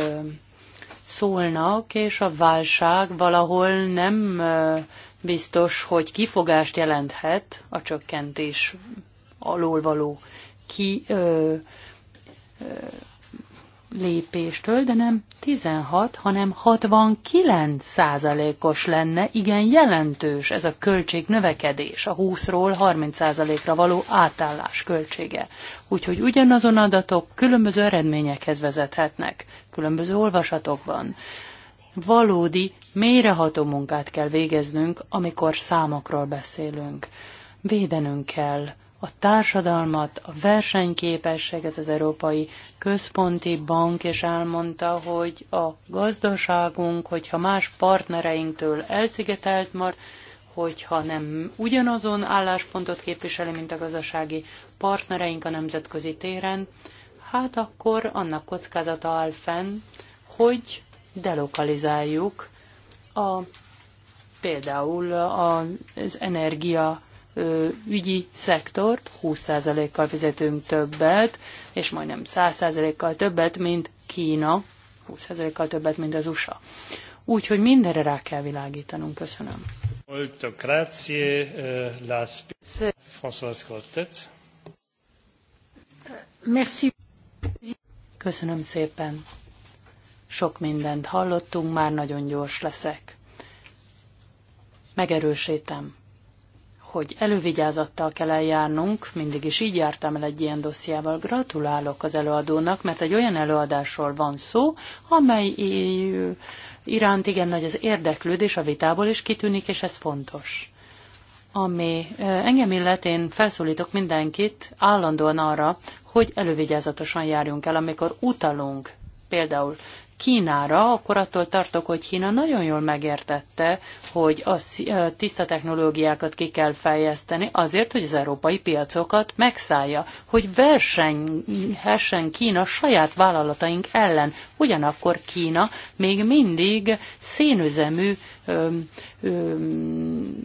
szólnak, és a válság valahol nem ö, biztos, hogy kifogást jelenthet a csökkentés alól való ki, ö, ö, lépéstől, de nem 16, hanem 69 százalékos lenne, igen jelentős ez a költség növekedés, a 20-ról 30 százalékra való átállás költsége. Úgyhogy ugyanazon adatok különböző eredményekhez vezethetnek, különböző olvasatokban. Valódi, mélyreható munkát kell végeznünk, amikor számokról beszélünk. Védenünk kell a társadalmat, a versenyképességet az Európai Központi Bank, és elmondta, hogy a gazdaságunk, hogyha más partnereinktől elszigetelt mar, hogyha nem ugyanazon álláspontot képviseli, mint a gazdasági partnereink a nemzetközi téren, hát akkor annak kockázata áll fenn, hogy delokalizáljuk a, például az energia ügyi szektort, 20%-kal fizetünk többet, és majdnem 100%-kal többet, mint Kína, 20%-kal többet, mint az USA. Úgyhogy mindenre rá kell világítanunk. Köszönöm. Molto grazie, las... François Cortet. Merci. Köszönöm szépen. Sok mindent hallottunk, már nagyon gyors leszek. Megerősítem hogy elővigyázattal kell eljárnunk, mindig is így jártam el egy ilyen dossziával. Gratulálok az előadónak, mert egy olyan előadásról van szó, amely iránt igen nagy az érdeklődés a vitából is kitűnik, és ez fontos. Ami engem illet, én felszólítok mindenkit állandóan arra, hogy elővigyázatosan járjunk el, amikor utalunk például Kínára, akkor attól tartok, hogy Kína nagyon jól megértette, hogy a tiszta technológiákat ki kell fejleszteni azért, hogy az európai piacokat megszállja, hogy versenyhessen Kína saját vállalataink ellen. Ugyanakkor Kína még mindig szénüzemű öm, öm,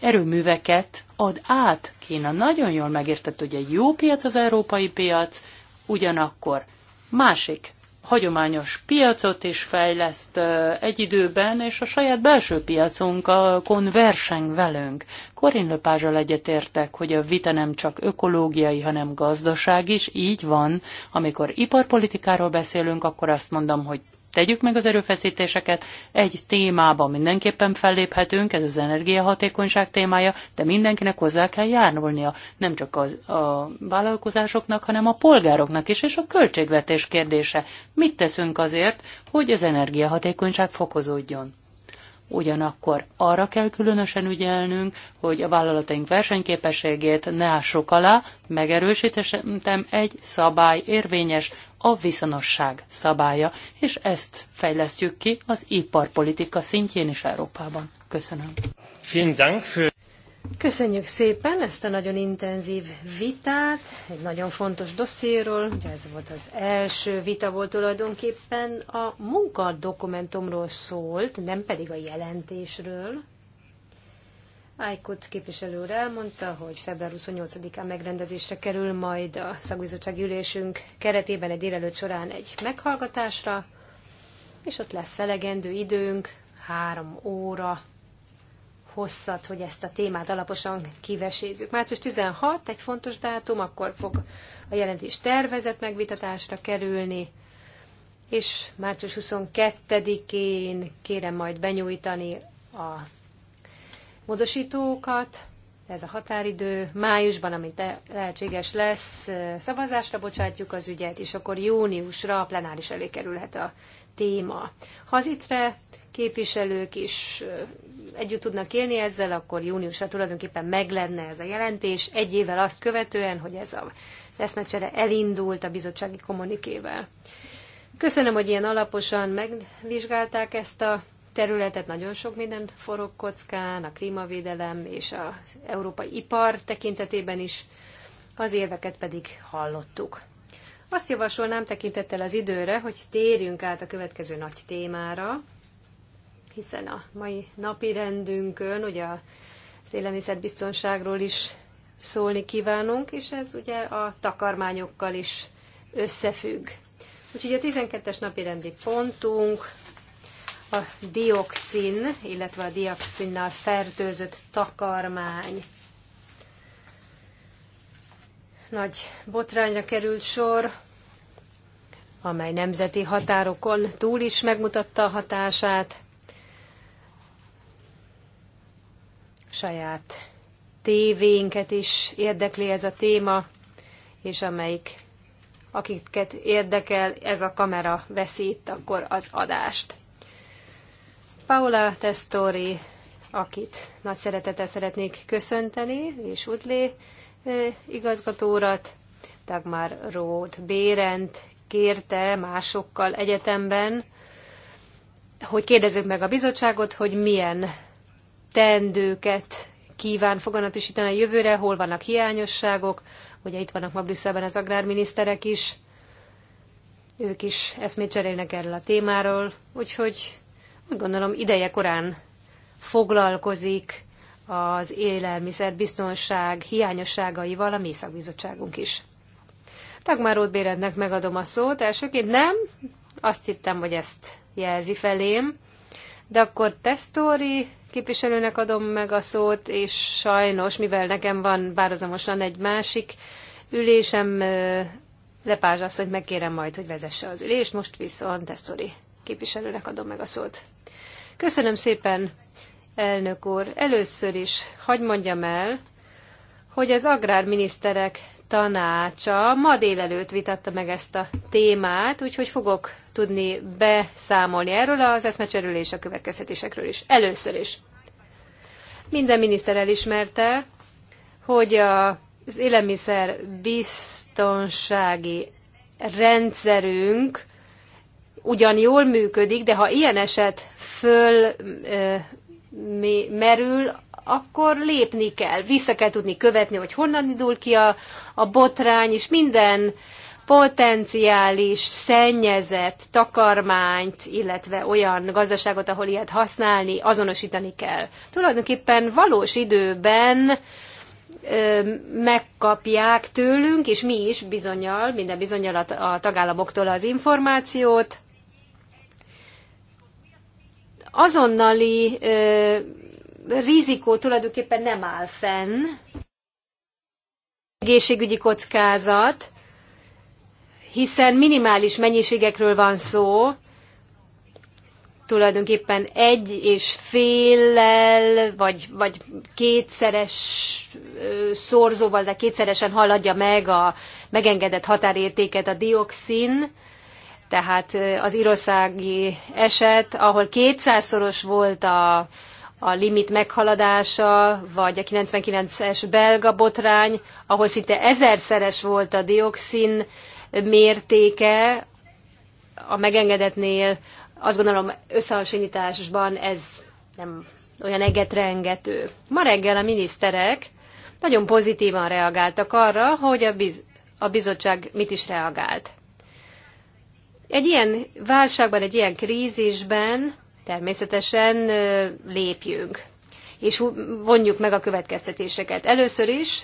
erőműveket ad át. Kína nagyon jól megértette, hogy egy jó piac az európai piac, ugyanakkor másik hagyományos piacot is fejleszt egy időben, és a saját belső piacunkon verseng velünk. Korin Löpázsal egyetértek, hogy a vita nem csak ökológiai, hanem gazdaság is, így van. Amikor iparpolitikáról beszélünk, akkor azt mondom, hogy tegyük meg az erőfeszítéseket. Egy témában mindenképpen felléphetünk, ez az energiahatékonyság témája, de mindenkinek hozzá kell járulnia, nem csak az, a vállalkozásoknak, hanem a polgároknak is, és a költségvetés kérdése. Mit teszünk azért, hogy az energiahatékonyság fokozódjon? Ugyanakkor arra kell különösen ügyelnünk, hogy a vállalataink versenyképességét ne ássuk alá, megerősítettem egy szabály érvényes a viszonosság szabálya, és ezt fejlesztjük ki az iparpolitika szintjén is Európában. Köszönöm. Köszönjük szépen ezt a nagyon intenzív vitát, egy nagyon fontos dosszéről. ugye ez volt az első vita volt tulajdonképpen a munkadokumentumról szólt, nem pedig a jelentésről, Ájkut képviselő úr elmondta, hogy február 28-án megrendezésre kerül majd a szakbizottsági ülésünk keretében egy délelőtt során egy meghallgatásra, és ott lesz elegendő időnk, három óra hosszat, hogy ezt a témát alaposan kivesézzük. Március 16 egy fontos dátum, akkor fog a jelentés tervezet megvitatásra kerülni, és március 22-én kérem majd benyújtani a módosítókat, ez a határidő. Májusban, amit lehetséges lesz, szavazásra bocsátjuk az ügyet, és akkor júniusra a plenáris elé kerülhet a téma. Ha az itre képviselők is együtt tudnak élni ezzel, akkor júniusra tulajdonképpen meg lenne ez a jelentés, egy évvel azt követően, hogy ez a, az eszmecsere elindult a bizottsági kommunikével. Köszönöm, hogy ilyen alaposan megvizsgálták ezt a területet, nagyon sok minden forog kockán, a klímavédelem és az európai ipar tekintetében is, az érveket pedig hallottuk. Azt javasolnám tekintettel az időre, hogy térjünk át a következő nagy témára, hiszen a mai napi rendünkön ugye az élelmiszerbiztonságról is szólni kívánunk, és ez ugye a takarmányokkal is összefügg. Úgyhogy a 12-es napi rendi pontunk a dioxin, illetve a dioxinnal fertőzött takarmány. Nagy botrányra került sor, amely nemzeti határokon túl is megmutatta a hatását. Saját tévénket is érdekli ez a téma, és amelyik akiket érdekel, ez a kamera veszít, akkor az adást. Paula Testori, akit nagy szeretettel szeretnék köszönteni, és Udlé igazgatórat, Dagmar Ród Bérent kérte másokkal egyetemben, hogy kérdezzük meg a bizottságot, hogy milyen tendőket kíván foganatosítani a jövőre, hol vannak hiányosságok, ugye itt vannak ma Brüsszelben az agrárminiszterek is, ők is eszmét cserélnek erről a témáról, úgyhogy úgy gondolom ideje korán foglalkozik az élelmiszerbiztonság hiányosságaival a mi szakbizottságunk is. Tagmárót Bérednek megadom a szót. Elsőként nem, azt hittem, hogy ezt jelzi felém, de akkor Testori képviselőnek adom meg a szót, és sajnos, mivel nekem van bározamosan egy másik ülésem, Lepázs azt, hogy megkérem majd, hogy vezesse az ülést, most viszont Testori képviselőnek adom meg a szót. Köszönöm szépen, elnök úr. Először is hagyd mondjam el, hogy az agrárminiszterek tanácsa ma délelőtt vitatta meg ezt a témát, úgyhogy fogok tudni beszámolni erről az eszmecserről és a következtetésekről is. Először is. Minden miniszter elismerte, hogy az élelmiszer biztonsági rendszerünk ugyan jól működik, de ha ilyen eset föl merül, akkor lépni kell, vissza kell tudni követni, hogy honnan indul ki a, a botrány, és minden potenciális szennyezett takarmányt, illetve olyan gazdaságot, ahol ilyet használni, azonosítani kell. Tulajdonképpen valós időben ö, megkapják tőlünk, és mi is bizonyal, minden bizonyal a, a tagállamoktól az információt, azonnali ö, rizikó tulajdonképpen nem áll fenn, egészségügyi kockázat, hiszen minimális mennyiségekről van szó, tulajdonképpen egy és féllel, vagy, vagy kétszeres szorzóval, de kétszeresen haladja meg a megengedett határértéket a dioxin, tehát az írországi eset, ahol kétszázszoros volt a, a limit meghaladása, vagy a 99-es belga botrány, ahol szinte ezerszeres volt a dioxin mértéke a megengedetnél, azt gondolom összehasonlításban ez nem olyan egetrengető. Ma reggel a miniszterek nagyon pozitívan reagáltak arra, hogy a, biz- a bizottság mit is reagált. Egy ilyen válságban, egy ilyen krízisben természetesen lépjünk, és vonjuk meg a következtetéseket. Először is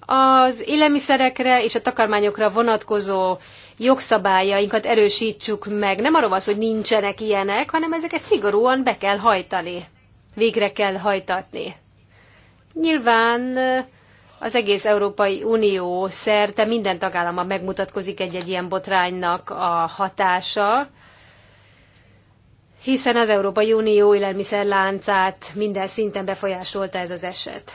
az élelmiszerekre és a takarmányokra vonatkozó jogszabályainkat erősítsük meg. Nem arról van hogy nincsenek ilyenek, hanem ezeket szigorúan be kell hajtani, végre kell hajtatni. Nyilván az egész Európai Unió szerte minden tagállamban megmutatkozik egy-egy ilyen botránynak a hatása, hiszen az Európai Unió élelmiszerláncát minden szinten befolyásolta ez az eset.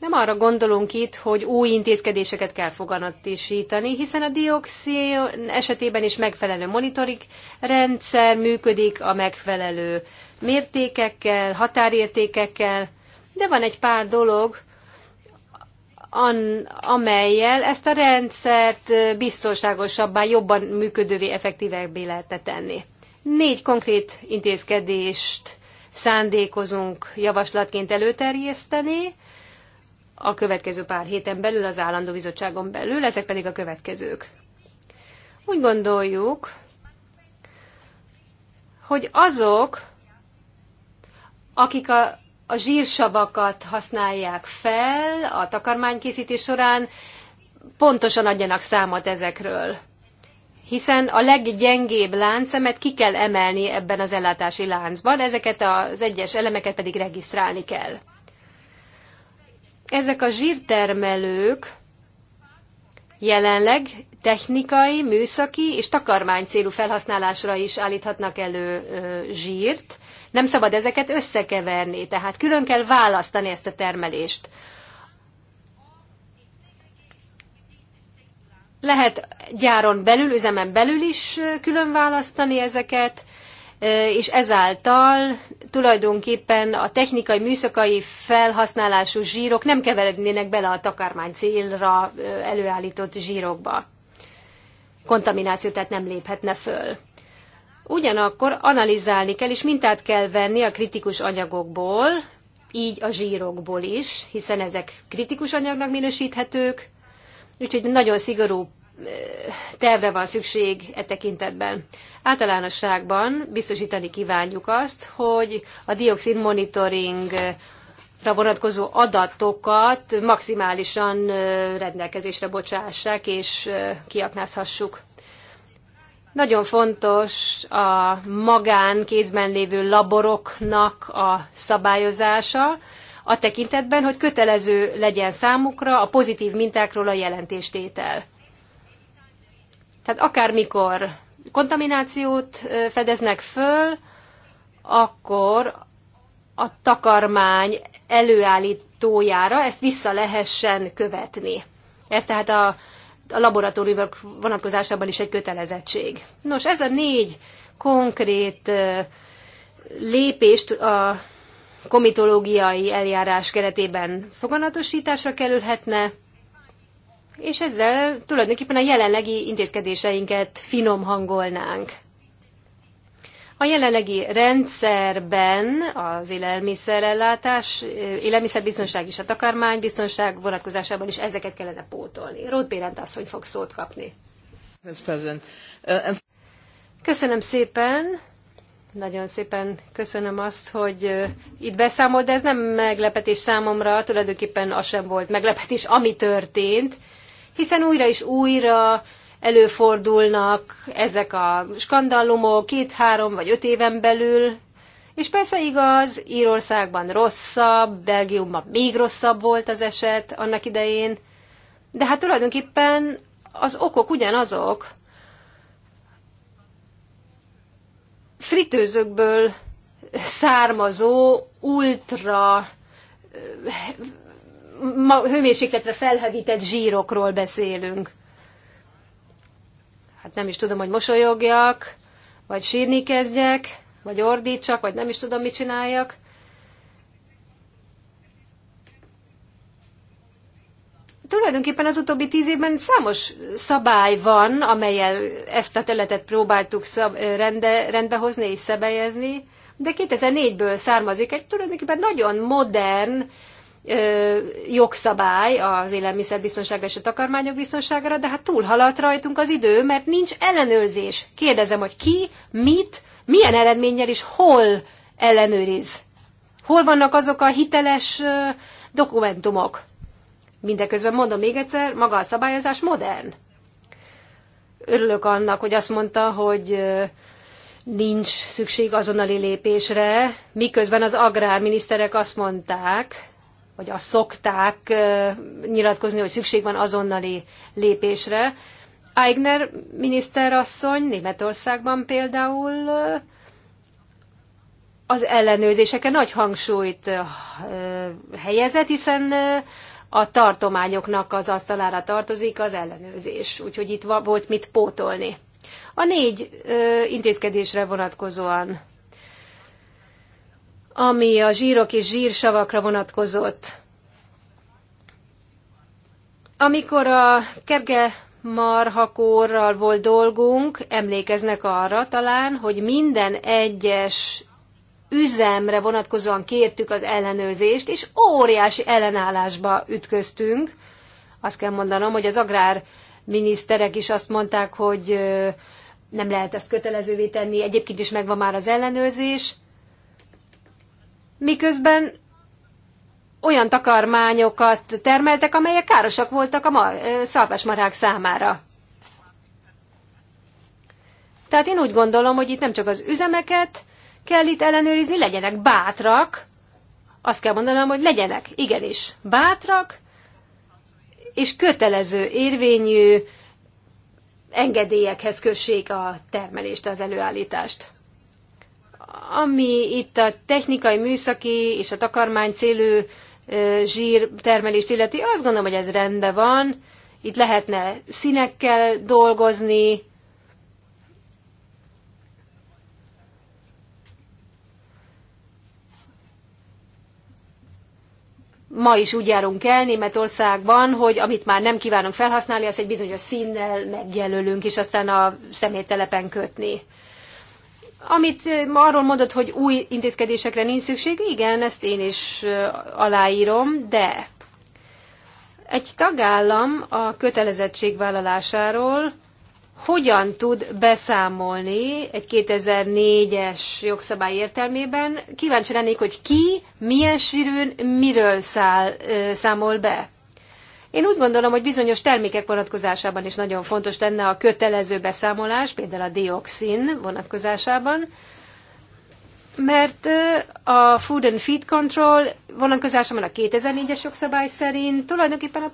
Nem arra gondolunk itt, hogy új intézkedéseket kell foganatosítani, hiszen a dioxin esetében is megfelelő monitorik rendszer működik a megfelelő mértékekkel, határértékekkel, de van egy pár dolog, an, amelyel ezt a rendszert biztonságosabbá, jobban működővé, effektívebbé lehetne tenni. Négy konkrét intézkedést szándékozunk javaslatként előterjeszteni a következő pár héten belül, az állandó bizottságon belül, ezek pedig a következők. Úgy gondoljuk, hogy azok, akik a a zsírsavakat használják fel a takarmánykészítés során, pontosan adjanak számot ezekről. Hiszen a leggyengébb láncemet ki kell emelni ebben az ellátási láncban, ezeket az egyes elemeket pedig regisztrálni kell. Ezek a zsírtermelők jelenleg technikai, műszaki és takarmány célú felhasználásra is állíthatnak elő zsírt, nem szabad ezeket összekeverni, tehát külön kell választani ezt a termelést. Lehet gyáron belül, üzemen belül is külön választani ezeket, és ezáltal tulajdonképpen a technikai, műszakai felhasználású zsírok nem keverednének bele a takarmány célra előállított zsírokba. Kontamináció tehát nem léphetne föl. Ugyanakkor analizálni kell, és mintát kell venni a kritikus anyagokból, így a zsírokból is, hiszen ezek kritikus anyagnak minősíthetők, úgyhogy nagyon szigorú eh, tervre van szükség e tekintetben. Általánosságban biztosítani kívánjuk azt, hogy a dioxin monitoringra vonatkozó adatokat maximálisan eh, rendelkezésre bocsássák és eh, kiaknázhassuk. Nagyon fontos a magán kézben lévő laboroknak a szabályozása, a tekintetben, hogy kötelező legyen számukra a pozitív mintákról a jelentéstétel. Tehát akármikor kontaminációt fedeznek föl, akkor a takarmány előállítójára ezt vissza lehessen követni. Ez tehát a a laboratóriumok vonatkozásában is egy kötelezettség. Nos, ez a négy konkrét lépést a komitológiai eljárás keretében foganatosításra kerülhetne, és ezzel tulajdonképpen a jelenlegi intézkedéseinket finom hangolnánk. A jelenlegi rendszerben az élelmiszerellátás, élelmiszerbiztonság és a takarmánybiztonság vonatkozásában is ezeket kellene pótolni. Rót Bérent asszony fog szót kapni. Uh, köszönöm szépen. Nagyon szépen köszönöm azt, hogy uh, itt beszámolt, de ez nem meglepetés számomra, tulajdonképpen az sem volt meglepetés, ami történt, hiszen újra és újra előfordulnak ezek a skandalumok két-három vagy öt éven belül, és persze igaz, Írországban rosszabb, Belgiumban még rosszabb volt az eset annak idején, de hát tulajdonképpen az okok ugyanazok. Fritőzökből származó ultra eh, hőmérsékletre felhevített zsírokról beszélünk hát nem is tudom, hogy mosolyogjak, vagy sírni kezdjek, vagy ordítsak, vagy nem is tudom, mit csináljak. Tulajdonképpen az utóbbi tíz évben számos szabály van, amelyel ezt a területet próbáltuk szab, rende, rendbehozni és szabályozni, de 2004-ből származik egy tulajdonképpen nagyon modern, jogszabály az élelmiszerbiztonságra és a takarmányok biztonságára, de hát túlhaladt rajtunk az idő, mert nincs ellenőrzés. Kérdezem, hogy ki, mit, milyen eredménnyel és hol ellenőriz? Hol vannak azok a hiteles dokumentumok? Mindeközben mondom még egyszer, maga a szabályozás modern. Örülök annak, hogy azt mondta, hogy nincs szükség azonnali lépésre, miközben az agrárminiszterek azt mondták, vagy azt szokták nyilatkozni, hogy szükség van azonnali lépésre. Aigner miniszterasszony Németországban például az ellenőrzéseke nagy hangsúlyt helyezett, hiszen a tartományoknak az asztalára tartozik az ellenőrzés, úgyhogy itt volt mit pótolni. A négy intézkedésre vonatkozóan ami a zsírok és zsírsavakra vonatkozott. Amikor a kerge marhakórral volt dolgunk, emlékeznek arra talán, hogy minden egyes üzemre vonatkozóan kértük az ellenőrzést, és óriási ellenállásba ütköztünk. Azt kell mondanom, hogy az agrárminiszterek is azt mondták, hogy nem lehet ezt kötelezővé tenni, egyébként is megvan már az ellenőrzés, miközben olyan takarmányokat termeltek, amelyek károsak voltak a ma, szarvasmarhák számára. Tehát én úgy gondolom, hogy itt nem csak az üzemeket kell itt ellenőrizni, legyenek bátrak, azt kell mondanom, hogy legyenek igenis bátrak, és kötelező, érvényű engedélyekhez kössék a termelést, az előállítást. Ami itt a technikai, műszaki és a takarmány célú zsírtermelést illeti, azt gondolom, hogy ez rendben van. Itt lehetne színekkel dolgozni, ma is úgy járunk el Németországban, hogy amit már nem kívánunk felhasználni, azt egy bizonyos színnel megjelölünk, és aztán a szeméttelepen kötni. Amit arról mondod, hogy új intézkedésekre nincs szükség, igen, ezt én is aláírom, de egy tagállam a kötelezettségvállalásáról hogyan tud beszámolni egy 2004-es jogszabály értelmében? Kíváncsi lennék, hogy ki, milyen sűrűn, miről száll, számol be. Én úgy gondolom, hogy bizonyos termékek vonatkozásában is nagyon fontos lenne a kötelező beszámolás, például a dioxin vonatkozásában, mert a Food and Feed Control vonatkozásában a 2004-es jogszabály szerint tulajdonképpen a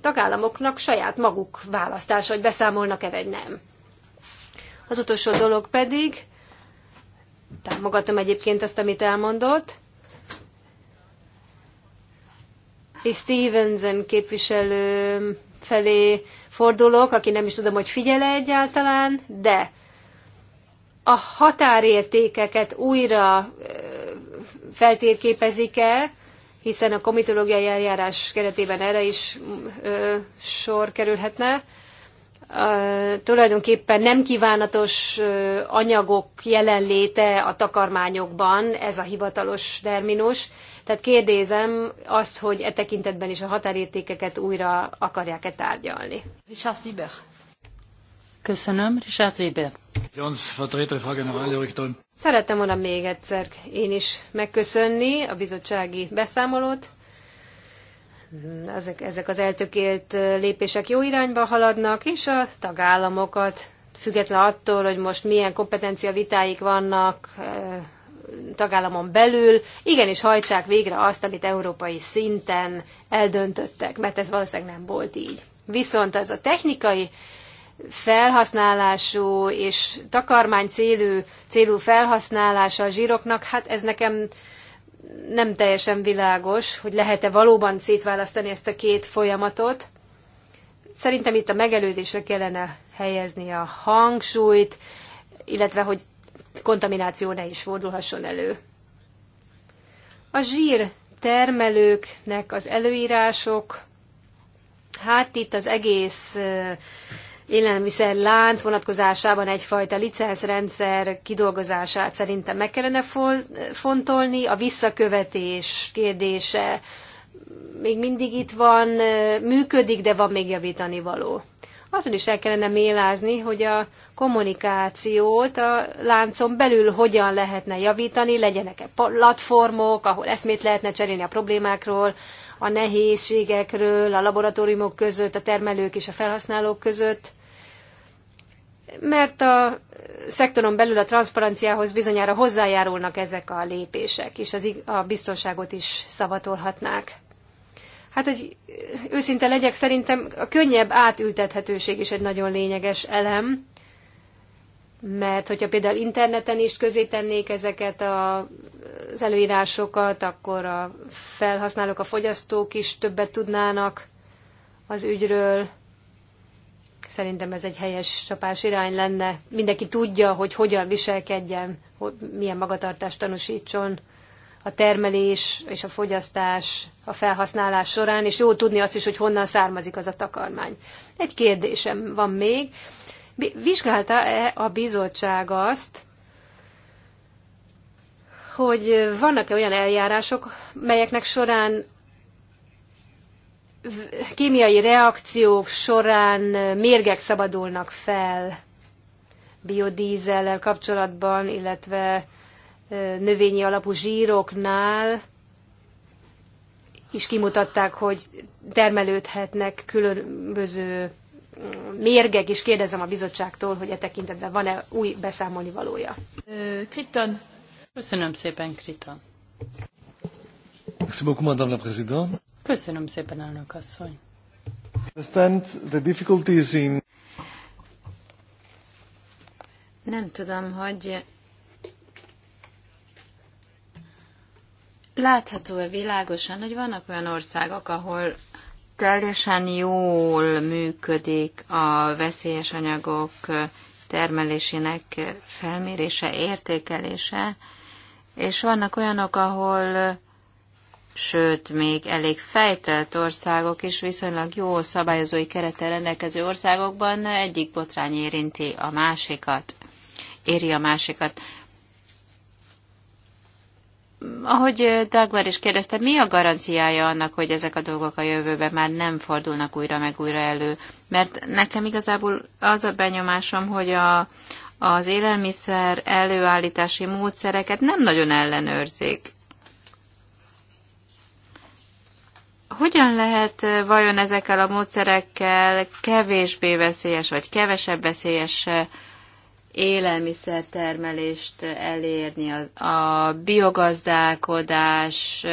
tagállamoknak saját maguk választása, hogy beszámolnak-e vagy nem. Az utolsó dolog pedig, támogatom egyébként azt, amit elmondott, és Stevenson képviselő felé fordulok, aki nem is tudom, hogy figyele egyáltalán, de a határértékeket újra feltérképezik-e, hiszen a komitológiai eljárás keretében erre is sor kerülhetne, tulajdonképpen nem kívánatos anyagok jelenléte a takarmányokban, ez a hivatalos terminus. Tehát kérdezem azt, hogy e tekintetben is a határértékeket újra akarják-e tárgyalni. Richard Sieber. Köszönöm, Richard Sieber. Szerettem volna még egyszer én is megköszönni a bizottsági beszámolót ezek, ezek az eltökélt lépések jó irányba haladnak, és a tagállamokat, független attól, hogy most milyen kompetencia vitáik vannak tagállamon belül, igenis hajtsák végre azt, amit európai szinten eldöntöttek, mert ez valószínűleg nem volt így. Viszont ez a technikai felhasználású és takarmány célú, célú felhasználása a zsíroknak, hát ez nekem nem teljesen világos, hogy lehet-e valóban szétválasztani ezt a két folyamatot. Szerintem itt a megelőzésre kellene helyezni a hangsúlyt, illetve hogy kontamináció ne is fordulhasson elő. A zsír termelőknek az előírások, hát itt az egész élelmiszer lánc vonatkozásában egyfajta licenszrendszer kidolgozását szerintem meg kellene fontolni. A visszakövetés kérdése még mindig itt van, működik, de van még javítani való. Azon is el kellene mélázni, hogy a kommunikációt a láncon belül hogyan lehetne javítani, legyenek-e platformok, ahol eszmét lehetne cserélni a problémákról, a nehézségekről, a laboratóriumok között, a termelők és a felhasználók között mert a szektoron belül a transzparenciához bizonyára hozzájárulnak ezek a lépések, és az, a biztonságot is szavatolhatnák. Hát, hogy őszinte legyek, szerintem a könnyebb átültethetőség is egy nagyon lényeges elem, mert hogyha például interneten is közé tennék ezeket a, az előírásokat, akkor a felhasználók, a fogyasztók is többet tudnának az ügyről, Szerintem ez egy helyes csapás irány lenne. Mindenki tudja, hogy hogyan viselkedjen, hogy milyen magatartást tanúsítson a termelés és a fogyasztás, a felhasználás során, és jó tudni azt is, hogy honnan származik az a takarmány. Egy kérdésem van még. Vizsgálta-e a bizottság azt, hogy vannak-e olyan eljárások, melyeknek során kémiai reakciók során mérgek szabadulnak fel biodízellel kapcsolatban, illetve növényi alapú zsíroknál is kimutatták, hogy termelődhetnek különböző mm, mérgek, és kérdezem a bizottságtól, hogy e tekintetben van-e új beszámolni valója. Kriton. Köszönöm szépen, Kriton. Köszönöm, beaucoup, Madame la Présidente. Köszönöm szépen, elnök asszony. Nem tudom, hogy látható-e világosan, hogy vannak olyan országok, ahol teljesen jól működik a veszélyes anyagok termelésének felmérése, értékelése, és vannak olyanok, ahol sőt, még elég fejtelt országok és viszonylag jó szabályozói kerete rendelkező országokban egyik botrány érinti a másikat, éri a másikat. Ahogy Dagmar is kérdezte, mi a garanciája annak, hogy ezek a dolgok a jövőben már nem fordulnak újra meg újra elő? Mert nekem igazából az a benyomásom, hogy a, az élelmiszer előállítási módszereket nem nagyon ellenőrzik Hogyan lehet eh, vajon ezekkel a módszerekkel kevésbé veszélyes vagy kevesebb veszélyes eh, élelmiszertermelést eh, elérni, a, a biogazdálkodás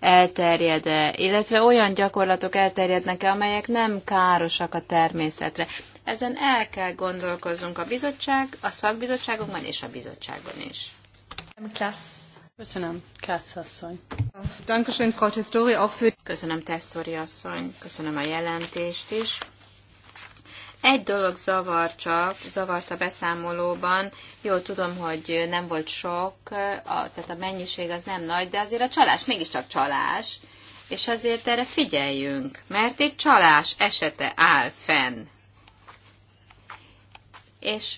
elterjede, illetve olyan gyakorlatok elterjednek -e, amelyek nem károsak a természetre. Ezen el kell gondolkoznunk a bizottság, a szakbizottságokban és a bizottságon is. Klassz. Köszönöm, Kátsz asszony. Dankeschön, Frau Testori, auch für... Köszönöm, Testori asszony, köszönöm a jelentést is. Egy dolog zavar csak, zavart a beszámolóban. Jó, tudom, hogy nem volt sok, a, tehát a mennyiség az nem nagy, de azért a csalás mégiscsak csalás, és azért erre figyeljünk, mert itt csalás esete áll fenn. És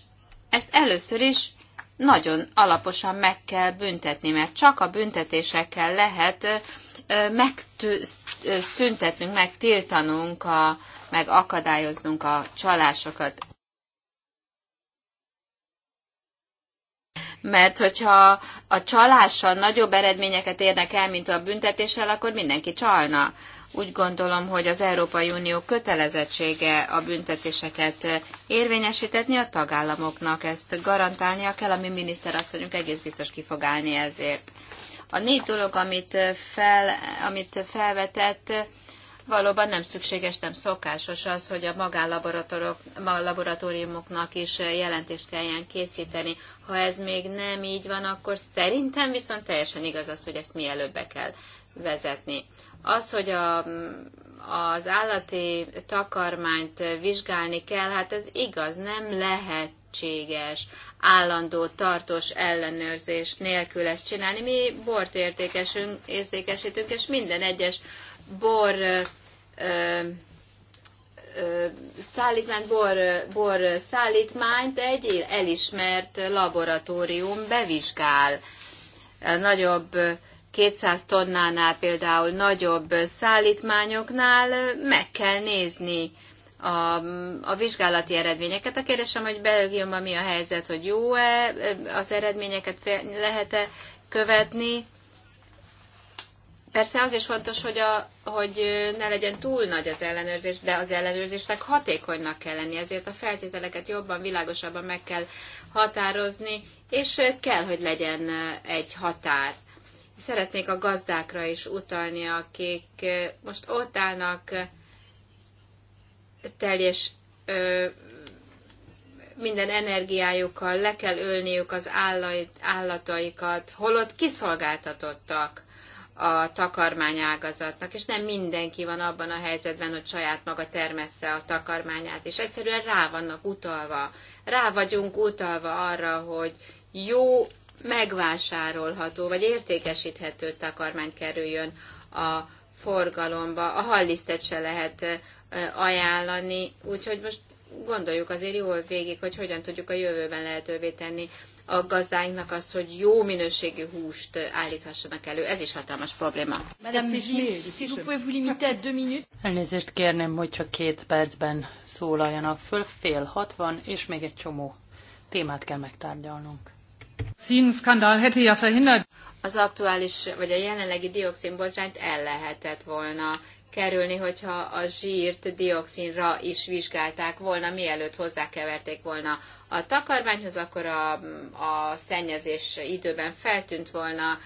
ezt először is nagyon alaposan meg kell büntetni, mert csak a büntetésekkel lehet megszüntetnünk, megtiltanunk, a, meg akadályoznunk a csalásokat. Mert hogyha a csalással nagyobb eredményeket érnek el, mint a büntetéssel, akkor mindenki csalna. Úgy gondolom, hogy az Európai Unió kötelezettsége a büntetéseket érvényesítetni, a tagállamoknak ezt garantálnia kell, ami miniszterasszonyunk egész biztos ki fog állni ezért. A négy dolog, amit, fel, amit felvetett, valóban nem szükséges, nem szokásos az, hogy a magánlaboratóriumoknak is jelentést kelljen készíteni. Ha ez még nem így van, akkor szerintem viszont teljesen igaz az, hogy ezt mielőbb be kell vezetni. Az, hogy a, az állati takarmányt vizsgálni kell, hát ez igaz, nem lehetséges állandó, tartós ellenőrzés nélkül ezt csinálni. Mi bort értékesünk, értékesítünk, és minden egyes bor ö, ö, szállítmány, bor, bor szállítmányt egy elismert laboratórium bevizsgál. Nagyobb nagyobb 200 tonnánál például nagyobb szállítmányoknál meg kell nézni a, a vizsgálati eredményeket. A kérdésem, hogy Belgiumban mi a helyzet, hogy jó-e, az eredményeket lehet-e követni. Persze az is fontos, hogy, a, hogy ne legyen túl nagy az ellenőrzés, de az ellenőrzésnek hatékonynak kell lenni, ezért a feltételeket jobban, világosabban meg kell határozni, és kell, hogy legyen egy határ. Szeretnék a gazdákra is utalni, akik most ott állnak teljes minden energiájukkal, le kell ölniük az állait, állataikat, holott kiszolgáltatottak a takarmányágazatnak, és nem mindenki van abban a helyzetben, hogy saját maga termessze a takarmányát, és egyszerűen rá vannak utalva, rá vagyunk utalva arra, hogy jó megvásárolható vagy értékesíthető takarmány kerüljön a forgalomba. A hallisztet se lehet ajánlani, úgyhogy most gondoljuk azért jól végig, hogy hogyan tudjuk a jövőben lehetővé tenni a gazdáinknak azt, hogy jó minőségű húst állíthassanak elő. Ez is hatalmas probléma. Elnézést kérném, hogy csak két percben szólaljanak föl, fél hatvan, és még egy csomó témát kell megtárgyalnunk. Színskandál hätte ja verhindert. Az aktuális, vagy a jelenlegi dioxinbotrányt el lehetett volna kerülni, hogyha a zsírt dioxinra is vizsgálták volna, mielőtt hozzákeverték volna a takarmányhoz, akkor a, a szennyezés időben feltűnt volna.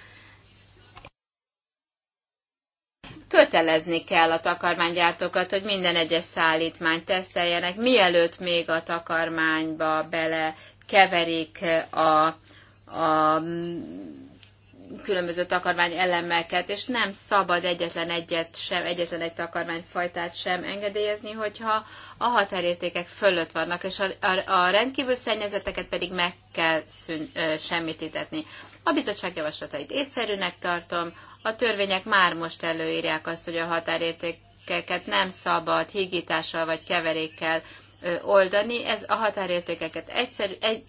Kötelezni kell a takarmánygyártókat, hogy minden egyes szállítmányt teszteljenek, mielőtt még a takarmányba bele keverik a a különböző takarmány elemeket, és nem szabad egyetlen egyet sem, egyetlen egy takarmányfajtát sem engedélyezni, hogyha a határértékek fölött vannak, és a, a, a rendkívül szennyezeteket pedig meg kell szűn, ö, semmitítetni. A bizottság javaslatait észszerűnek tartom, a törvények már most előírják azt, hogy a határértékeket nem szabad hígítással vagy keverékkel oldani. Ez a határértékeket egyszer egy,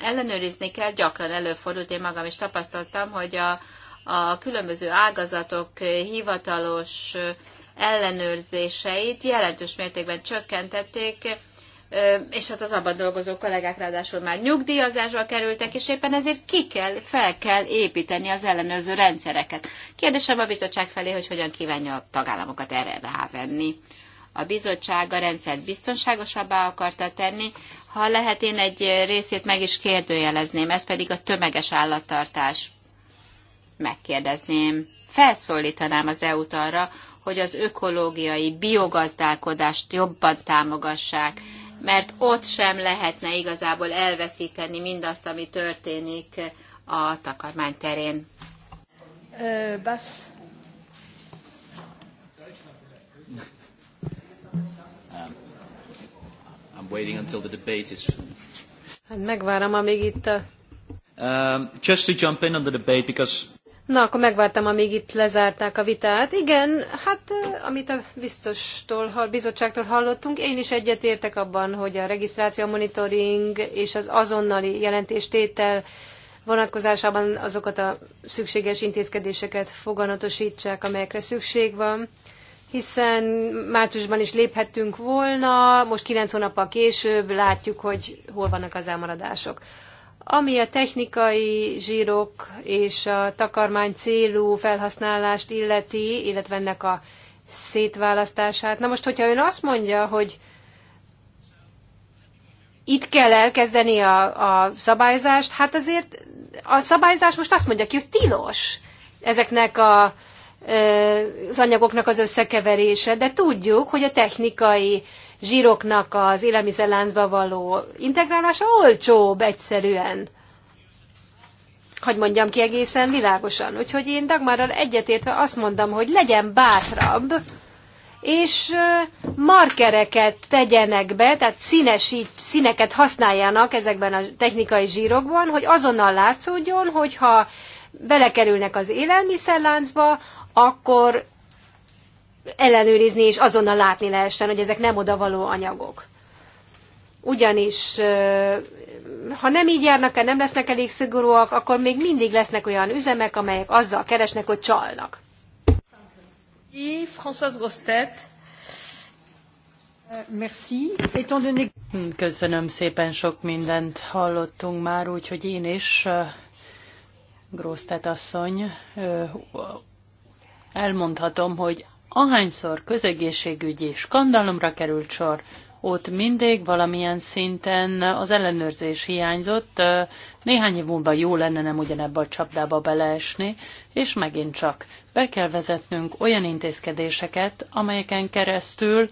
ellenőrizni kell, gyakran előfordult, én magam is tapasztaltam, hogy a, a különböző ágazatok hivatalos ellenőrzéseit jelentős mértékben csökkentették, és hát az abban dolgozó kollégák ráadásul már nyugdíjazásba kerültek, és éppen ezért ki kell, fel kell építeni az ellenőrző rendszereket. Kérdésem a bizottság felé, hogy hogyan kívánja a tagállamokat erre rávenni. A bizottság a rendszert biztonságosabbá akarta tenni, ha lehet, én egy részét meg is kérdőjelezném, ez pedig a tömeges állattartás. Megkérdezném, felszólítanám az EU-t arra, hogy az ökológiai biogazdálkodást jobban támogassák, mert ott sem lehetne igazából elveszíteni mindazt, ami történik a takarmány terén. Ö, basz. waiting until the debate is... Hát megvárom, amíg itt... A... Um, just to jump in on the debate, because... Na, akkor megvártam, amíg itt lezárták a vitát. Igen, hát amit a biztostól, bizottságtól hallottunk, én is egyetértek abban, hogy a regisztráció monitoring és az azonnali jelentéstétel vonatkozásában azokat a szükséges intézkedéseket foganatosítsák, amelyekre szükség van hiszen márciusban is léphettünk volna, most kilenc hónappal később látjuk, hogy hol vannak az elmaradások. Ami a technikai zsírok és a takarmány célú felhasználást illeti, illetve ennek a szétválasztását. Na most, hogyha ön azt mondja, hogy itt kell elkezdeni a, a szabályzást, hát azért a szabályzás most azt mondja ki, hogy tilos ezeknek a az anyagoknak az összekeverése, de tudjuk, hogy a technikai zsíroknak az élelmiszerláncba való integrálása olcsóbb egyszerűen. Hogy mondjam ki egészen világosan. Úgyhogy én Dagmarral egyetértve azt mondom, hogy legyen bátrabb, és markereket tegyenek be, tehát színesít, színeket használjanak ezekben a technikai zsírokban, hogy azonnal látszódjon, hogyha belekerülnek az élelmiszerláncba, akkor ellenőrizni és azonnal látni lehessen, hogy ezek nem odavaló anyagok. Ugyanis ha nem így járnak el, nem lesznek elég szigorúak, akkor még mindig lesznek olyan üzemek, amelyek azzal keresnek, hogy csalnak. Gostet. Euh, merci. Hm, köszönöm szépen, sok mindent hallottunk már, úgyhogy én is, euh, Grosztet asszony, euh, elmondhatom, hogy ahányszor közegészségügyi skandalomra került sor, ott mindig valamilyen szinten az ellenőrzés hiányzott. Néhány év múlva jó lenne nem ugyanebbe a csapdába beleesni, és megint csak be kell vezetnünk olyan intézkedéseket, amelyeken keresztül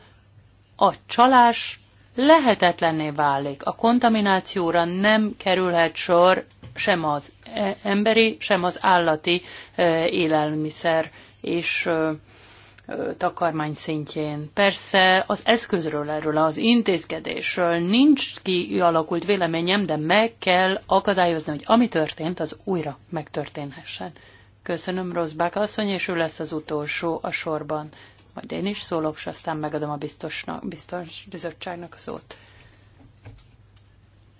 a csalás lehetetlenné válik. A kontaminációra nem kerülhet sor sem az e- emberi, sem az állati e- élelmiszer és takarmány szintjén. Persze az eszközről, erről az intézkedésről nincs kialakult véleményem, de meg kell akadályozni, hogy ami történt, az újra megtörténhessen. Köszönöm, Rosbák asszony, és ő lesz az utolsó a sorban. Majd én is szólok, és aztán megadom a biztosnak, biztos bizottságnak a szót.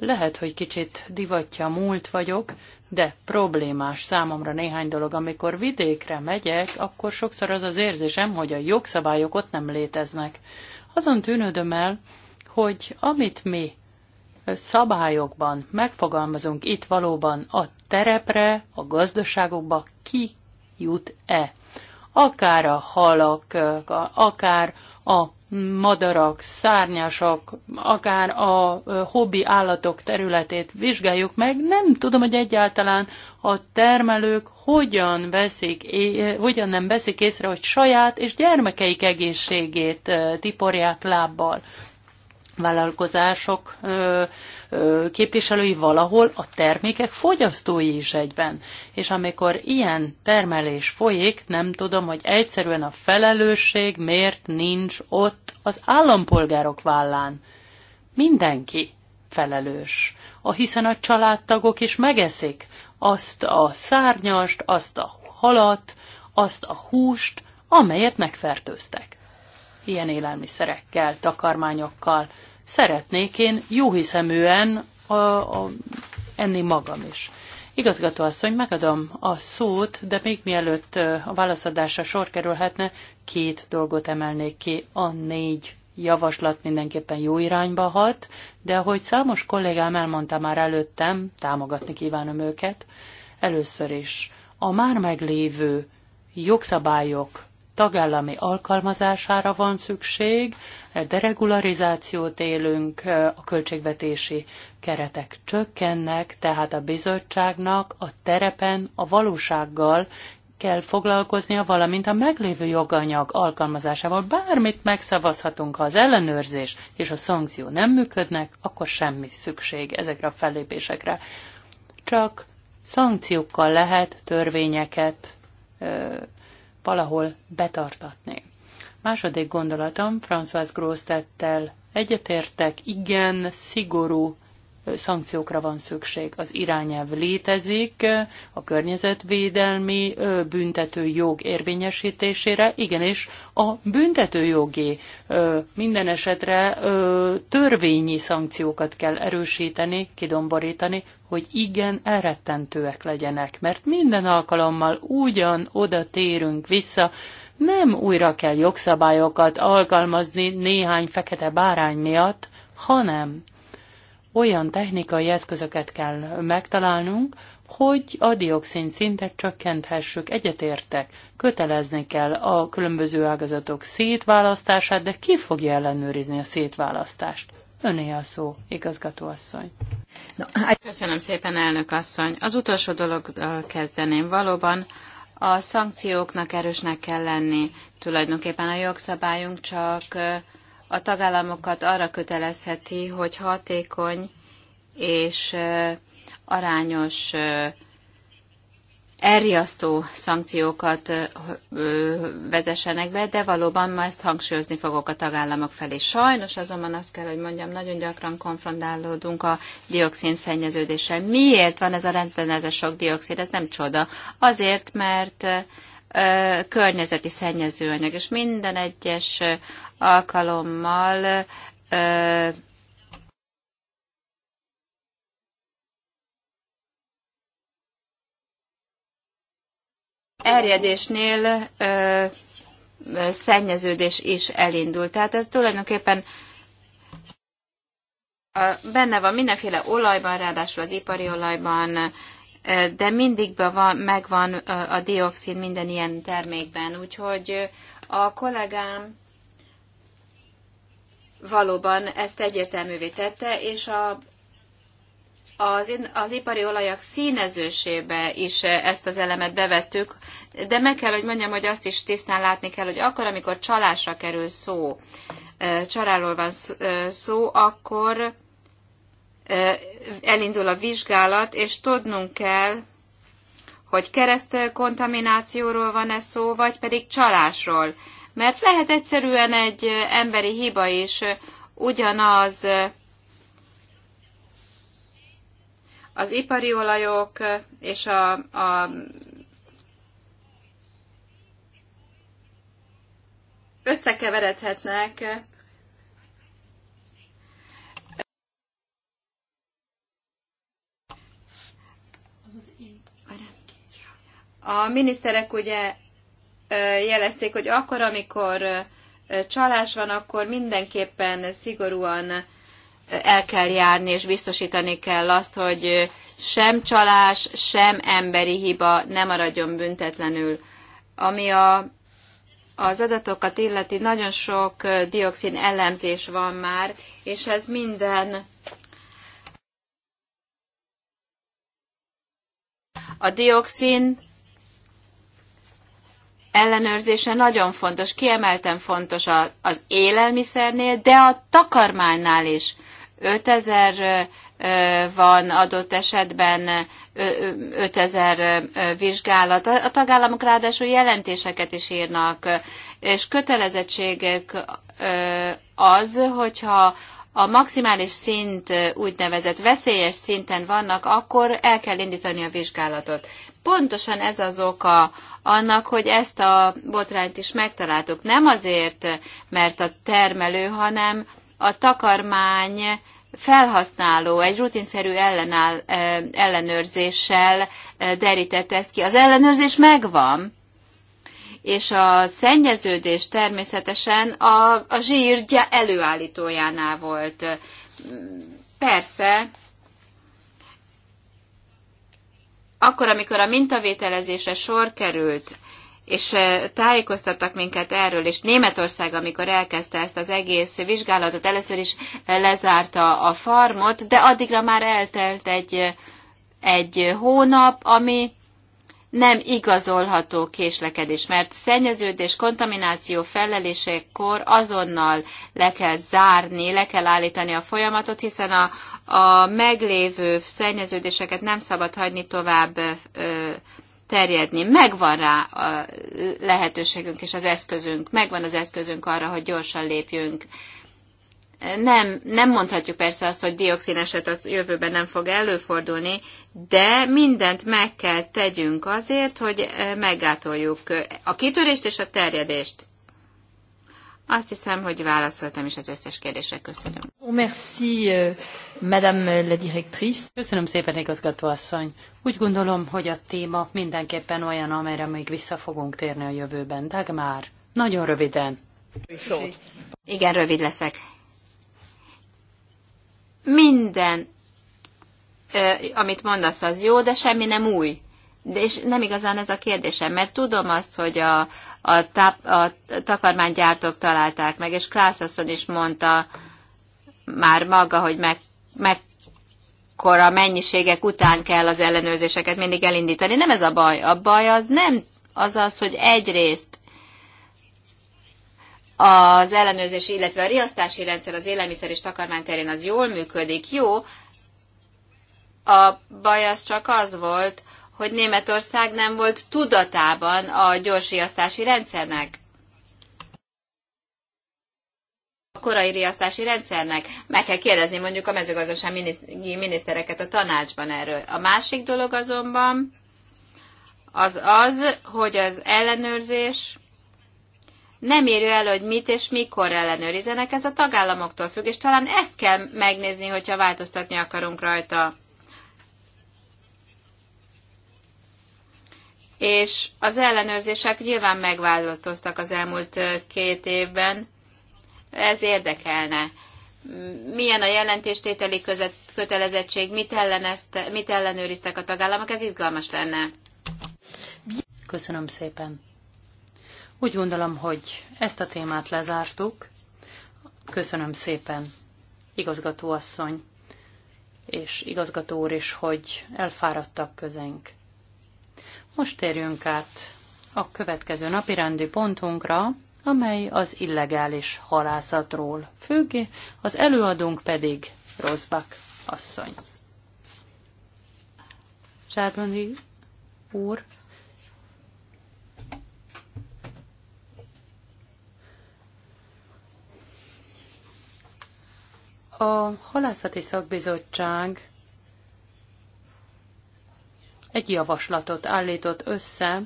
Lehet, hogy kicsit divatja múlt vagyok, de problémás számomra néhány dolog. Amikor vidékre megyek, akkor sokszor az az érzésem, hogy a jogszabályok ott nem léteznek. Azon tűnődöm el, hogy amit mi szabályokban megfogalmazunk itt valóban a terepre, a gazdaságokba ki jut-e. Akár a halak, akár a madarak, szárnyasak, akár a hobbi állatok területét vizsgáljuk meg, nem tudom, hogy egyáltalán a termelők hogyan, veszik, hogyan nem veszik észre, hogy saját és gyermekeik egészségét tiporják lábbal vállalkozások képviselői valahol a termékek fogyasztói is egyben. És amikor ilyen termelés folyik, nem tudom, hogy egyszerűen a felelősség miért nincs ott az állampolgárok vállán. Mindenki felelős. A hiszen a családtagok is megeszik azt a szárnyast, azt a halat, azt a húst, amelyet megfertőztek ilyen élelmiszerekkel, takarmányokkal. Szeretnék én jóhiszeműen a, a, enni magam is. Igazgató asszony, megadom a szót, de még mielőtt a válaszadásra sor kerülhetne, két dolgot emelnék ki a négy javaslat mindenképpen jó irányba hat, de ahogy számos kollégám elmondta már előttem, támogatni kívánom őket, először is a már meglévő jogszabályok tagállami alkalmazására van szükség, deregularizációt élünk, a költségvetési keretek csökkennek, tehát a bizottságnak a terepen a valósággal kell foglalkoznia, valamint a meglévő joganyag alkalmazásával. Bármit megszavazhatunk, ha az ellenőrzés és a szankció nem működnek, akkor semmi szükség ezekre a fellépésekre. Csak szankciókkal lehet törvényeket valahol betartatni. Második gondolatom, François tettel egyetértek, igen, szigorú szankciókra van szükség. Az irányelv létezik, a környezetvédelmi büntető jog érvényesítésére, igenis a büntető jogi minden esetre törvényi szankciókat kell erősíteni, kidomborítani, hogy igen elrettentőek legyenek, mert minden alkalommal ugyan oda térünk vissza, nem újra kell jogszabályokat alkalmazni néhány fekete bárány miatt, hanem olyan technikai eszközöket kell megtalálnunk, hogy a dioxin szintet csökkenthessük, egyetértek, kötelezni kell a különböző ágazatok szétválasztását, de ki fogja ellenőrizni a szétválasztást? Öné a szó, igazgatóasszony. Köszönöm szépen, elnök asszony. Az utolsó dolog kezdeném. Valóban a szankcióknak erősnek kell lenni. Tulajdonképpen a jogszabályunk csak a tagállamokat arra kötelezheti, hogy hatékony és arányos elriasztó szankciókat vezessenek be, de valóban ma ezt hangsúlyozni fogok a tagállamok felé. Sajnos azonban azt kell, hogy mondjam, nagyon gyakran konfrontálódunk a dioxin szennyeződéssel. Miért van ez a rendeletes sok dioxid? Ez nem csoda. Azért, mert környezeti szennyezőanyag, és minden egyes alkalommal erjedésnél ö, szennyeződés is elindul. Tehát ez tulajdonképpen benne van mindenféle olajban, ráadásul az ipari olajban, de mindig be van, megvan a dioxin minden ilyen termékben. Úgyhogy a kollégám valóban ezt egyértelművé tette, és a, az, az ipari olajak színezősébe is eh, ezt az elemet bevettük, de meg kell, hogy mondjam, hogy azt is tisztán látni kell, hogy akkor, amikor csalásra kerül szó, eh, csaláról van eh, szó, akkor elindul a vizsgálat, és tudnunk kell, hogy keresztkontaminációról van-e szó, vagy pedig csalásról. Mert lehet egyszerűen egy emberi hiba is ugyanaz Az ipari olajok és a, a összekeveredhetnek A miniszterek ugye jelezték, hogy akkor, amikor csalás van, akkor mindenképpen szigorúan el kell járni, és biztosítani kell azt, hogy sem csalás, sem emberi hiba ne maradjon büntetlenül. Ami a, az adatokat illeti, nagyon sok dioxin ellenzés van már, és ez minden a dioxin ellenőrzése nagyon fontos, kiemelten fontos az élelmiszernél, de a takarmánynál is. 5000 van adott esetben 5000 vizsgálat. A tagállamok ráadásul jelentéseket is írnak, és kötelezettségek az, hogyha a maximális szint úgynevezett veszélyes szinten vannak, akkor el kell indítani a vizsgálatot. Pontosan ez az oka annak, hogy ezt a botrányt is megtaláltuk. Nem azért, mert a termelő, hanem a takarmány felhasználó egy rutinszerű ellenáll, ellenőrzéssel derített ezt ki. Az ellenőrzés megvan, és a szennyeződés természetesen a, a zsír előállítójánál volt. Persze, akkor, amikor a mintavételezésre sor került, és eh, tájékoztattak minket erről, és Németország, amikor elkezdte ezt az egész vizsgálatot, először is eh, lezárta a farmot, de addigra már eltelt egy, eh, egy hónap, ami nem igazolható késlekedés, mert szennyeződés, kontamináció felelésekor azonnal le kell zárni, le kell állítani a folyamatot, hiszen a, a meglévő szennyeződéseket nem szabad hagyni tovább ö, terjedni. Megvan rá a lehetőségünk és az eszközünk, megvan az eszközünk arra, hogy gyorsan lépjünk. Nem, nem mondhatjuk persze azt, hogy dioxineset a jövőben nem fog előfordulni, de mindent meg kell tegyünk azért, hogy meggátoljuk a kitörést és a terjedést. Azt hiszem, hogy válaszoltam is az összes kérdésre. Köszönöm. Oh, merci, euh, Madame la Directrice. Köszönöm szépen, igazgatóasszony. Úgy gondolom, hogy a téma mindenképpen olyan, amelyre még vissza fogunk térni a jövőben. Dagmar, nagyon röviden. Igen, rövid leszek. Minden, amit mondasz, az jó, de semmi nem új. De és nem igazán ez a kérdésem, mert tudom azt, hogy a, a, táp, a takarmánygyártók találták meg, és Klász is mondta már maga, hogy meg, meg a mennyiségek után kell az ellenőrzéseket mindig elindítani. Nem ez a baj. A baj az nem az az, hogy egyrészt az ellenőrzés, illetve a riasztási rendszer az élelmiszer és takarmány terén az jól működik, jó. A baj az csak az volt, hogy Németország nem volt tudatában a gyorsriasztási rendszernek. A korai riasztási rendszernek. Meg kell kérdezni mondjuk a mezőgazdasági minisztereket a tanácsban erről. A másik dolog azonban az az, hogy az ellenőrzés nem érő el, hogy mit és mikor ellenőrizenek, ez a tagállamoktól függ, és talán ezt kell megnézni, hogyha változtatni akarunk rajta. és az ellenőrzések nyilván megváltoztak az elmúlt két évben. Ez érdekelne. Milyen a jelentéstételi között, kötelezettség, mit, mit ellenőriztek a tagállamok, ez izgalmas lenne. Köszönöm szépen. Úgy gondolom, hogy ezt a témát lezártuk. Köszönöm szépen, igazgató asszony és igazgató úr is, hogy elfáradtak közénk. Most térjünk át a következő napi rendi pontunkra, amely az illegális halászatról függ, az előadónk pedig Rozbak asszony. Zsármani úr, A halászati szakbizottság egy javaslatot állított össze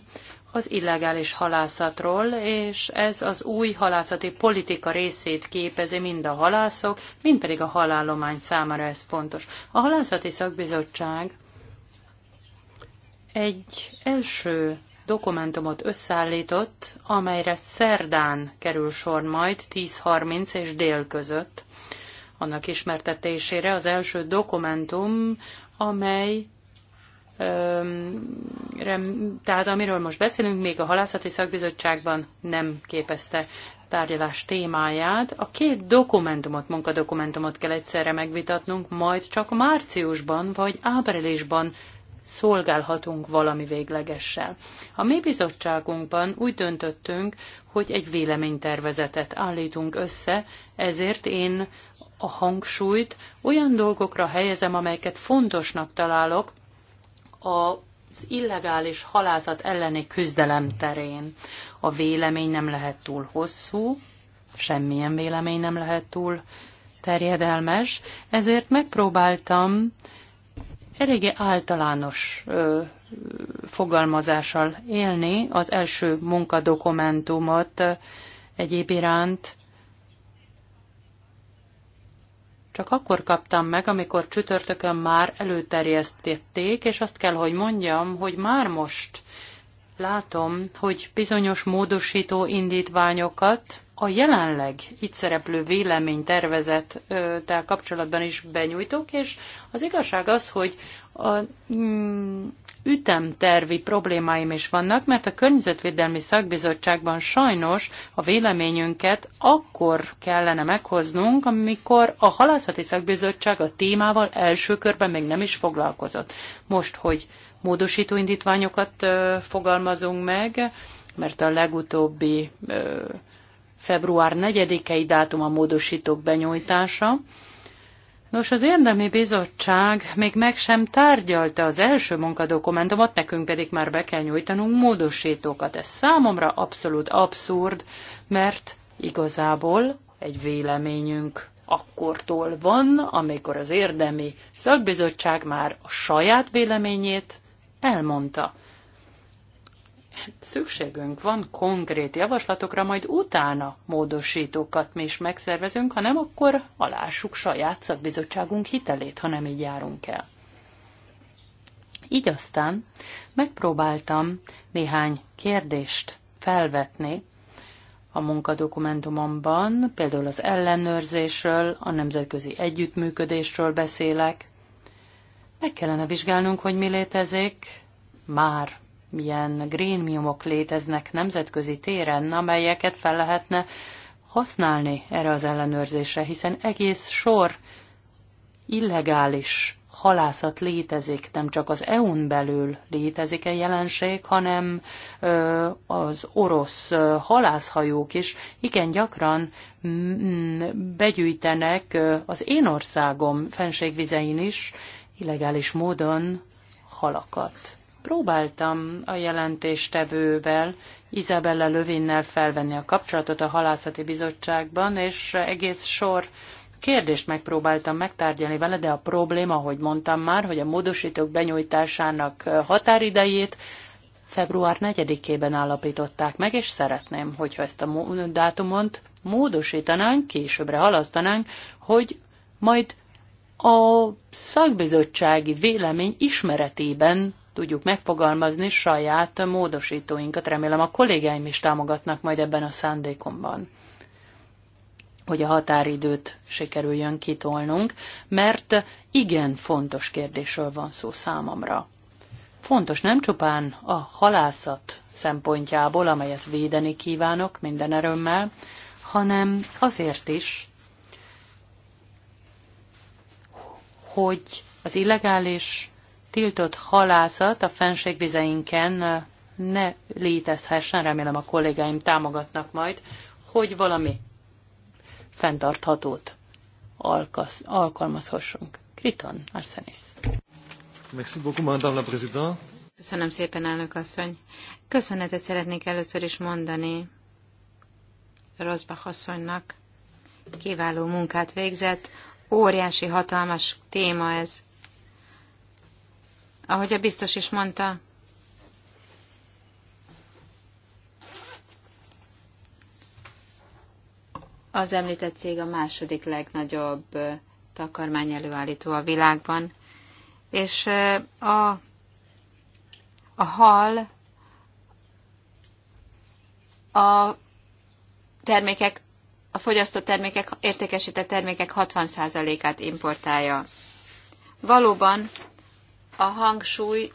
az illegális halászatról, és ez az új halászati politika részét képezi mind a halászok, mind pedig a halállomány számára ez fontos. A halászati szakbizottság egy első dokumentumot összeállított, amelyre szerdán kerül sor majd 10.30 és dél között. Annak ismertetésére az első dokumentum, amely tehát amiről most beszélünk, még a halászati szakbizottságban nem képezte tárgyalás témáját. A két dokumentumot, munkadokumentumot kell egyszerre megvitatnunk, majd csak márciusban vagy áprilisban szolgálhatunk valami véglegessel. A mi bizottságunkban úgy döntöttünk, hogy egy véleménytervezetet állítunk össze, ezért én a hangsúlyt olyan dolgokra helyezem, amelyeket fontosnak találok, az illegális halázat elleni küzdelem terén. A vélemény nem lehet túl hosszú, semmilyen vélemény nem lehet túl terjedelmes, ezért megpróbáltam eléggé általános ö, fogalmazással élni az első munkadokumentumot egyéb iránt Csak akkor kaptam meg, amikor csütörtökön már előterjesztették, és azt kell, hogy mondjam, hogy már most látom, hogy bizonyos módosító indítványokat a jelenleg itt szereplő véleménytervezettel kapcsolatban is benyújtok, és az igazság az, hogy a, mm, ütemtervi problémáim is vannak, mert a Környezetvédelmi Szakbizottságban sajnos a véleményünket akkor kellene meghoznunk, amikor a Halászati Szakbizottság a témával első körben még nem is foglalkozott. Most, hogy módosító indítványokat fogalmazunk meg, mert a legutóbbi február 4-i dátum a módosítók benyújtása, Nos, az érdemi bizottság még meg sem tárgyalta az első munkadokumentumot, nekünk pedig már be kell nyújtanunk módosítókat. Ez számomra abszolút abszurd, mert igazából egy véleményünk akkortól van, amikor az érdemi szakbizottság már a saját véleményét elmondta szükségünk van konkrét javaslatokra, majd utána módosítókat mi is megszervezünk, ha nem, akkor alássuk saját szakbizottságunk hitelét, ha nem így járunk el. Így aztán megpróbáltam néhány kérdést felvetni a munkadokumentumomban, például az ellenőrzésről, a nemzetközi együttműködésről beszélek. Meg kellene vizsgálnunk, hogy mi létezik már milyen grémiumok léteznek nemzetközi téren, amelyeket fel lehetne használni erre az ellenőrzésre, hiszen egész sor illegális halászat létezik, nem csak az EU-n belül létezik egy jelenség, hanem az orosz halászhajók is igen gyakran mm, begyűjtenek az én országom fenségvizein is illegális módon halakat próbáltam a jelentéstevővel, Izabella Lövinnel felvenni a kapcsolatot a halászati bizottságban, és egész sor kérdést megpróbáltam megtárgyalni vele, de a probléma, ahogy mondtam már, hogy a módosítók benyújtásának határidejét február 4-ében állapították meg, és szeretném, hogyha ezt a dátumot módosítanánk, későbbre halasztanánk, hogy majd a szakbizottsági vélemény ismeretében tudjuk megfogalmazni saját módosítóinkat. Remélem a kollégáim is támogatnak majd ebben a szándékomban hogy a határidőt sikerüljön kitolnunk, mert igen fontos kérdésről van szó számomra. Fontos nem csupán a halászat szempontjából, amelyet védeni kívánok minden erőmmel, hanem azért is, hogy az illegális tiltott halászat a fenségvizeinken ne létezhessen, remélem a kollégáim támogatnak majd, hogy valami fenntarthatót alkasz, alkalmazhassunk. Kriton Arsenis. Merci beaucoup, madame la présidente. Köszönöm szépen, elnök asszony. Köszönetet szeretnék először is mondani Rosbach asszonynak. Kiváló munkát végzett. Óriási, hatalmas téma ez ahogy a biztos is mondta. Az említett cég a második legnagyobb takarmány előállító a világban, és a, a hal a termékek, a fogyasztott termékek, értékesített termékek 60%-át importálja. Valóban a hangsúly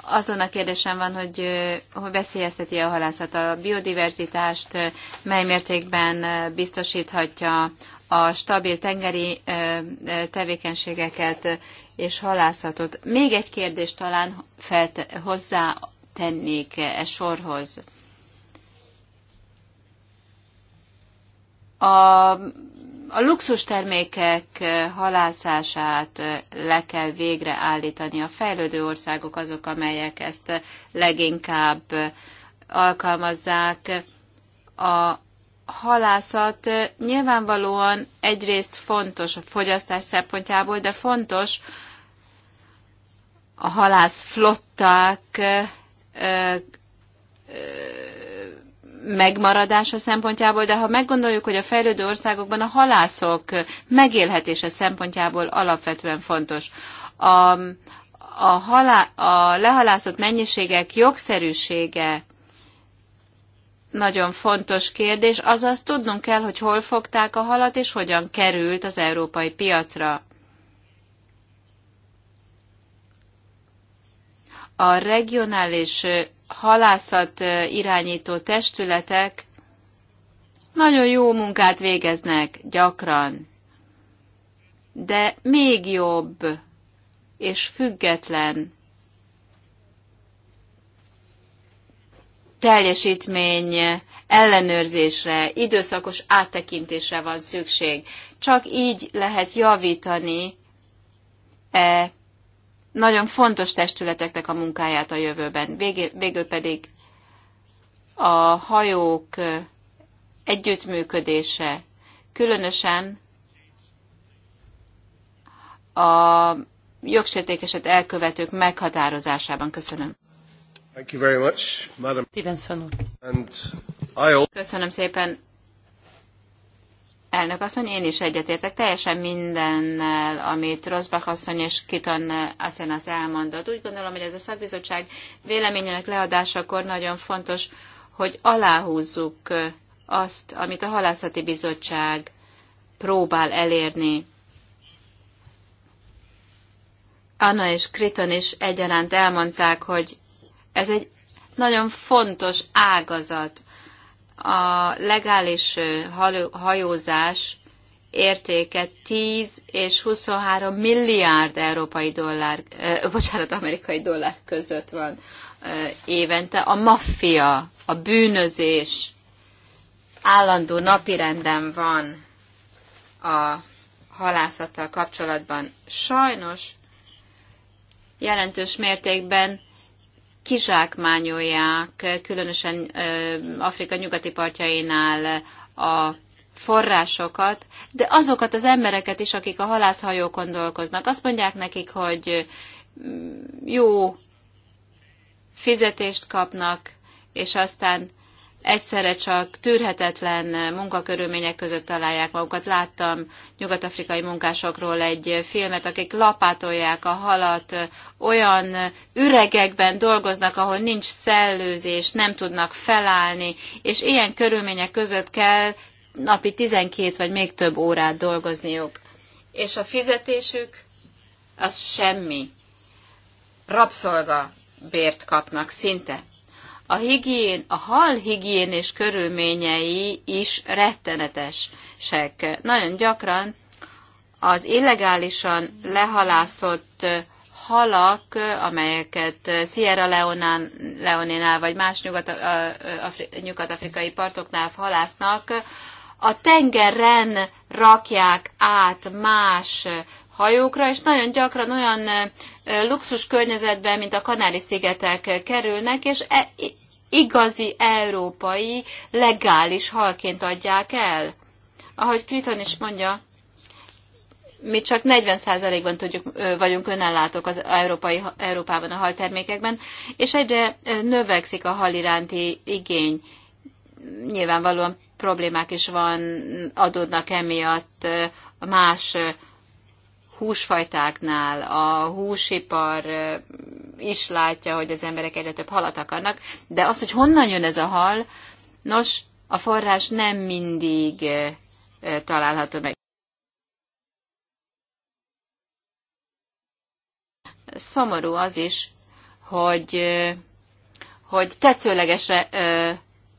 azon a kérdésem van, hogy, hogy veszélyezteti a halászat a biodiverzitást, mely mértékben biztosíthatja a stabil tengeri tevékenységeket és halászatot. Még egy kérdést talán felt, hozzá tennék e sorhoz. A a luxustermékek eh, halászását eh, le kell végre állítani. A fejlődő országok azok, amelyek ezt eh, leginkább alkalmazzák. A halászat nyilvánvalóan egyrészt fontos a fogyasztás szempontjából, de fontos a halászflották megmaradása szempontjából, de ha meggondoljuk, hogy a fejlődő országokban a halászok megélhetése szempontjából alapvetően fontos. A, a, halá, a lehalászott mennyiségek jogszerűsége nagyon fontos kérdés, azaz tudnunk kell, hogy hol fogták a halat, és hogyan került az európai piacra. A regionális halászat irányító testületek nagyon jó munkát végeznek gyakran, de még jobb és független teljesítmény ellenőrzésre, időszakos áttekintésre van szükség. Csak így lehet javítani e nagyon fontos testületeknek a munkáját a jövőben. Végül, végül pedig a hajók együttműködése, különösen a jogsértékeset elkövetők meghatározásában. Köszönöm. Thank you very much, madam. Stevenson And I... Köszönöm szépen. Elnök asszony, én is egyetértek teljesen mindennel, amit Rosbach asszony és Kiton asszony az elmondott. Úgy gondolom, hogy ez a szakbizottság véleményének leadásakor nagyon fontos, hogy aláhúzzuk azt, amit a halászati bizottság próbál elérni. Anna és Kriton is egyaránt elmondták, hogy ez egy nagyon fontos ágazat, a legális hajózás értéke 10 és 23 milliárd európai dollár, ö, [LAUGHS] bocsánat, amerikai dollár között van ö, évente. A maffia, a bűnözés állandó napirenden van a halászattal kapcsolatban. Sajnos jelentős mértékben kizsákmányolják, különösen Afrika nyugati partjainál a forrásokat, de azokat az embereket is, akik a halászhajókon dolgoznak, azt mondják nekik, hogy mm, jó fizetést kapnak, és aztán egyszerre csak tűrhetetlen munkakörülmények között találják magukat. Láttam nyugat-afrikai munkásokról egy filmet, akik lapátolják a halat, olyan üregekben dolgoznak, ahol nincs szellőzés, nem tudnak felállni, és ilyen körülmények között kell napi 12 vagy még több órát dolgozniuk. És a fizetésük az semmi. Rabszolga bért kapnak szinte a, higién, a hal higiénés körülményei is rettenetesek. Nagyon gyakran az illegálisan lehalászott halak, amelyeket Sierra Leonán, Leoninál vagy más nyugat-afrikai partoknál halásznak, a tengeren rakják át más hajókra, és nagyon gyakran olyan luxus környezetben, mint a Kanári-szigetek kerülnek, és e igazi európai legális halként adják el. Ahogy Kriton is mondja, mi csak 40%-ban tudjuk, vagyunk önellátók az európai, Európában a haltermékekben, és egyre növekszik a hal iránti igény. Nyilvánvalóan problémák is van, adódnak emiatt más húsfajtáknál, a húsipar is látja, hogy az emberek egyre több halat akarnak, de az, hogy honnan jön ez a hal, nos, a forrás nem mindig található meg. Szomorú az is, hogy, hogy tetszőlegesre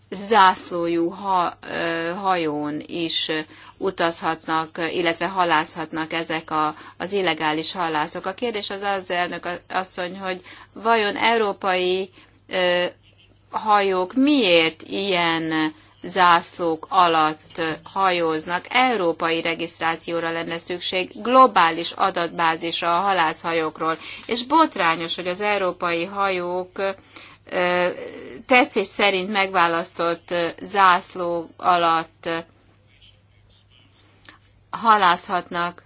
zászlójú ha, hajón is utazhatnak, illetve halászhatnak ezek a, az illegális halászok. A kérdés az az, elnök asszony, hogy vajon európai ö, hajók miért ilyen zászlók alatt hajóznak, európai regisztrációra lenne szükség, globális adatbázisra a halászhajókról. És botrányos, hogy az európai hajók tetszés szerint megválasztott zászló alatt halászhatnak,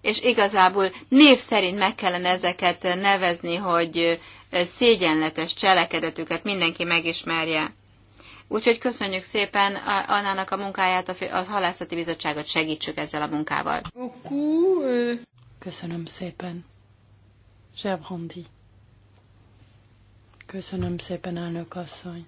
és igazából név szerint meg kellene ezeket nevezni, hogy szégyenletes cselekedetüket mindenki megismerje. Úgyhogy köszönjük szépen Annának a munkáját, a Halászati Bizottságot segítsük ezzel a munkával. Köszönöm szépen. Zsebhondi. Köszönöm szépen, elnök asszony.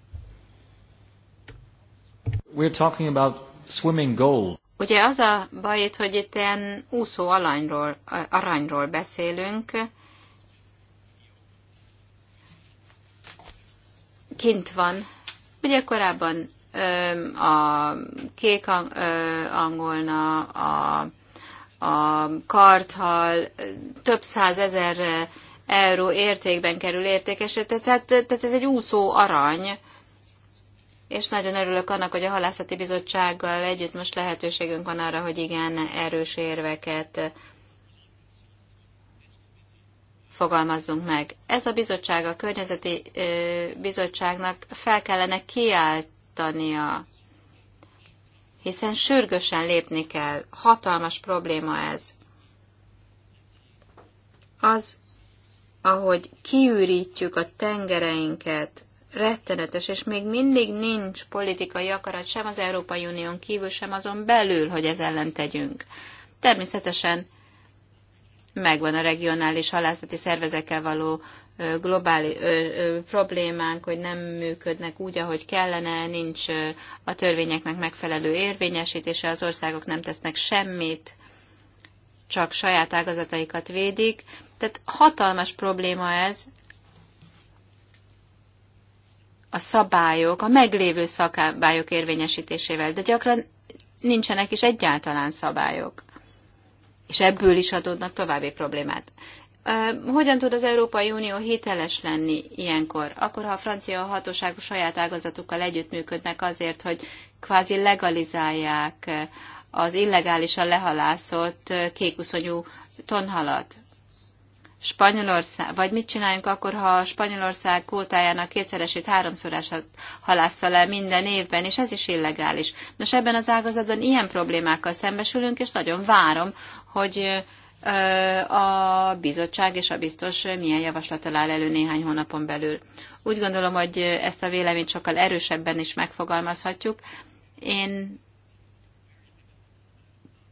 We're talking about swimming goal. Ugye az a baj itt, hogy itt ilyen úszó alanyról, aranyról beszélünk, kint van. Ugye korábban a kék angolna, a, a karthal több százezer euró értékben kerül értékesre, tehát, tehát ez egy úszó arany, és nagyon örülök annak, hogy a halászati bizottsággal együtt most lehetőségünk van arra, hogy igen, erős érveket fogalmazzunk meg. Ez a bizottság, a környezeti bizottságnak fel kellene kiáltania, hiszen sürgősen lépni kell. Hatalmas probléma ez. Az, ahogy kiürítjük a tengereinket, rettenetes, és még mindig nincs politikai akarat sem az Európai Unión kívül, sem azon belül, hogy ez ellen tegyünk. Természetesen megvan a regionális halászati szervezekkel való globális problémánk, hogy nem működnek úgy, ahogy kellene, nincs a törvényeknek megfelelő érvényesítése, az országok nem tesznek semmit, csak saját ágazataikat védik. Tehát hatalmas probléma ez, a szabályok, a meglévő szabályok érvényesítésével, de gyakran nincsenek is egyáltalán szabályok. És ebből is adódnak további problémát. Hogyan tud az Európai Unió hiteles lenni ilyenkor? Akkor, ha a francia hatóságok saját ágazatukkal együttműködnek azért, hogy kvázi legalizálják az illegálisan lehalászott kékuszonyú tonhalat. Spanyolország, vagy mit csináljunk akkor, ha Spanyolország kótájának kétszeresét, háromszorását halásza le minden évben, és ez is illegális. Nos, ebben az ágazatban ilyen problémákkal szembesülünk, és nagyon várom, hogy a bizottság és a biztos milyen javaslat talál elő néhány hónapon belül. Úgy gondolom, hogy ezt a véleményt sokkal erősebben is megfogalmazhatjuk. Én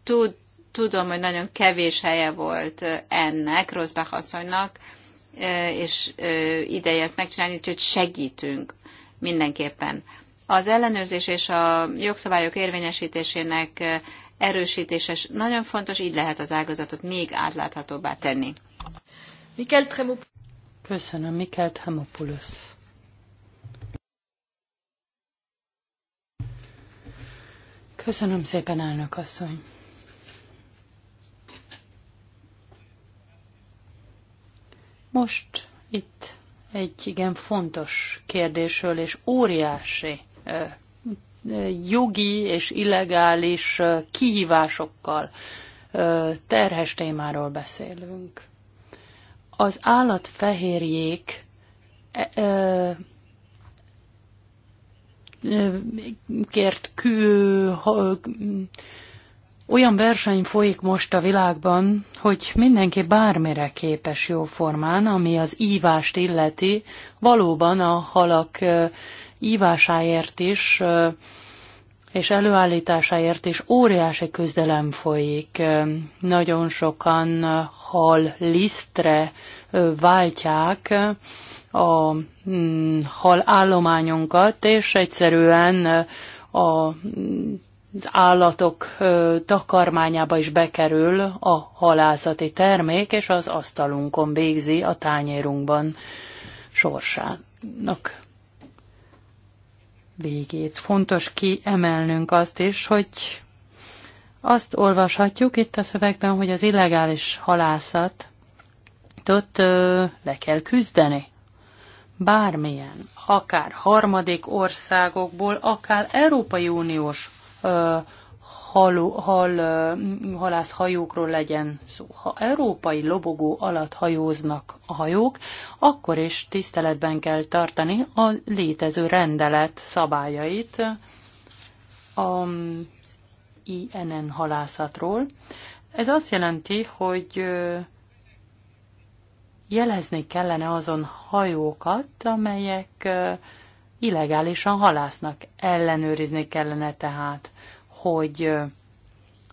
tud, Tudom, hogy nagyon kevés helye volt ennek, Rosbach asszonynak, és ideje ezt megcsinálni, úgyhogy segítünk mindenképpen. Az ellenőrzés és a jogszabályok érvényesítésének erősítése nagyon fontos, így lehet az ágazatot még átláthatóbbá tenni. Mikkel Köszönöm, Mikkel Tremopoulos. Köszönöm szépen, elnök asszony. Most itt egy igen fontos kérdésről és óriási jogi és illegális kihívásokkal terhes témáról beszélünk. Az állatfehérjék e, kért kül, olyan verseny folyik most a világban, hogy mindenki bármire képes jóformán, ami az ívást illeti, valóban a halak ívásáért is és előállításáért is óriási küzdelem folyik. Nagyon sokan hal lisztre váltják a mm, hal állományunkat, és egyszerűen a mm, az állatok takarmányába is bekerül a halászati termék, és az asztalunkon végzi a tányérunkban sorsának végét. Fontos kiemelnünk azt is, hogy azt olvashatjuk itt a szövegben, hogy az illegális halászat ott le kell küzdeni. Bármilyen, akár harmadik országokból, akár Európai Uniós haló, hal, hajókról legyen szó. Ha európai lobogó alatt hajóznak a hajók, akkor is tiszteletben kell tartani a létező rendelet szabályait az INN halászatról. Ez azt jelenti, hogy jelezni kellene azon hajókat, amelyek illegálisan halásznak. Ellenőrizni kellene tehát, hogy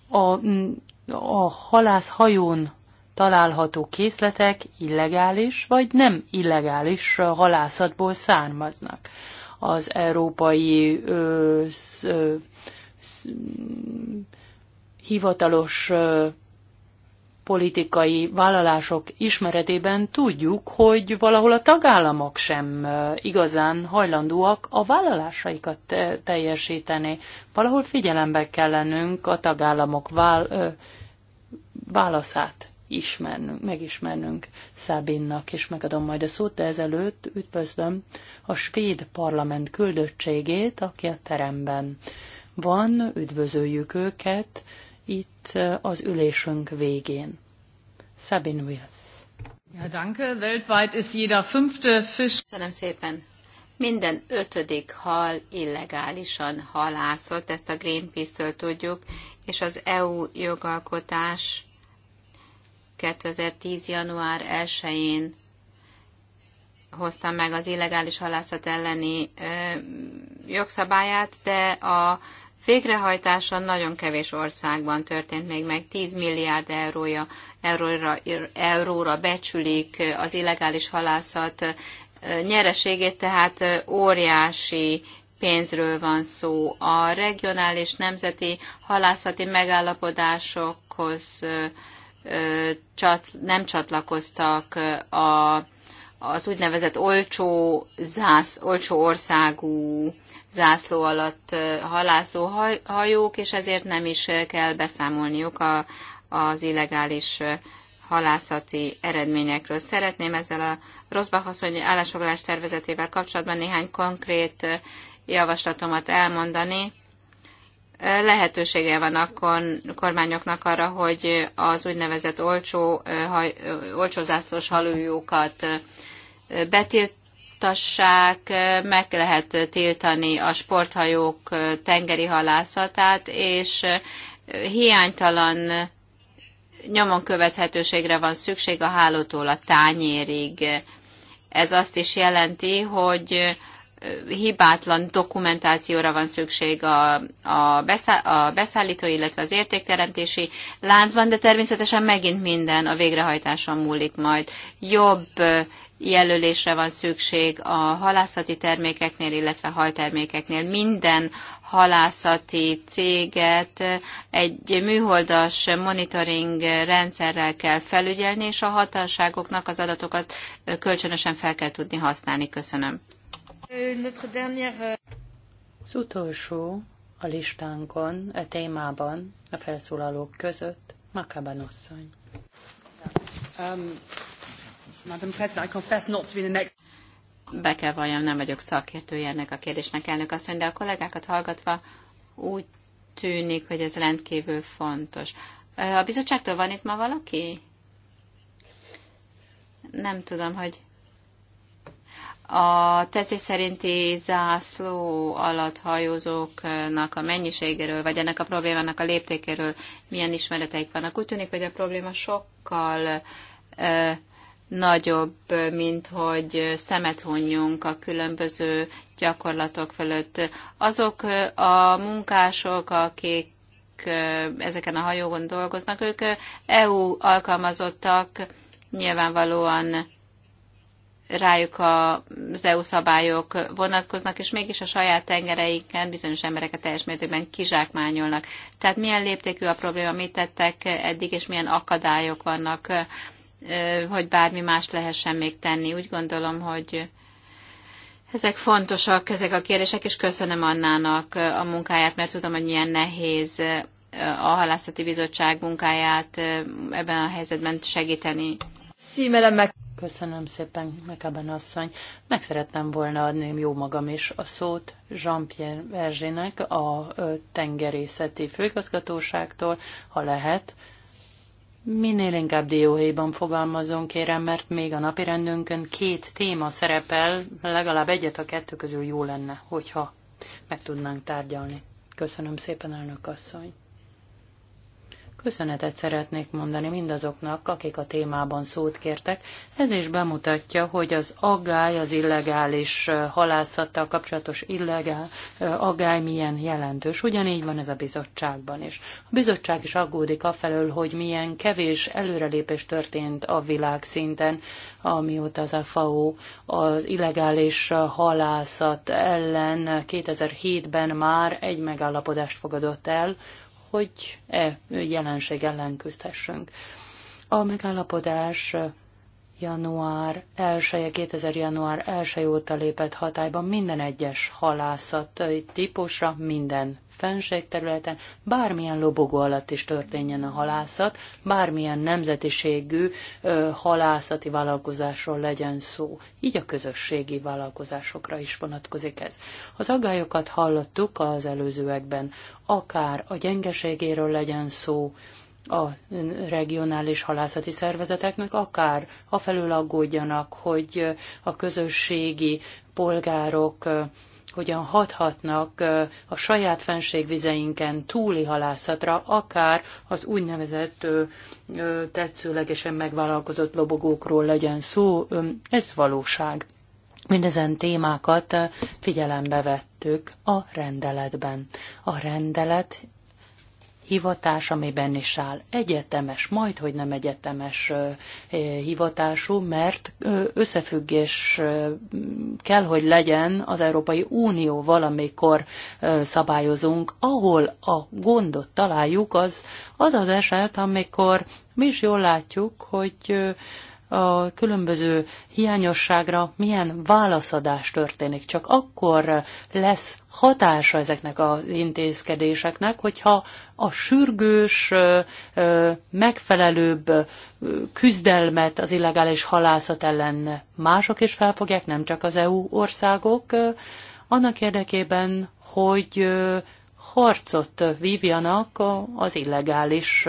a, mm, a halászhajón található készletek illegális vagy nem illegális halászatból származnak. Az európai ö, sz, ö, sz, mm, hivatalos politikai vállalások ismeretében tudjuk, hogy valahol a tagállamok sem igazán hajlandóak a vállalásaikat teljesíteni. Valahol figyelembe kell lennünk a tagállamok vál, ö, válaszát ismernünk, megismernünk Szábinnak, és megadom majd a szót, de ezelőtt üdvözlöm a svéd parlament küldöttségét, aki a teremben van, üdvözöljük őket, itt az ülésünk végén. Sabine Wills. Ja, danke. Weltweit ist jeder fünfte Fisch. Köszönöm szépen. Minden ötödik hal illegálisan halászott, ezt a Greenpeace-től tudjuk, és az EU jogalkotás 2010. január 1-én hozta meg az illegális halászat elleni ö, jogszabályát, de a Végrehajtása nagyon kevés országban történt még meg, 10 milliárd eurója, euróra, euróra becsülik az illegális halászat nyereségét, tehát óriási pénzről van szó. A regionális nemzeti halászati megállapodásokhoz nem csatlakoztak a, az úgynevezett olcsó, zász, olcsó országú zászló alatt halászó hajók, és ezért nem is kell beszámolniuk a, az illegális halászati eredményekről. Szeretném ezzel a Rosbach állásfoglalás tervezetével kapcsolatban néhány konkrét javaslatomat elmondani. Lehetősége van akkor kormányoknak arra, hogy az úgynevezett olcsó, haj, olcsó zászlós halójókat betilt, mutassák, meg lehet tiltani a sporthajók tengeri halászatát, és hiánytalan nyomon követhetőségre van szükség a hálótól a tányérig. Ez azt is jelenti, hogy hibátlan dokumentációra van szükség a, a, beszá, a beszállító, illetve az értékteremtési láncban, de természetesen megint minden a végrehajtáson múlik majd. Jobb jelölésre van szükség a halászati termékeknél, illetve haltermékeknél. Minden halászati céget egy műholdas monitoring rendszerrel kell felügyelni, és a hatóságoknak az adatokat kölcsönösen fel kell tudni használni. Köszönöm. Euh, az utolsó a listánkon, a e témában, a felszólalók között, Makában asszony. Um be kell valljam, nem vagyok szakértője ennek a kérdésnek, elnök asszony, de a kollégákat hallgatva úgy tűnik, hogy ez rendkívül fontos. A bizottságtól van itt ma valaki? Nem tudom, hogy a tetszés szerinti zászló alatt hajózóknak a mennyiségéről, vagy ennek a problémának a léptékéről milyen ismereteik vannak. Úgy tűnik, hogy a probléma sokkal uh, nagyobb, mint hogy szemet hunjunk a különböző gyakorlatok fölött. Azok a munkások, akik ezeken a hajókon dolgoznak, ők EU alkalmazottak, nyilvánvalóan rájuk az EU szabályok vonatkoznak, és mégis a saját tengereiken bizonyos embereket teljes mértékben kizsákmányolnak. Tehát milyen léptékű a probléma, mit tettek eddig, és milyen akadályok vannak hogy bármi más lehessen még tenni. Úgy gondolom, hogy ezek fontosak, ezek a kérdések, és köszönöm Annának a munkáját, mert tudom, hogy milyen nehéz a halászati bizottság munkáját ebben a helyzetben segíteni. Szímelem meg. Köszönöm szépen, Mekában asszony. Meg szerettem volna adni jó magam is a szót Jean-Pierre Verzsének a tengerészeti főigazgatóságtól, ha lehet, Minél inkább dióhéjban fogalmazom, kérem, mert még a napi rendünkön két téma szerepel, legalább egyet a kettő közül jó lenne, hogyha meg tudnánk tárgyalni. Köszönöm szépen, elnök asszony! Köszönetet szeretnék mondani mindazoknak, akik a témában szót kértek. Ez is bemutatja, hogy az aggály, az illegális halászattal kapcsolatos illegál aggály milyen jelentős. Ugyanígy van ez a bizottságban is. A bizottság is aggódik afelől, hogy milyen kevés előrelépés történt a világ szinten, amióta az FAO az illegális halászat ellen 2007-ben már egy megállapodást fogadott el, hogy e jelenség ellen küzdhessünk. A megállapodás január 1 2000 január 1 óta lépett hatályba minden egyes halászati típusra, minden fenségterületen, bármilyen lobogó alatt is történjen a halászat, bármilyen nemzetiségű ö, halászati vállalkozásról legyen szó. Így a közösségi vállalkozásokra is vonatkozik ez. Az aggályokat hallottuk az előzőekben, akár a gyengeségéről legyen szó, a regionális halászati szervezeteknek, akár ha felül aggódjanak, hogy a közösségi polgárok hogyan hathatnak a saját fenségvizeinken túli halászatra, akár az úgynevezett tetszőlegesen megvállalkozott lobogókról legyen szó, ez valóság. Mindezen témákat figyelembe vettük a rendeletben. A rendelet hivatás, amiben is áll egyetemes, majd hogy nem egyetemes hivatású, mert összefüggés kell, hogy legyen az Európai Unió valamikor szabályozunk, ahol a gondot találjuk, az az, az eset, amikor mi is jól látjuk, hogy a különböző hiányosságra milyen válaszadás történik. Csak akkor lesz hatása ezeknek az intézkedéseknek, hogyha a sürgős, megfelelőbb küzdelmet az illegális halászat ellen mások is felfogják, nem csak az EU országok, annak érdekében, hogy harcot vívjanak az illegális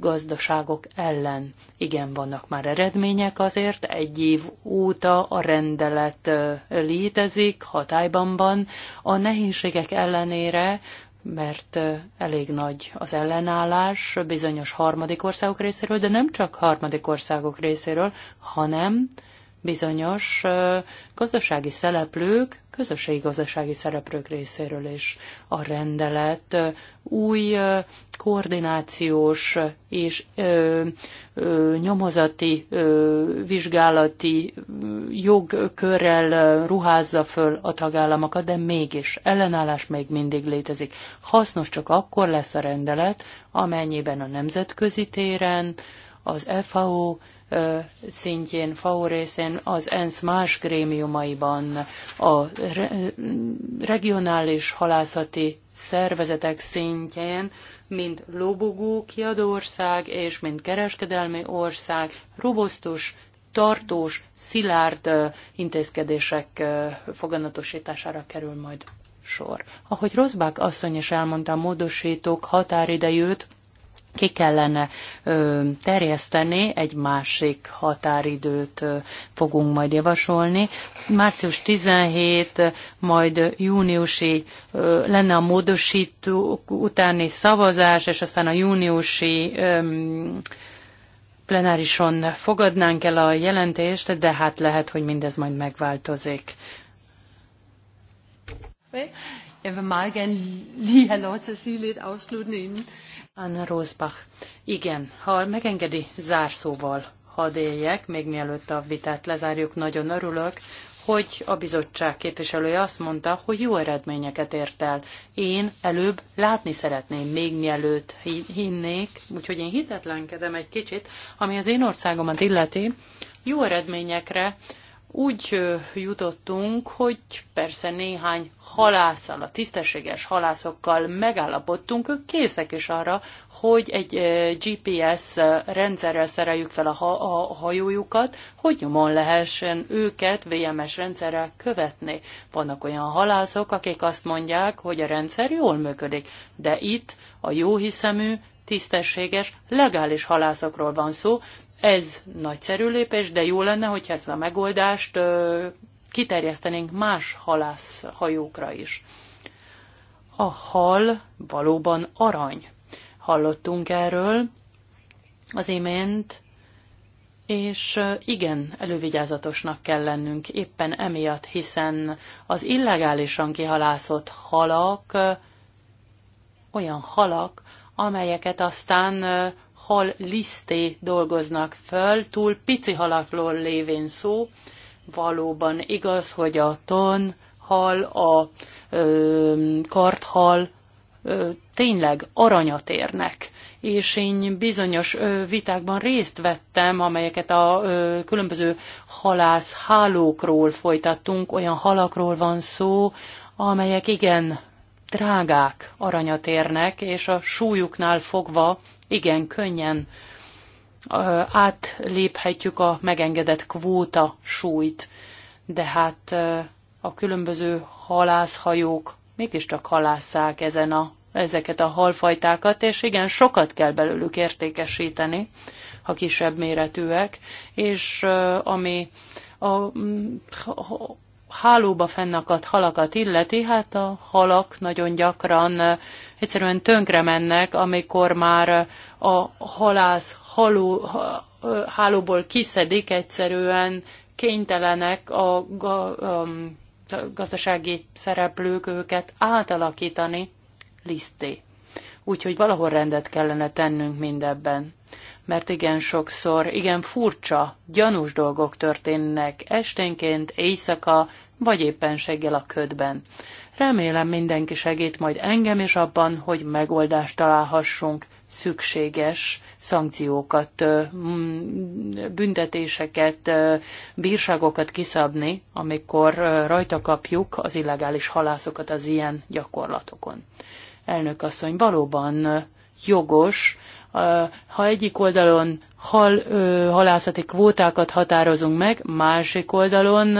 gazdaságok ellen. Igen, vannak már eredmények azért, egy év óta a rendelet létezik, hatályban van. A nehézségek ellenére mert elég nagy az ellenállás bizonyos harmadik országok részéről, de nem csak harmadik országok részéről, hanem bizonyos gazdasági szereplők, közösségi gazdasági szereplők részéről is a rendelet új koordinációs és nyomozati, vizsgálati jogkörrel ruházza föl a tagállamokat, de mégis ellenállás még mindig létezik. Hasznos csak akkor lesz a rendelet, amennyiben a nemzetközi téren az FAO szintjén, FAO részén, az ENSZ más grémiumaiban, a re, regionális halászati szervezetek szintjén, mint lobogó kiadóország és mint kereskedelmi ország robosztus, tartós, szilárd intézkedések foganatosítására kerül majd sor. Ahogy Rozbák asszony is elmondta a módosítók határidejűt, ki kellene ö, terjeszteni, egy másik határidőt ö, fogunk majd javasolni. Március 17, majd júniusi ö, lenne a módosító utáni szavazás, és aztán a júniusi ö, plenárison fogadnánk el a jelentést, de hát lehet, hogy mindez majd megváltozik. Jeg vil meget gerne lige have lov til at sige lidt afsluttende inden. Anna Rosbach. Igen, ha megengedi, zárszóval hadd éljek, még mielőtt a vitát lezárjuk, nagyon örülök, hogy a bizottság képviselője azt mondta, hogy jó eredményeket ért el. Én előbb látni szeretném, még mielőtt hinnék, úgyhogy én hitetlenkedem egy kicsit, ami az én országomat illeti, jó eredményekre úgy jutottunk, hogy persze néhány halászal, a tisztességes halászokkal megállapodtunk, ők készek is arra, hogy egy GPS rendszerrel szereljük fel a, hajójukat, hogy nyomon lehessen őket VMS rendszerrel követni. Vannak olyan halászok, akik azt mondják, hogy a rendszer jól működik, de itt a hiszemű, tisztességes, legális halászokról van szó, ez nagyszerű lépés, de jó lenne, hogyha ezt a megoldást kiterjesztenénk más halászhajókra is. A hal valóban arany. Hallottunk erről az imént, és igen, elővigyázatosnak kell lennünk éppen emiatt, hiszen az illegálisan kihalászott halak olyan halak, amelyeket aztán hal liszté dolgoznak föl, túl pici halakról lévén szó. Valóban igaz, hogy a ton, hal, a ö, karthal ö, tényleg aranyat érnek. És én bizonyos ö, vitákban részt vettem, amelyeket a ö, különböző halász hálókról folytattunk. Olyan halakról van szó, amelyek igen drágák aranyat érnek, és a súlyuknál fogva igen könnyen átléphetjük a megengedett kvóta súlyt, de hát a különböző halászhajók mégiscsak halásszák ezen a, ezeket a halfajtákat, és igen, sokat kell belőlük értékesíteni, ha kisebb méretűek, és ami a, a, a hálóba fennakadt halakat illeti, hát a halak nagyon gyakran egyszerűen tönkre mennek, amikor már a halász haló, hálóból kiszedik, egyszerűen kénytelenek a, gazdasági szereplők őket átalakítani liszté. Úgyhogy valahol rendet kellene tennünk mindebben mert igen sokszor, igen furcsa, gyanús dolgok történnek esténként, éjszaka, vagy éppen seggel a ködben. Remélem mindenki segít majd engem is abban, hogy megoldást találhassunk, szükséges szankciókat, büntetéseket, bírságokat kiszabni, amikor rajta kapjuk az illegális halászokat az ilyen gyakorlatokon. Elnök asszony, valóban jogos ha egyik oldalon hal, halászati kvótákat határozunk meg, másik oldalon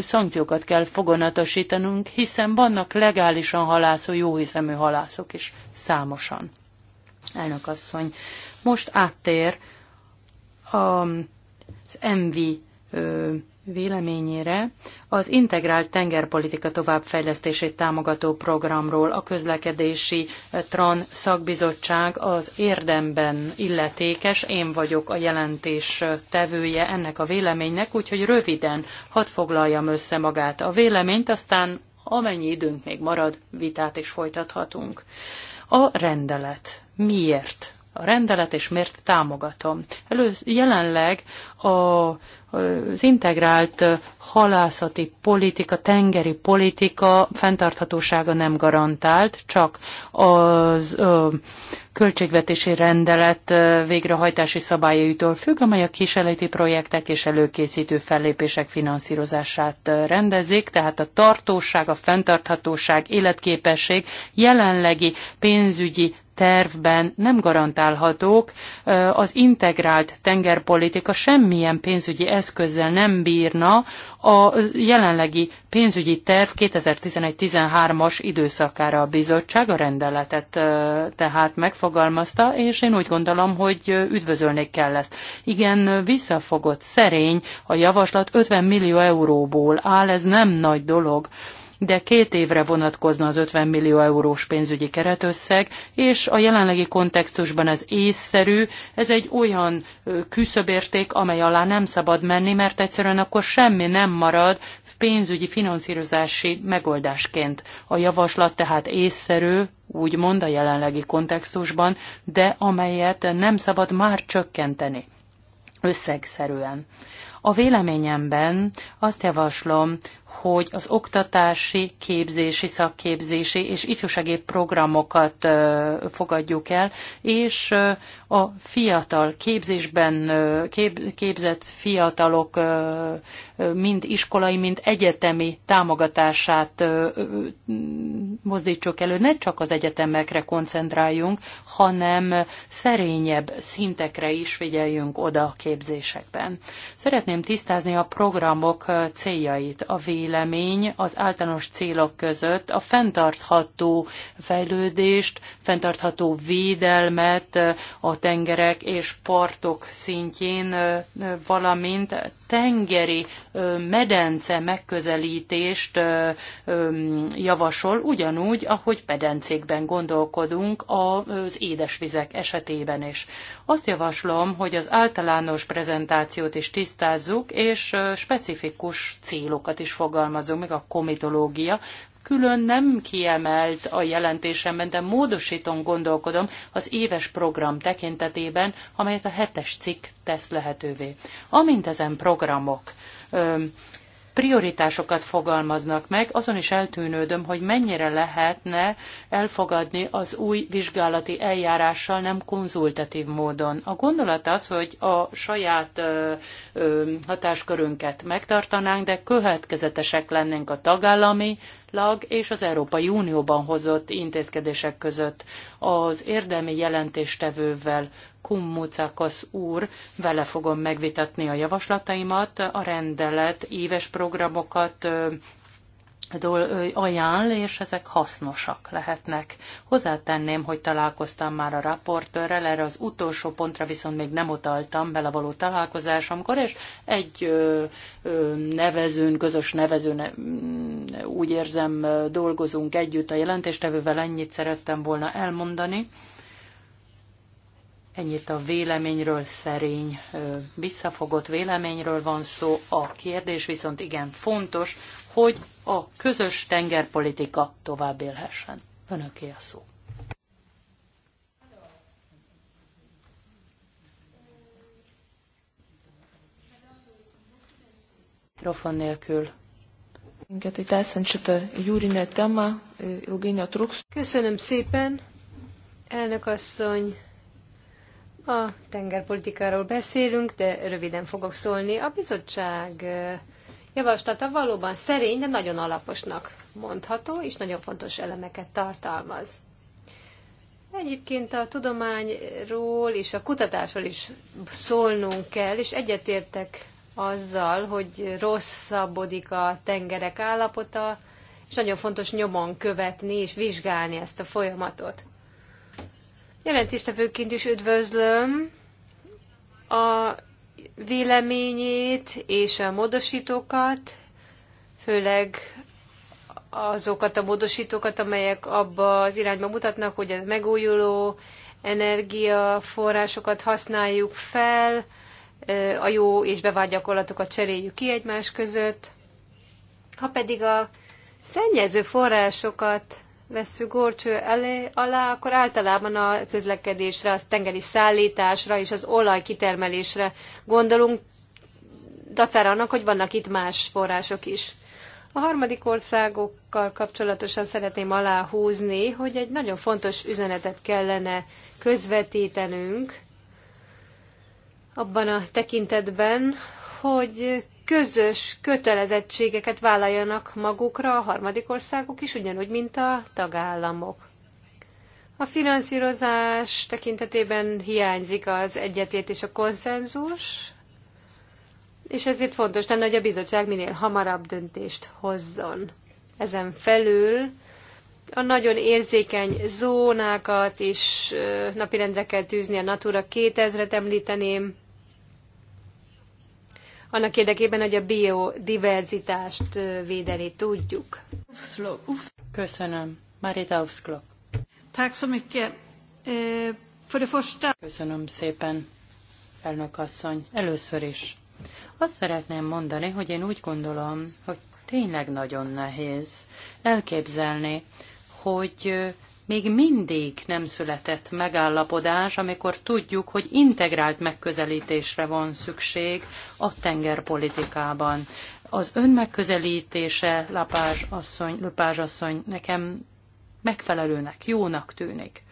szankciókat kell fogonatosítanunk, hiszen vannak legálisan halászó, jóhiszemű halászok is számosan. Elnök asszony, most áttér az MV véleményére az integrált tengerpolitika továbbfejlesztését támogató programról a közlekedési eh, TRAN szakbizottság az érdemben illetékes. Én vagyok a jelentés eh, tevője ennek a véleménynek, úgyhogy röviden hadd foglaljam össze magát a véleményt, aztán amennyi időnk még marad, vitát is folytathatunk. A rendelet miért a rendelet, és miért támogatom. Elősz, jelenleg a, az integrált halászati politika, tengeri politika fenntarthatósága nem garantált, csak az ö, költségvetési rendelet végrehajtási szabályaitól függ, amely a kísérleti projektek és előkészítő fellépések finanszírozását rendezik, tehát a tartóság, a fenntarthatóság, életképesség jelenlegi pénzügyi tervben nem garantálhatók, az integrált tengerpolitika semmilyen pénzügyi eszközzel nem bírna a jelenlegi pénzügyi terv 2011-13-as időszakára a bizottság a rendeletet tehát megfogalmazta, és én úgy gondolom, hogy üdvözölni kell ezt. Igen, visszafogott, szerény, a javaslat 50 millió euróból áll, ez nem nagy dolog de két évre vonatkozna az 50 millió eurós pénzügyi keretösszeg, és a jelenlegi kontextusban ez észszerű, ez egy olyan küszöbérték, amely alá nem szabad menni, mert egyszerűen akkor semmi nem marad pénzügyi finanszírozási megoldásként. A javaslat tehát észszerű, úgymond a jelenlegi kontextusban, de amelyet nem szabad már csökkenteni összegszerűen. A véleményemben azt javaslom, hogy az oktatási, képzési, szakképzési és ifjúsági programokat fogadjuk el, és a fiatal képzésben kép, képzett fiatalok mind iskolai, mind egyetemi támogatását mozdítsuk elő. Ne csak az egyetemekre koncentráljunk, hanem szerényebb szintekre is figyeljünk oda a képzésekben. Szeretném tisztázni a programok céljait. A vélemény az általános célok között a fenntartható fejlődést, fenntartható védelmet a tengerek és partok szintjén, valamint tengeri medence megközelítést javasol, ugyanúgy, ahogy pedencékben gondolkodunk az édesvizek esetében is. Azt javaslom, hogy az általános prezentációt is tisztázzuk, és specifikus célokat is fogalmazunk, meg a komitológia, külön nem kiemelt a jelentésemben, de módosítom gondolkodom az éves program tekintetében, amelyet a hetes cikk tesz lehetővé. Amint ezen programok prioritásokat fogalmaznak meg, azon is eltűnődöm, hogy mennyire lehetne elfogadni az új vizsgálati eljárással nem konzultatív módon. A gondolat az, hogy a saját ö, ö, hatáskörünket megtartanánk, de következetesek lennénk a tagállami, lag és az Európai Unióban hozott intézkedések között az érdemi jelentéstevővel Kummucakasz úr, vele fogom megvitatni a javaslataimat, a rendelet éves programokat ajánl, és ezek hasznosak lehetnek. Hozzátenném, hogy találkoztam már a raportőrrel, erre az utolsó pontra viszont még nem utaltam való találkozásomkor, és egy ö, ö, nevezőn, közös nevezőn, úgy érzem, dolgozunk együtt a jelentéstevővel, ennyit szerettem volna elmondani. Ennyit a véleményről szerény, visszafogott véleményről van szó. A kérdés viszont igen fontos, hogy a közös tengerpolitika tovább élhessen. Önöké a szó. Mikrofon nélkül. Köszönöm szépen, elnök asszony. A tengerpolitikáról beszélünk, de röviden fogok szólni. A bizottság javaslata valóban szerény, de nagyon alaposnak mondható, és nagyon fontos elemeket tartalmaz. Egyébként a tudományról és a kutatásról is szólnunk kell, és egyetértek azzal, hogy rosszabbodik a tengerek állapota, és nagyon fontos nyomon követni és vizsgálni ezt a folyamatot. Jelentéstevőként is üdvözlöm a véleményét és a módosítókat, főleg azokat a módosítókat, amelyek abba az irányba mutatnak, hogy a megújuló energiaforrásokat használjuk fel, a jó és bevált gyakorlatokat cseréljük ki egymás között. Ha pedig a szennyező forrásokat vesszük górcső elé, alá, akkor általában a közlekedésre, a tengeri szállításra és az olaj kitermelésre gondolunk, dacára annak, hogy vannak itt más források is. A harmadik országokkal kapcsolatosan szeretném aláhúzni, hogy egy nagyon fontos üzenetet kellene közvetítenünk abban a tekintetben, hogy közös kötelezettségeket vállaljanak magukra a harmadik országok is, ugyanúgy, mint a tagállamok. A finanszírozás tekintetében hiányzik az egyetért és a konszenzus, és ezért fontos lenne, hogy a bizottság minél hamarabb döntést hozzon. Ezen felül a nagyon érzékeny zónákat is napirendre kell tűzni, a Natura 2000-et említeném, annak érdekében, hogy a biodiverzitást védeni tudjuk. Köszönöm. Marita Ufszklok. Eh, Köszönöm szépen, elnök asszony. Először is. Azt szeretném mondani, hogy én úgy gondolom, hogy tényleg nagyon nehéz elképzelni, hogy még mindig nem született megállapodás, amikor tudjuk, hogy integrált megközelítésre van szükség a tengerpolitikában. Az ön megközelítése, Lapázs asszony, Lapázs asszony, nekem megfelelőnek, jónak tűnik.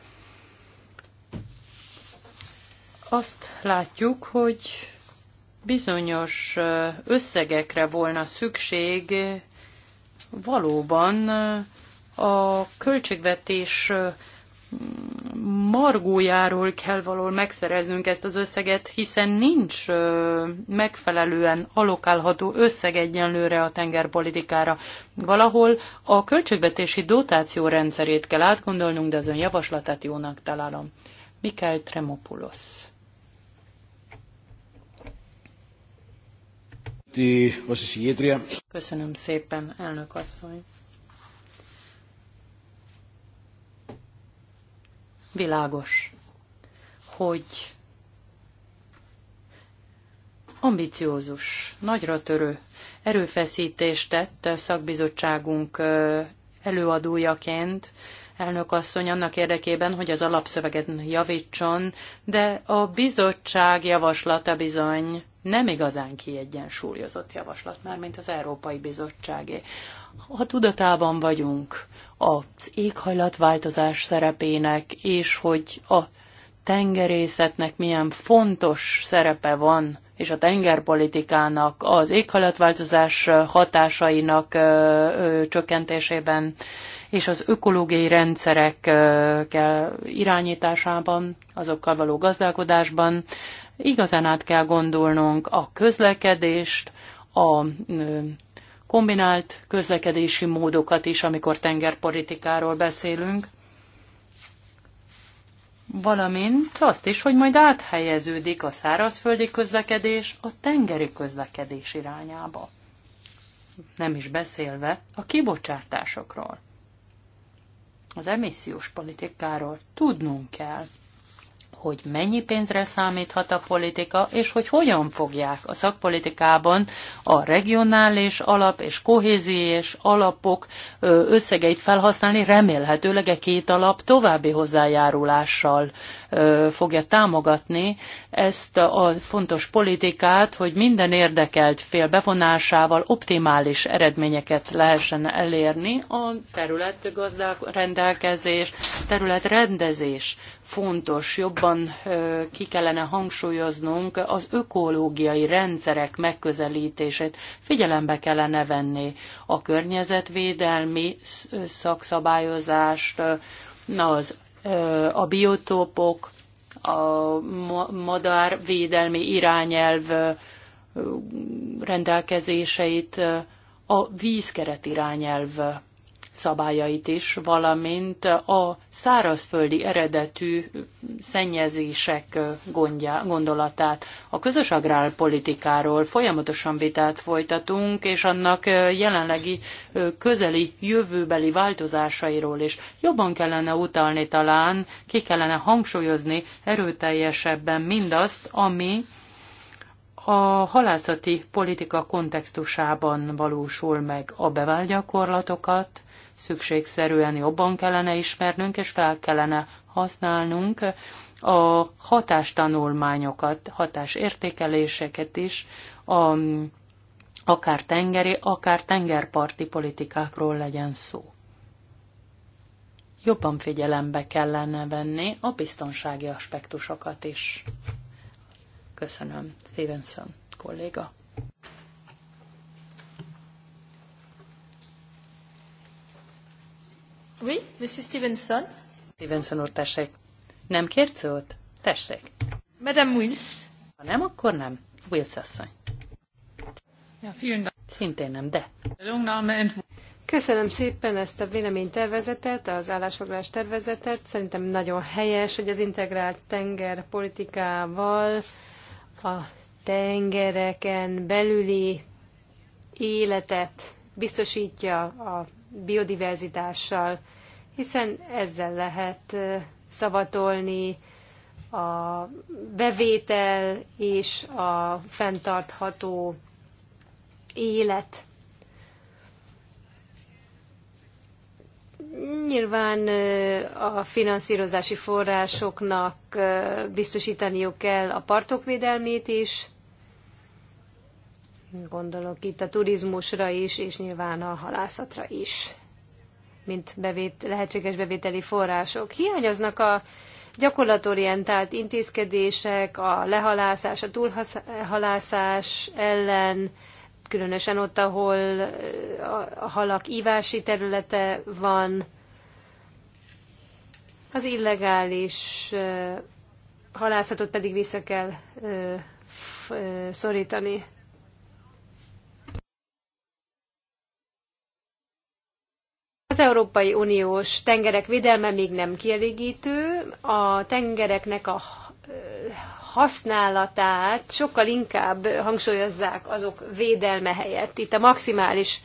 Azt látjuk, hogy bizonyos összegekre volna szükség valóban a költségvetés margójáról kell való megszereznünk ezt az összeget, hiszen nincs megfelelően alokálható összeg egyenlőre a tengerpolitikára. Valahol a költségvetési dotáció rendszerét kell átgondolnunk, de az ön javaslatát jónak találom. Mikael Tremopoulos. Köszönöm szépen, elnök asszony. Világos, hogy ambiciózus, nagyra törő erőfeszítést tett a szakbizottságunk előadójaként, elnökasszony annak érdekében, hogy az alapszöveget javítson, de a bizottság javaslata bizony nem igazán kiegyensúlyozott javaslat, mármint az Európai Bizottságé. Ha tudatában vagyunk az éghajlatváltozás szerepének, és hogy a tengerészetnek milyen fontos szerepe van, és a tengerpolitikának, az éghajlatváltozás hatásainak csökkentésében, és az ökológiai rendszerek irányításában, azokkal való gazdálkodásban. Igazán át kell gondolnunk a közlekedést, a kombinált közlekedési módokat is, amikor tengerpolitikáról beszélünk, valamint azt is, hogy majd áthelyeződik a szárazföldi közlekedés a tengeri közlekedés irányába. Nem is beszélve a kibocsátásokról, az emissziós politikáról tudnunk kell, hogy mennyi pénzre számíthat a politika, és hogy hogyan fogják a szakpolitikában a regionális alap és kohéziós alapok összegeit felhasználni, remélhetőleg egy két alap további hozzájárulással fogja támogatni ezt a fontos politikát, hogy minden érdekelt fél bevonásával optimális eredményeket lehessen elérni a területgazdák rendelkezés, területrendezés fontos, jobban ki kellene hangsúlyoznunk az ökológiai rendszerek megközelítését. Figyelembe kellene venni a környezetvédelmi szakszabályozást, az, a biotópok, a madárvédelmi irányelv rendelkezéseit, a vízkeret irányelv szabályait is, valamint a szárazföldi eredetű szennyezések gondja, gondolatát. A közös agrárpolitikáról folyamatosan vitát folytatunk, és annak jelenlegi közeli jövőbeli változásairól is. Jobban kellene utalni talán, ki kellene hangsúlyozni erőteljesebben mindazt, ami a halászati politika kontextusában valósul meg a bevált gyakorlatokat, szükségszerűen jobban kellene ismernünk, és fel kellene használnunk a hatástanulmányokat, hatásértékeléseket is, a, akár tengeri, akár tengerparti politikákról legyen szó. Jobban figyelembe kellene venni a biztonsági aspektusokat is. Köszönöm, Stevenson kolléga. Oui, Mrs. Stevenson. Stevenson úr, tessék. Nem kért szót? Tessék. Madame Wills. Ha nem, akkor nem. Wills asszony. Ja, vielen Dank. Szintén nem, de. Köszönöm szépen ezt a véleménytervezetet, az állásfoglalás tervezetet. Szerintem nagyon helyes, hogy az integrált tenger politikával a tengereken belüli életet biztosítja a biodiverzitással, hiszen ezzel lehet szavatolni a bevétel és a fenntartható élet. Nyilván a finanszírozási forrásoknak biztosítaniuk kell a partok védelmét is, Gondolok itt a turizmusra is, és nyilván a halászatra is, mint bevét, lehetséges bevételi források. Hiányoznak a gyakorlatorientált intézkedések, a lehalászás, a túlhalászás ellen, különösen ott, ahol a halak ívási területe van, az illegális halászatot pedig vissza kell szorítani. Az Európai Uniós tengerek védelme még nem kielégítő, a tengereknek a használatát sokkal inkább hangsúlyozzák azok védelme helyett. Itt a maximális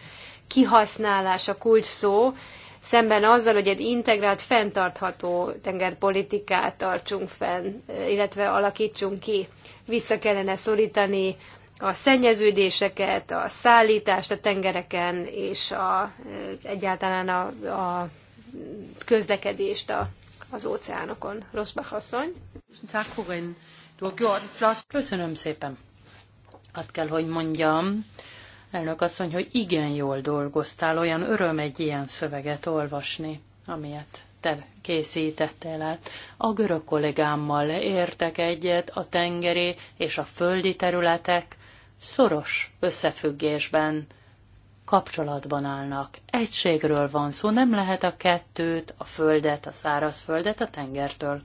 kihasználás a kulcs szó, szemben azzal, hogy egy integrált, fenntartható tengerpolitikát tartsunk fenn, illetve alakítsunk ki. Vissza kellene szorítani a szennyeződéseket, a szállítást a tengereken, és a, egyáltalán a, a közlekedést a, az óceánokon. Rosbach asszony. Köszönöm szépen. Azt kell, hogy mondjam, elnök asszony, hogy igen jól dolgoztál, olyan öröm egy ilyen szöveget olvasni, amilyet te készítettél el. A görög kollégámmal értek egyet a tengeri és a földi területek szoros összefüggésben, kapcsolatban állnak. Egységről van szó, nem lehet a kettőt, a földet, a szárazföldet a tengertől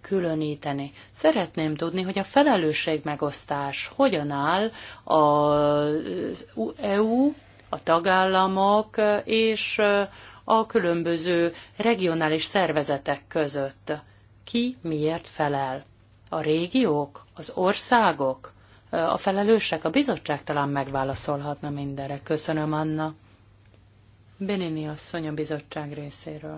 elkülöníteni. Szeretném tudni, hogy a felelősség megosztás hogyan áll az EU, a tagállamok és a különböző regionális szervezetek között. Ki miért felel? A régiók? Az országok? a felelősek? A bizottság talán megválaszolhatna mindenre. Köszönöm, Anna. Benini asszony a bizottság részéről.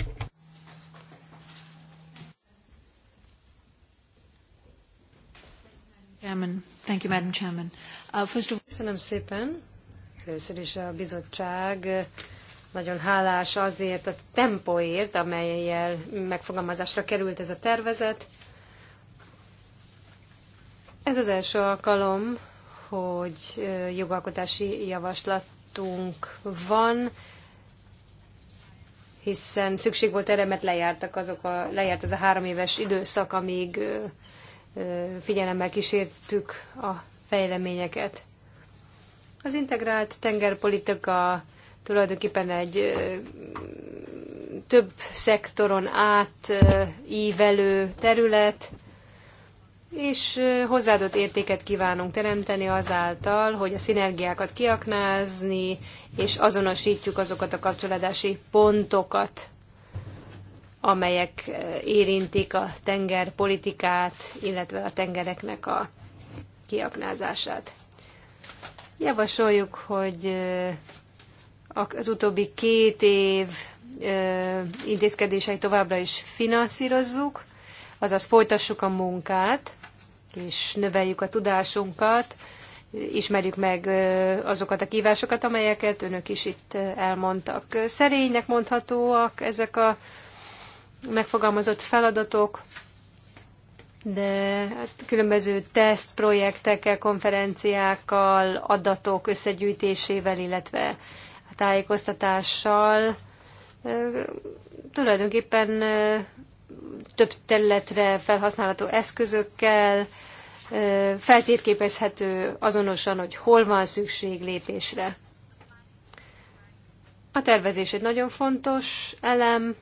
Chairman. Thank you, Madam Chairman. Uh, first of... Köszönöm szépen. Először is a bizottság eh, nagyon hálás azért a tempóért, amelyel megfogalmazásra került ez a tervezet. Ez az első alkalom, hogy jogalkotási javaslatunk van, hiszen szükség volt erre, mert lejártak azok a, lejárt az a három éves időszak, amíg figyelemmel kísértük a fejleményeket. Az integrált tengerpolitika tulajdonképpen egy több szektoron átívelő terület, és hozzáadott értéket kívánunk teremteni azáltal, hogy a szinergiákat kiaknázni, és azonosítjuk azokat a kapcsolódási pontokat, amelyek érintik a tengerpolitikát, illetve a tengereknek a kiaknázását. Javasoljuk, hogy az utóbbi két év intézkedéseit továbbra is finanszírozzuk, azaz folytassuk a munkát, és növeljük a tudásunkat, ismerjük meg azokat a kívásokat, amelyeket önök is itt elmondtak. Szerénynek mondhatóak ezek a megfogalmazott feladatok, de hát különböző teszt, projektekkel, konferenciákkal, adatok összegyűjtésével, illetve a tájékoztatással tulajdonképpen több területre felhasználható eszközökkel, feltérképezhető azonosan, hogy hol van szükség lépésre. A tervezés egy nagyon fontos elem,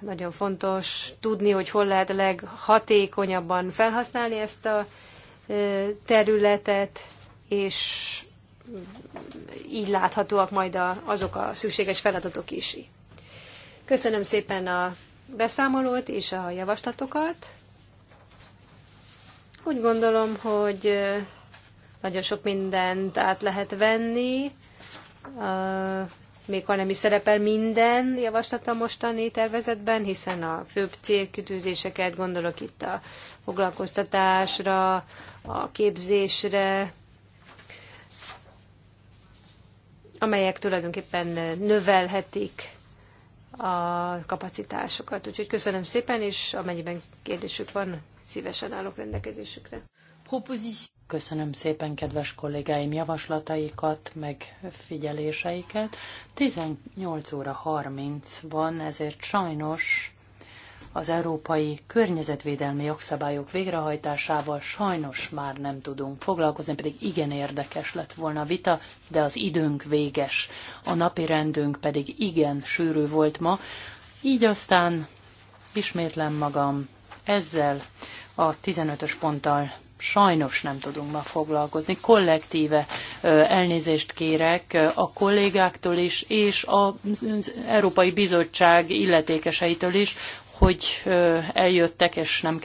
nagyon fontos tudni, hogy hol lehet leghatékonyabban felhasználni ezt a területet, és így láthatóak majd azok a szükséges feladatok is. Köszönöm szépen a beszámolót és a javaslatokat. Úgy gondolom, hogy nagyon sok mindent át lehet venni, még ha nem is szerepel minden javaslat a mostani tervezetben, hiszen a főbb célkütőzéseket gondolok itt a foglalkoztatásra, a képzésre, amelyek tulajdonképpen növelhetik a kapacitásokat. Úgyhogy köszönöm szépen, és amennyiben kérdésük van, szívesen állok rendelkezésükre. Köszönöm szépen kedves kollégáim javaslataikat, meg figyeléseiket. 18 óra 30 van, ezért sajnos az európai környezetvédelmi jogszabályok végrehajtásával sajnos már nem tudunk foglalkozni, pedig igen érdekes lett volna a vita, de az időnk véges. A napi rendünk pedig igen sűrű volt ma, így aztán ismétlem magam ezzel a 15-ös ponttal sajnos nem tudunk ma foglalkozni. Kollektíve elnézést kérek a kollégáktól is, és az Európai Bizottság illetékeseitől is, hogy eljöttek, és nem